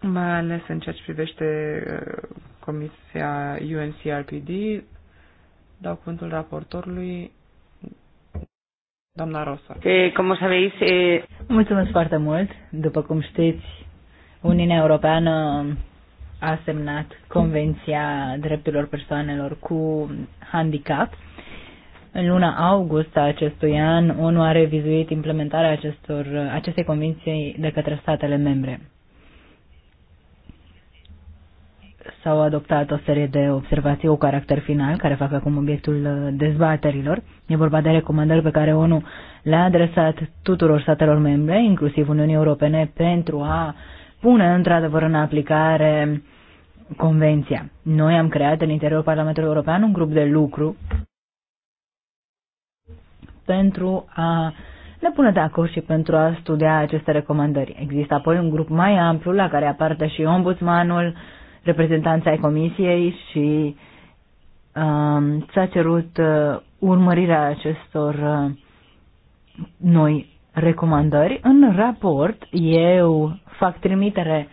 mai ales în ceea ce privește uh, Comisia UNCRPD, dau cuvântul raportorului doamna Rosa. cum o să vezi, Mulțumesc foarte mult. După cum știți, Uniunea Europeană a semnat Convenția Drepturilor Persoanelor cu Handicap. În luna august a acestui an, ONU a revizuit implementarea acestor, acestei convenții de către statele membre. S-au adoptat o serie de observații cu caracter final, care fac acum obiectul uh, dezbaterilor. E vorba de recomandări pe care ONU le-a adresat tuturor statelor membre, inclusiv Uniunii Europene, pentru a uh, pune într-adevăr în aplicare convenția. Noi am creat în interiorul Parlamentului European un grup de lucru pentru a ne pune de acord și pentru a studia aceste recomandări. Există apoi un grup mai amplu la care aparte și ombudsmanul, reprezentanța ai comisiei și um, s-a cerut uh, urmărirea acestor uh, noi recomandări. În raport eu fac trimitere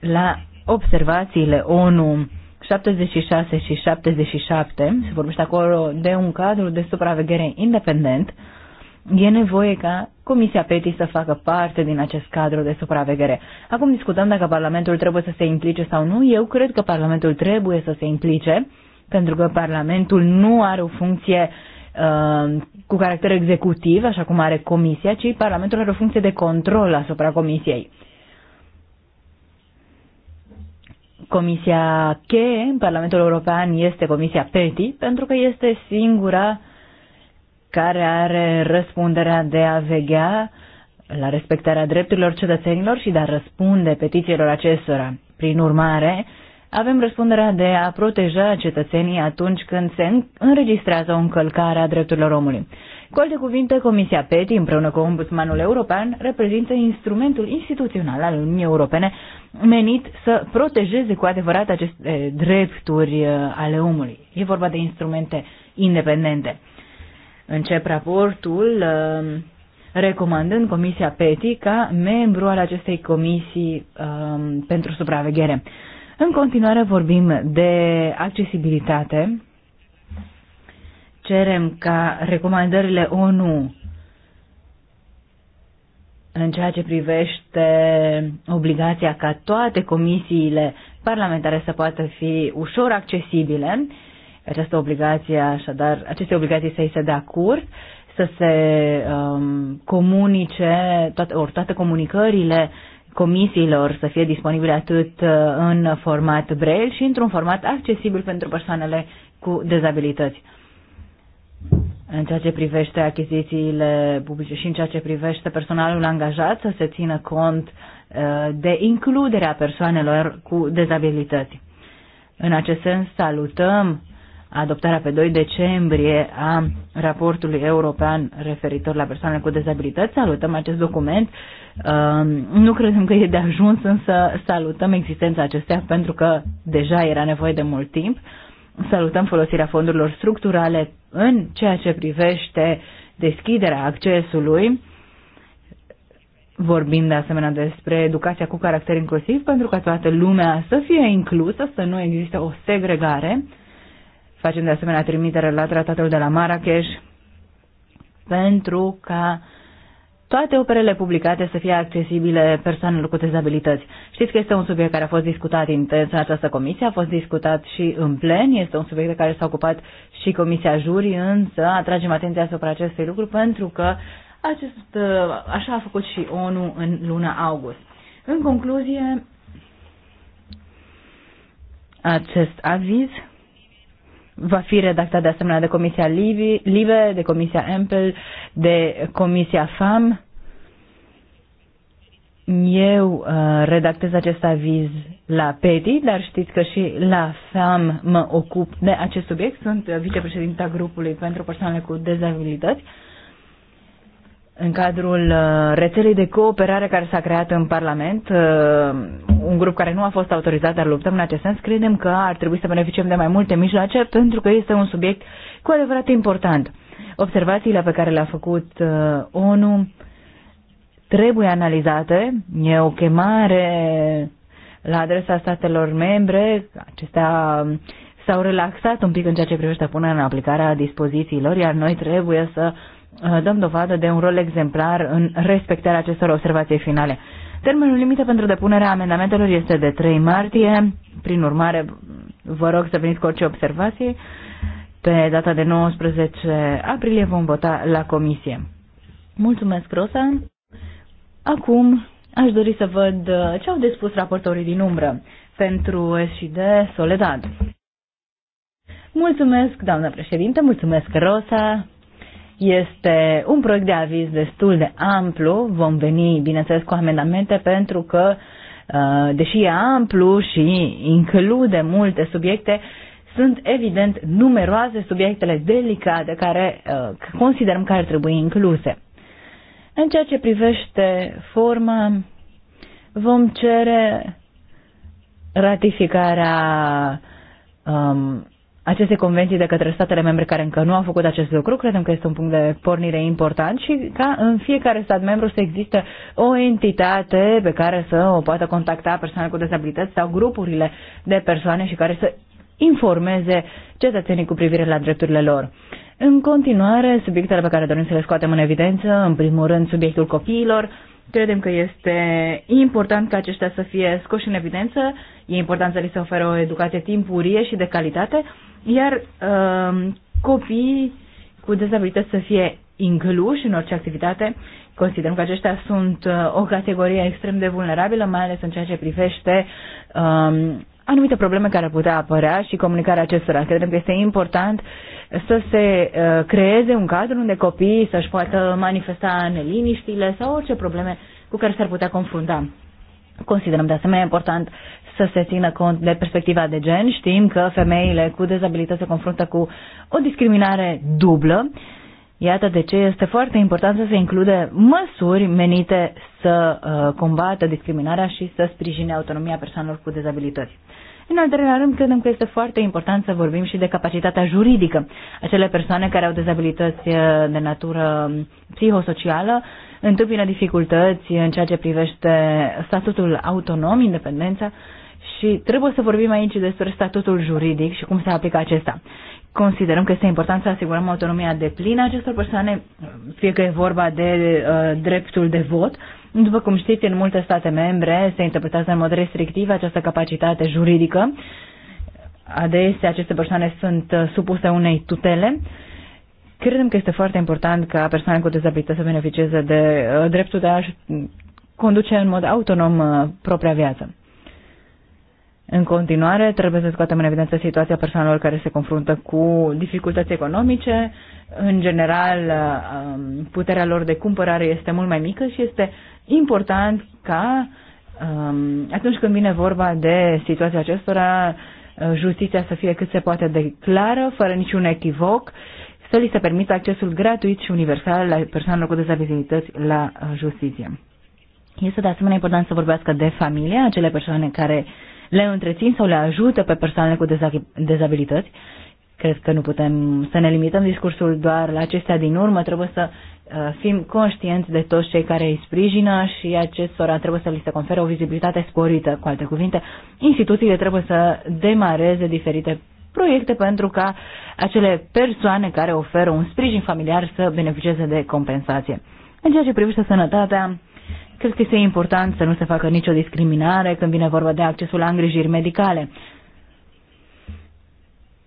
la observațiile ONU 76 și 77, se vorbește acolo de un cadru de supraveghere independent, e nevoie ca Comisia PETI să facă parte din acest cadru de supraveghere. Acum discutăm dacă Parlamentul trebuie să se implice sau nu. Eu cred că Parlamentul trebuie să se implice, pentru că Parlamentul nu are o funcție Uh, cu caracter executiv, așa cum are Comisia, ci Parlamentul are o funcție de control asupra Comisiei. Comisia cheie în Parlamentul European este Comisia PETI, pentru că este singura care are răspunderea de a vegea la respectarea drepturilor cetățenilor și de a răspunde petițiilor acestora. Prin urmare, avem răspunderea de a proteja cetățenii atunci când se înregistrează o încălcare a drepturilor omului. Cu alte cuvinte, Comisia PETI, împreună cu Ombudsmanul European, reprezintă instrumentul instituțional al Uniunii Europene menit să protejeze cu adevărat aceste drepturi uh, ale omului. E vorba de instrumente independente. Încep raportul uh, recomandând Comisia PETI ca membru al acestei comisii uh, pentru supraveghere. În continuare vorbim de accesibilitate. Cerem ca recomandările ONU în ceea ce privește obligația ca toate comisiile parlamentare să poată fi ușor accesibile, această obligație, așadar, aceste obligații să-i se dea curs, să se um, comunice, toate, ori toate comunicările comisiilor să fie disponibile atât uh, în format braille și într-un format accesibil pentru persoanele cu dezabilități. În ceea ce privește achizițiile publice și în ceea ce privește personalul angajat, să se țină cont uh, de includerea persoanelor cu dezabilități. În acest sens, salutăm adoptarea pe 2 decembrie a raportului european referitor la persoanele cu dezabilități. Salutăm acest document. Um, nu credem că e de ajuns, însă salutăm existența acestea pentru că deja era nevoie de mult timp. Salutăm folosirea fondurilor structurale în ceea ce privește deschiderea accesului vorbim de asemenea despre educația cu caracter inclusiv pentru ca toată lumea să fie inclusă, să nu existe o segregare. Facem de asemenea trimitere la tratatul de la Marrakesh pentru ca toate operele publicate să fie accesibile persoanelor cu dezabilități. Știți că este un subiect care a fost discutat intens în această comisie, a fost discutat și în plen, este un subiect de care s-a ocupat și Comisia Jurii, însă atragem atenția asupra acestui lucru pentru că acest, uh, așa a făcut și ONU în luna august. În concluzie, acest aviz va fi redactat de asemenea de Comisia Libe, de Comisia Empel, de Comisia FAM. Eu uh, redactez acest aviz la PETI, dar știți că și la FAM mă ocup de acest subiect. Sunt uh, vicepreședinta grupului pentru persoanele cu dezabilități. Uh, în cadrul uh, rețelei de cooperare care s-a creat în Parlament, uh, un grup care nu a fost autorizat, dar luptăm în acest sens, credem că ar trebui să beneficiem de mai multe mijloace pentru că este un subiect cu adevărat important. Observațiile pe care le-a făcut uh, ONU trebuie analizate, e o chemare la adresa statelor membre, acestea s-au relaxat un pic în ceea ce privește punerea în aplicare a dispozițiilor, iar noi trebuie să Uh, dăm dovadă de un rol exemplar în respectarea acestor observații finale. Termenul limită pentru depunerea amendamentelor este de 3 martie, prin urmare vă rog să veniți cu orice observație. Pe data de 19 aprilie vom vota la comisie. Mulțumesc, Rosa. Acum aș dori să văd uh, ce au despus raportorii din umbră pentru SID Soledad. Mulțumesc, doamna președinte, mulțumesc, Rosa, este un proiect de aviz destul de amplu, vom veni, bineînțeles, cu amendamente pentru că, uh, deși e amplu și include multe subiecte, sunt evident numeroase subiectele delicate care uh, considerăm că ar trebui incluse. În ceea ce privește forma, vom cere ratificarea um, aceste convenții de către statele membre care încă nu au făcut acest lucru. Credem că este un punct de pornire important și ca în fiecare stat membru să există o entitate pe care să o poată contacta persoane cu dezabilități sau grupurile de persoane și care să informeze cetățenii cu privire la drepturile lor. În continuare, subiectele pe care dorim să le scoatem în evidență, în primul rând subiectul copiilor, Credem că este important ca aceștia să fie scoși în evidență, e important să li se oferă o educație timpurie și de calitate, iar uh, copiii cu dezabilități să fie incluși în orice activitate. Considerăm că aceștia sunt uh, o categorie extrem de vulnerabilă, mai ales în ceea ce privește uh, anumite probleme care ar putea apărea și comunicarea acestora. Credem că este important să se uh, creeze un cadru unde copiii să-și poată manifesta neliniștile sau orice probleme cu care s-ar putea confrunta. Considerăm de asemenea important să se țină cont de perspectiva de gen. Știm că femeile cu dezabilități se confruntă cu o discriminare dublă. Iată de ce este foarte important să se include măsuri menite să uh, combată discriminarea și să sprijine autonomia persoanelor cu dezabilități. În al doilea rând, credem că este foarte important să vorbim și de capacitatea juridică. Acele persoane care au dezabilități eh, de natură mm, psihosocială întâmpină dificultăți în ceea ce privește statutul autonom, independența și trebuie să vorbim aici despre statutul juridic și cum se aplică acesta. Considerăm că este important să asigurăm autonomia de plină acestor persoane, fie că e vorba de uh, dreptul de vot, uh, după cum știți, în multe state membre se interpretează în mod restrictiv această capacitate juridică. Adesea aceste persoane sunt uh, supuse unei tutele. Credem că este foarte important ca persoane cu dezabilități să beneficieze de uh, dreptul de a conduce în mod autonom uh, propria viață. În continuare, trebuie să scoatem în evidență situația persoanelor care se confruntă cu dificultăți economice. În general, um, puterea lor de cumpărare este mult mai mică și este important ca um, atunci când vine vorba de situația acestora, justiția să fie cât se poate de clară, fără niciun echivoc, să li se permită accesul gratuit și universal la persoanelor cu dezabilități la uh, justiție. Este de asemenea important să vorbească de familie, acele persoane care uh, le întrețin sau le ajută pe persoanele cu dezabilități. Cred că nu putem să ne limităm discursul doar la acestea din urmă, trebuie să uh, fim conștienți de toți cei care îi sprijină și acestora trebuie să li se conferă o vizibilitate sporită. Cu alte cuvinte, instituțiile trebuie să demareze diferite proiecte pentru ca acele persoane care oferă un sprijin familiar să beneficieze de compensație. În ceea ce privește sănătatea, Cred că este important să nu se facă nicio discriminare când vine vorba de accesul la îngrijiri medicale.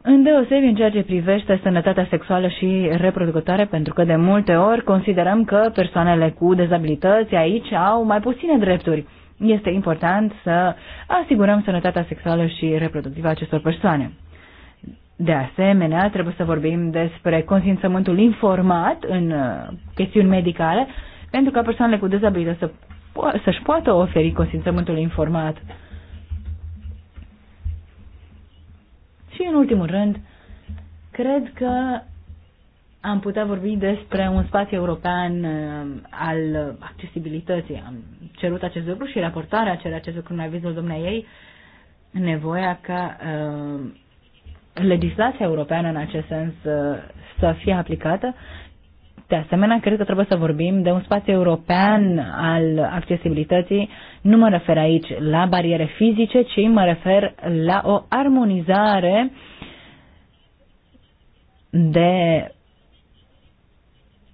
Îndeosebi în ceea ce privește sănătatea sexuală și reproducătoare, pentru că de multe ori considerăm că persoanele cu dezabilități aici au mai puține drepturi. Este important să asigurăm sănătatea sexuală și reproductivă a acestor persoane. De asemenea, trebuie să vorbim despre consimțământul informat în uh, chestiuni medicale pentru ca persoanele cu dezabilități să, să-și poată oferi consimțământul informat. Și în ultimul rând, cred că am putea vorbi despre un spațiu european uh, al accesibilității. Am cerut acest lucru și raportarea cere acest lucru în avizul domnei ei, nevoia ca uh, legislația europeană în acest sens uh, să fie aplicată de asemenea, cred că trebuie să vorbim de un spațiu european al accesibilității. Nu mă refer aici la bariere fizice, ci mă refer la o armonizare de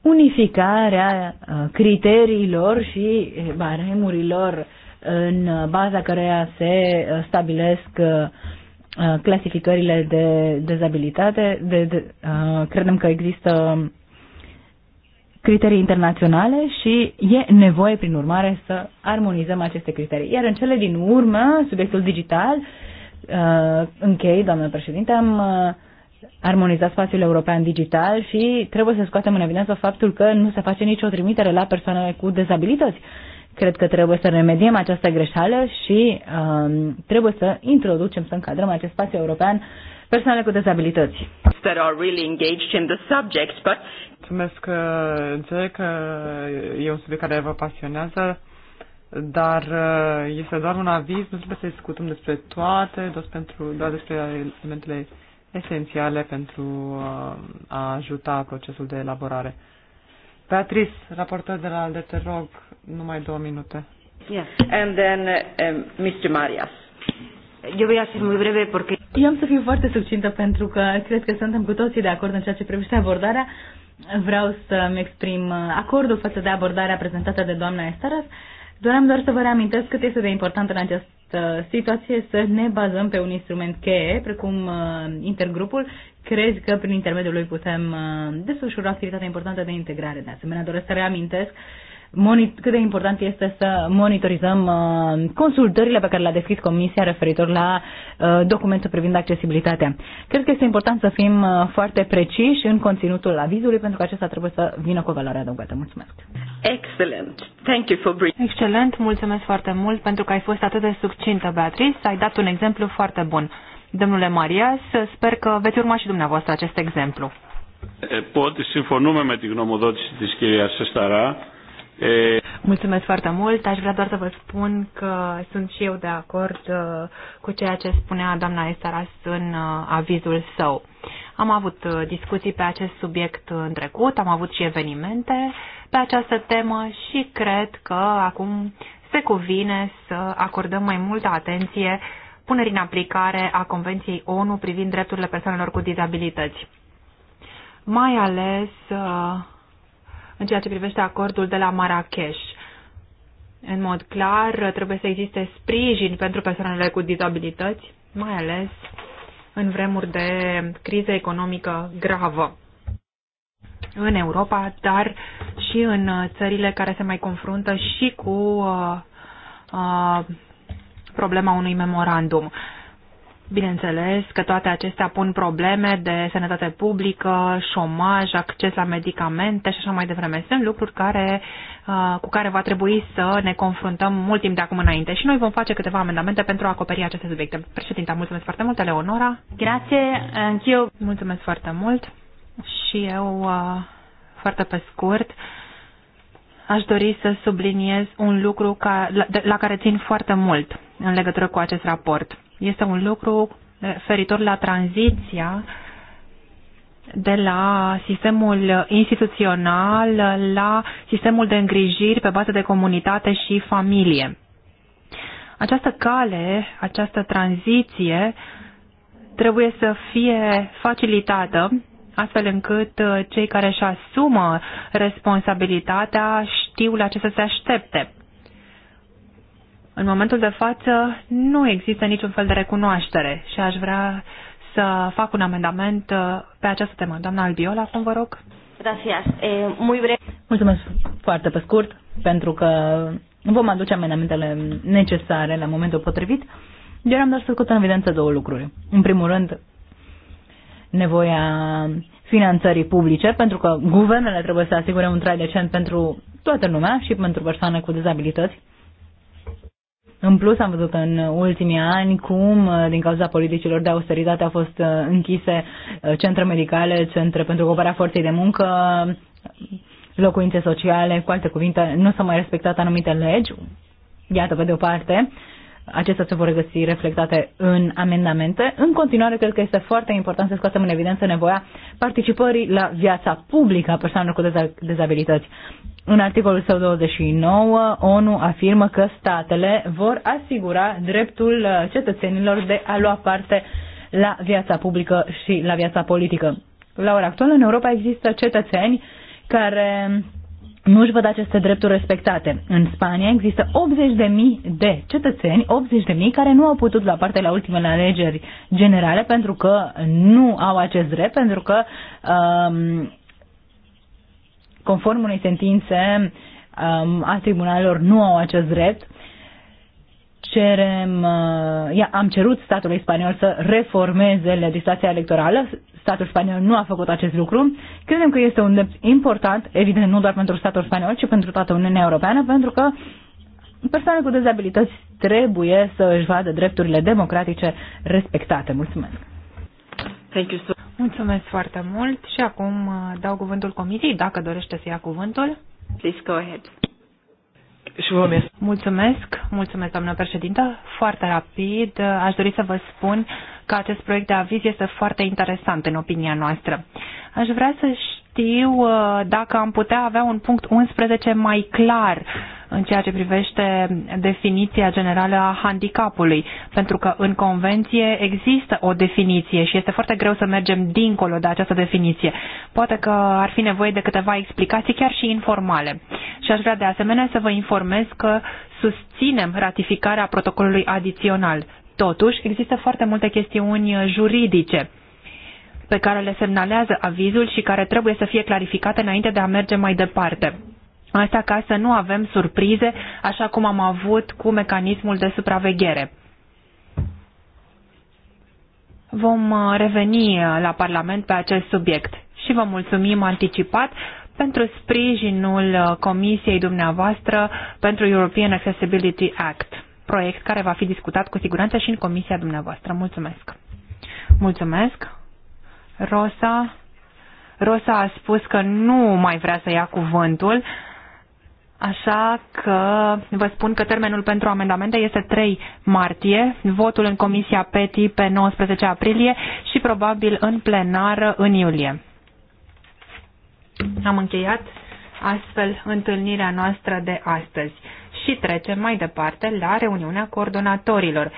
unificarea uh, criteriilor și baremurilor în baza căreia se uh, stabilesc uh, clasificările de dezabilitate. De, de, credem că există criterii internaționale și e nevoie, prin urmare, să armonizăm aceste criterii. Iar în cele din urmă, subiectul digital, uh, închei, doamnă președinte, am uh, armonizat spațiul european digital și trebuie să scoatem în evidență faptul că nu se face nicio trimitere la persoanele cu dezabilități. Cred că trebuie să remediem această greșeală și um, trebuie să introducem, să încadrăm acest spațiu european persoanele cu dezabilități. That are really engaged in the subject, but mulțumesc că înțeleg că e un subiect care vă pasionează, dar uh, este doar un aviz, nu trebuie să discutăm despre toate, doar, pentru, doar despre elementele esențiale pentru uh, a ajuta procesul de elaborare. Beatrice, raportor de la ALDE, te rog, numai două minute. Yeah. And then um, Mr. Marias. Eu voi fi mai breve că... Eu am să fiu foarte succintă pentru că cred că suntem cu toții de acord în ceea ce privește abordarea vreau să-mi exprim uh, acordul față de abordarea prezentată de doamna Estaras. Doream doar să vă reamintesc cât este de important în această situație să ne bazăm pe un instrument cheie, precum uh, intergrupul. Cred că prin intermediul lui putem uh, desfășura o activitate importantă de integrare. De asemenea, doresc să reamintesc cât de important este să monitorizăm uh, consultările pe care le-a deschis Comisia referitor la uh, documentul privind accesibilitatea. Cred că este important să fim uh, foarte preciși în conținutul avizului, pentru că acesta trebuie să vină cu o valoare adăugată. Mulțumesc! Excellent! Thank you for bringing... Excelent! Mulțumesc foarte mult pentru că ai fost atât de succintă, Beatrice. Ai dat un exemplu foarte bun. Domnule Marias, sper că veți urma și dumneavoastră acest exemplu. Pot, πω ότι συμφωνούμε με τη γνωμοδότηση της κυρίας Σεσταρά Mulțumesc foarte mult. Aș vrea doar să vă spun că sunt și eu de acord uh, cu ceea ce spunea doamna Estaras în uh, avizul său. Am avut uh, discuții pe acest subiect în trecut, am avut și evenimente pe această temă și cred că acum se cuvine să acordăm mai multă atenție punerii în aplicare a Convenției ONU privind drepturile persoanelor cu dizabilități. Mai ales în ceea ce privește acordul de la Marrakesh. În mod clar, trebuie să existe sprijin pentru persoanele cu dizabilități, mai ales în vremuri de criză economică gravă în Europa, dar și în țările care se mai confruntă și cu uh, uh, problema unui memorandum. Bineînțeles că toate acestea pun probleme de sănătate publică, șomaj, acces la medicamente și așa mai devreme. Sunt lucruri care, uh, cu care va trebui să ne confruntăm mult timp de acum înainte și noi vom face câteva amendamente pentru a acoperi aceste subiecte. Președinta, mulțumesc foarte mult, Eleonora. Grație, eu. Mulțumesc foarte mult și eu uh, foarte pe scurt aș dori să subliniez un lucru ca, la, la care țin foarte mult în legătură cu acest raport este un lucru referitor la tranziția de la sistemul instituțional la sistemul de îngrijiri pe bază de comunitate și familie. Această cale, această tranziție trebuie să fie facilitată astfel încât uh, cei care își asumă responsabilitatea știu la ce să se aștepte. În momentul de față nu există niciun fel de recunoaștere și aș vrea să fac un amendament uh, pe această temă. Doamna Albiola, acum vă rog. Gracias. Eh, muy breve. Mulțumesc foarte pe scurt, pentru că vom aduce amendamentele necesare la momentul potrivit. Eu am să scot în evidență două lucruri. În primul rând, nevoia finanțării publice, pentru că guvernele trebuie să asigure un trai decent pentru toată lumea și pentru persoane cu dizabilități. În plus, am văzut în ultimii ani cum, uh, din cauza politicilor de austeritate, au fost uh, închise uh, centre medicale, centre pentru ocuparea forței de muncă, locuințe sociale, cu alte cuvinte, nu s-au mai respectat anumite legi, iată pe de o parte, Acestea se vor regăsi reflectate în amendamente. În continuare, cred că este foarte important să scoatem în evidență nevoia participării la viața publică a persoanelor cu dezabilități. În articolul său 29, ONU afirmă că statele vor asigura dreptul uh, cetățenilor de a lua parte la viața publică și la viața politică. La ora actuală, în Europa există cetățeni care nu își văd aceste drepturi respectate. În Spania există 80.000 de cetățeni, 80.000 care nu au putut la parte la ultimele alegeri generale pentru că nu au acest drept, pentru că um, conform unei sentințe um, a tribunalelor nu au acest drept cerem, uh, ia, am cerut statului spaniol să reformeze legislația electorală. Statul spaniol nu a făcut acest lucru. Credem că este un drept important, evident nu doar pentru statul spaniol, ci pentru toată Uniunea Europeană, pentru că persoane cu dezabilități trebuie să își vadă drepturile democratice respectate. Mulțumesc! Thank you so Mulțumesc foarte mult și acum uh, dau cuvântul comisiei, dacă dorește să ia cuvântul. Please go ahead. Mulțumesc, mulțumesc, doamnă președintă. Foarte rapid, aș dori să vă spun că acest proiect de aviz este foarte interesant în opinia noastră. Aș vrea să știu uh, dacă am putea avea un punct 11 mai clar în ceea ce privește definiția generală a handicapului, pentru că în convenție există o definiție și este foarte greu să mergem dincolo de această definiție. Poate că ar fi nevoie de câteva explicații chiar și informale. Și aș vrea de asemenea să vă informez că susținem ratificarea protocolului adițional. Totuși, există foarte multe chestiuni juridice pe care le semnalează avizul și care trebuie să fie clarificate înainte de a merge mai departe. Asta ca să nu avem surprize, așa cum am avut cu mecanismul de supraveghere. Vom uh, reveni uh, la Parlament pe acest subiect și vă mulțumim anticipat pentru sprijinul uh, Comisiei dumneavoastră pentru European Accessibility Act, proiect care va fi discutat cu siguranță și în Comisia dumneavoastră. Mulțumesc! Mulțumesc! Rosa. Rosa a spus că nu mai vrea să ia cuvântul, așa că vă spun că termenul pentru amendamente este 3 martie, votul în Comisia PETI pe 19 aprilie și probabil în plenară în iulie. Am încheiat astfel întâlnirea noastră de astăzi și trecem mai departe la reuniunea coordonatorilor.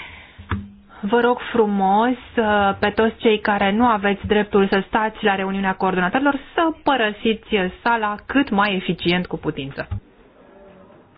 Vă rog frumos uh, pe toți cei care nu aveți dreptul să stați la reuniunea coordonatorilor să părăsiți sala cât mai eficient cu putință.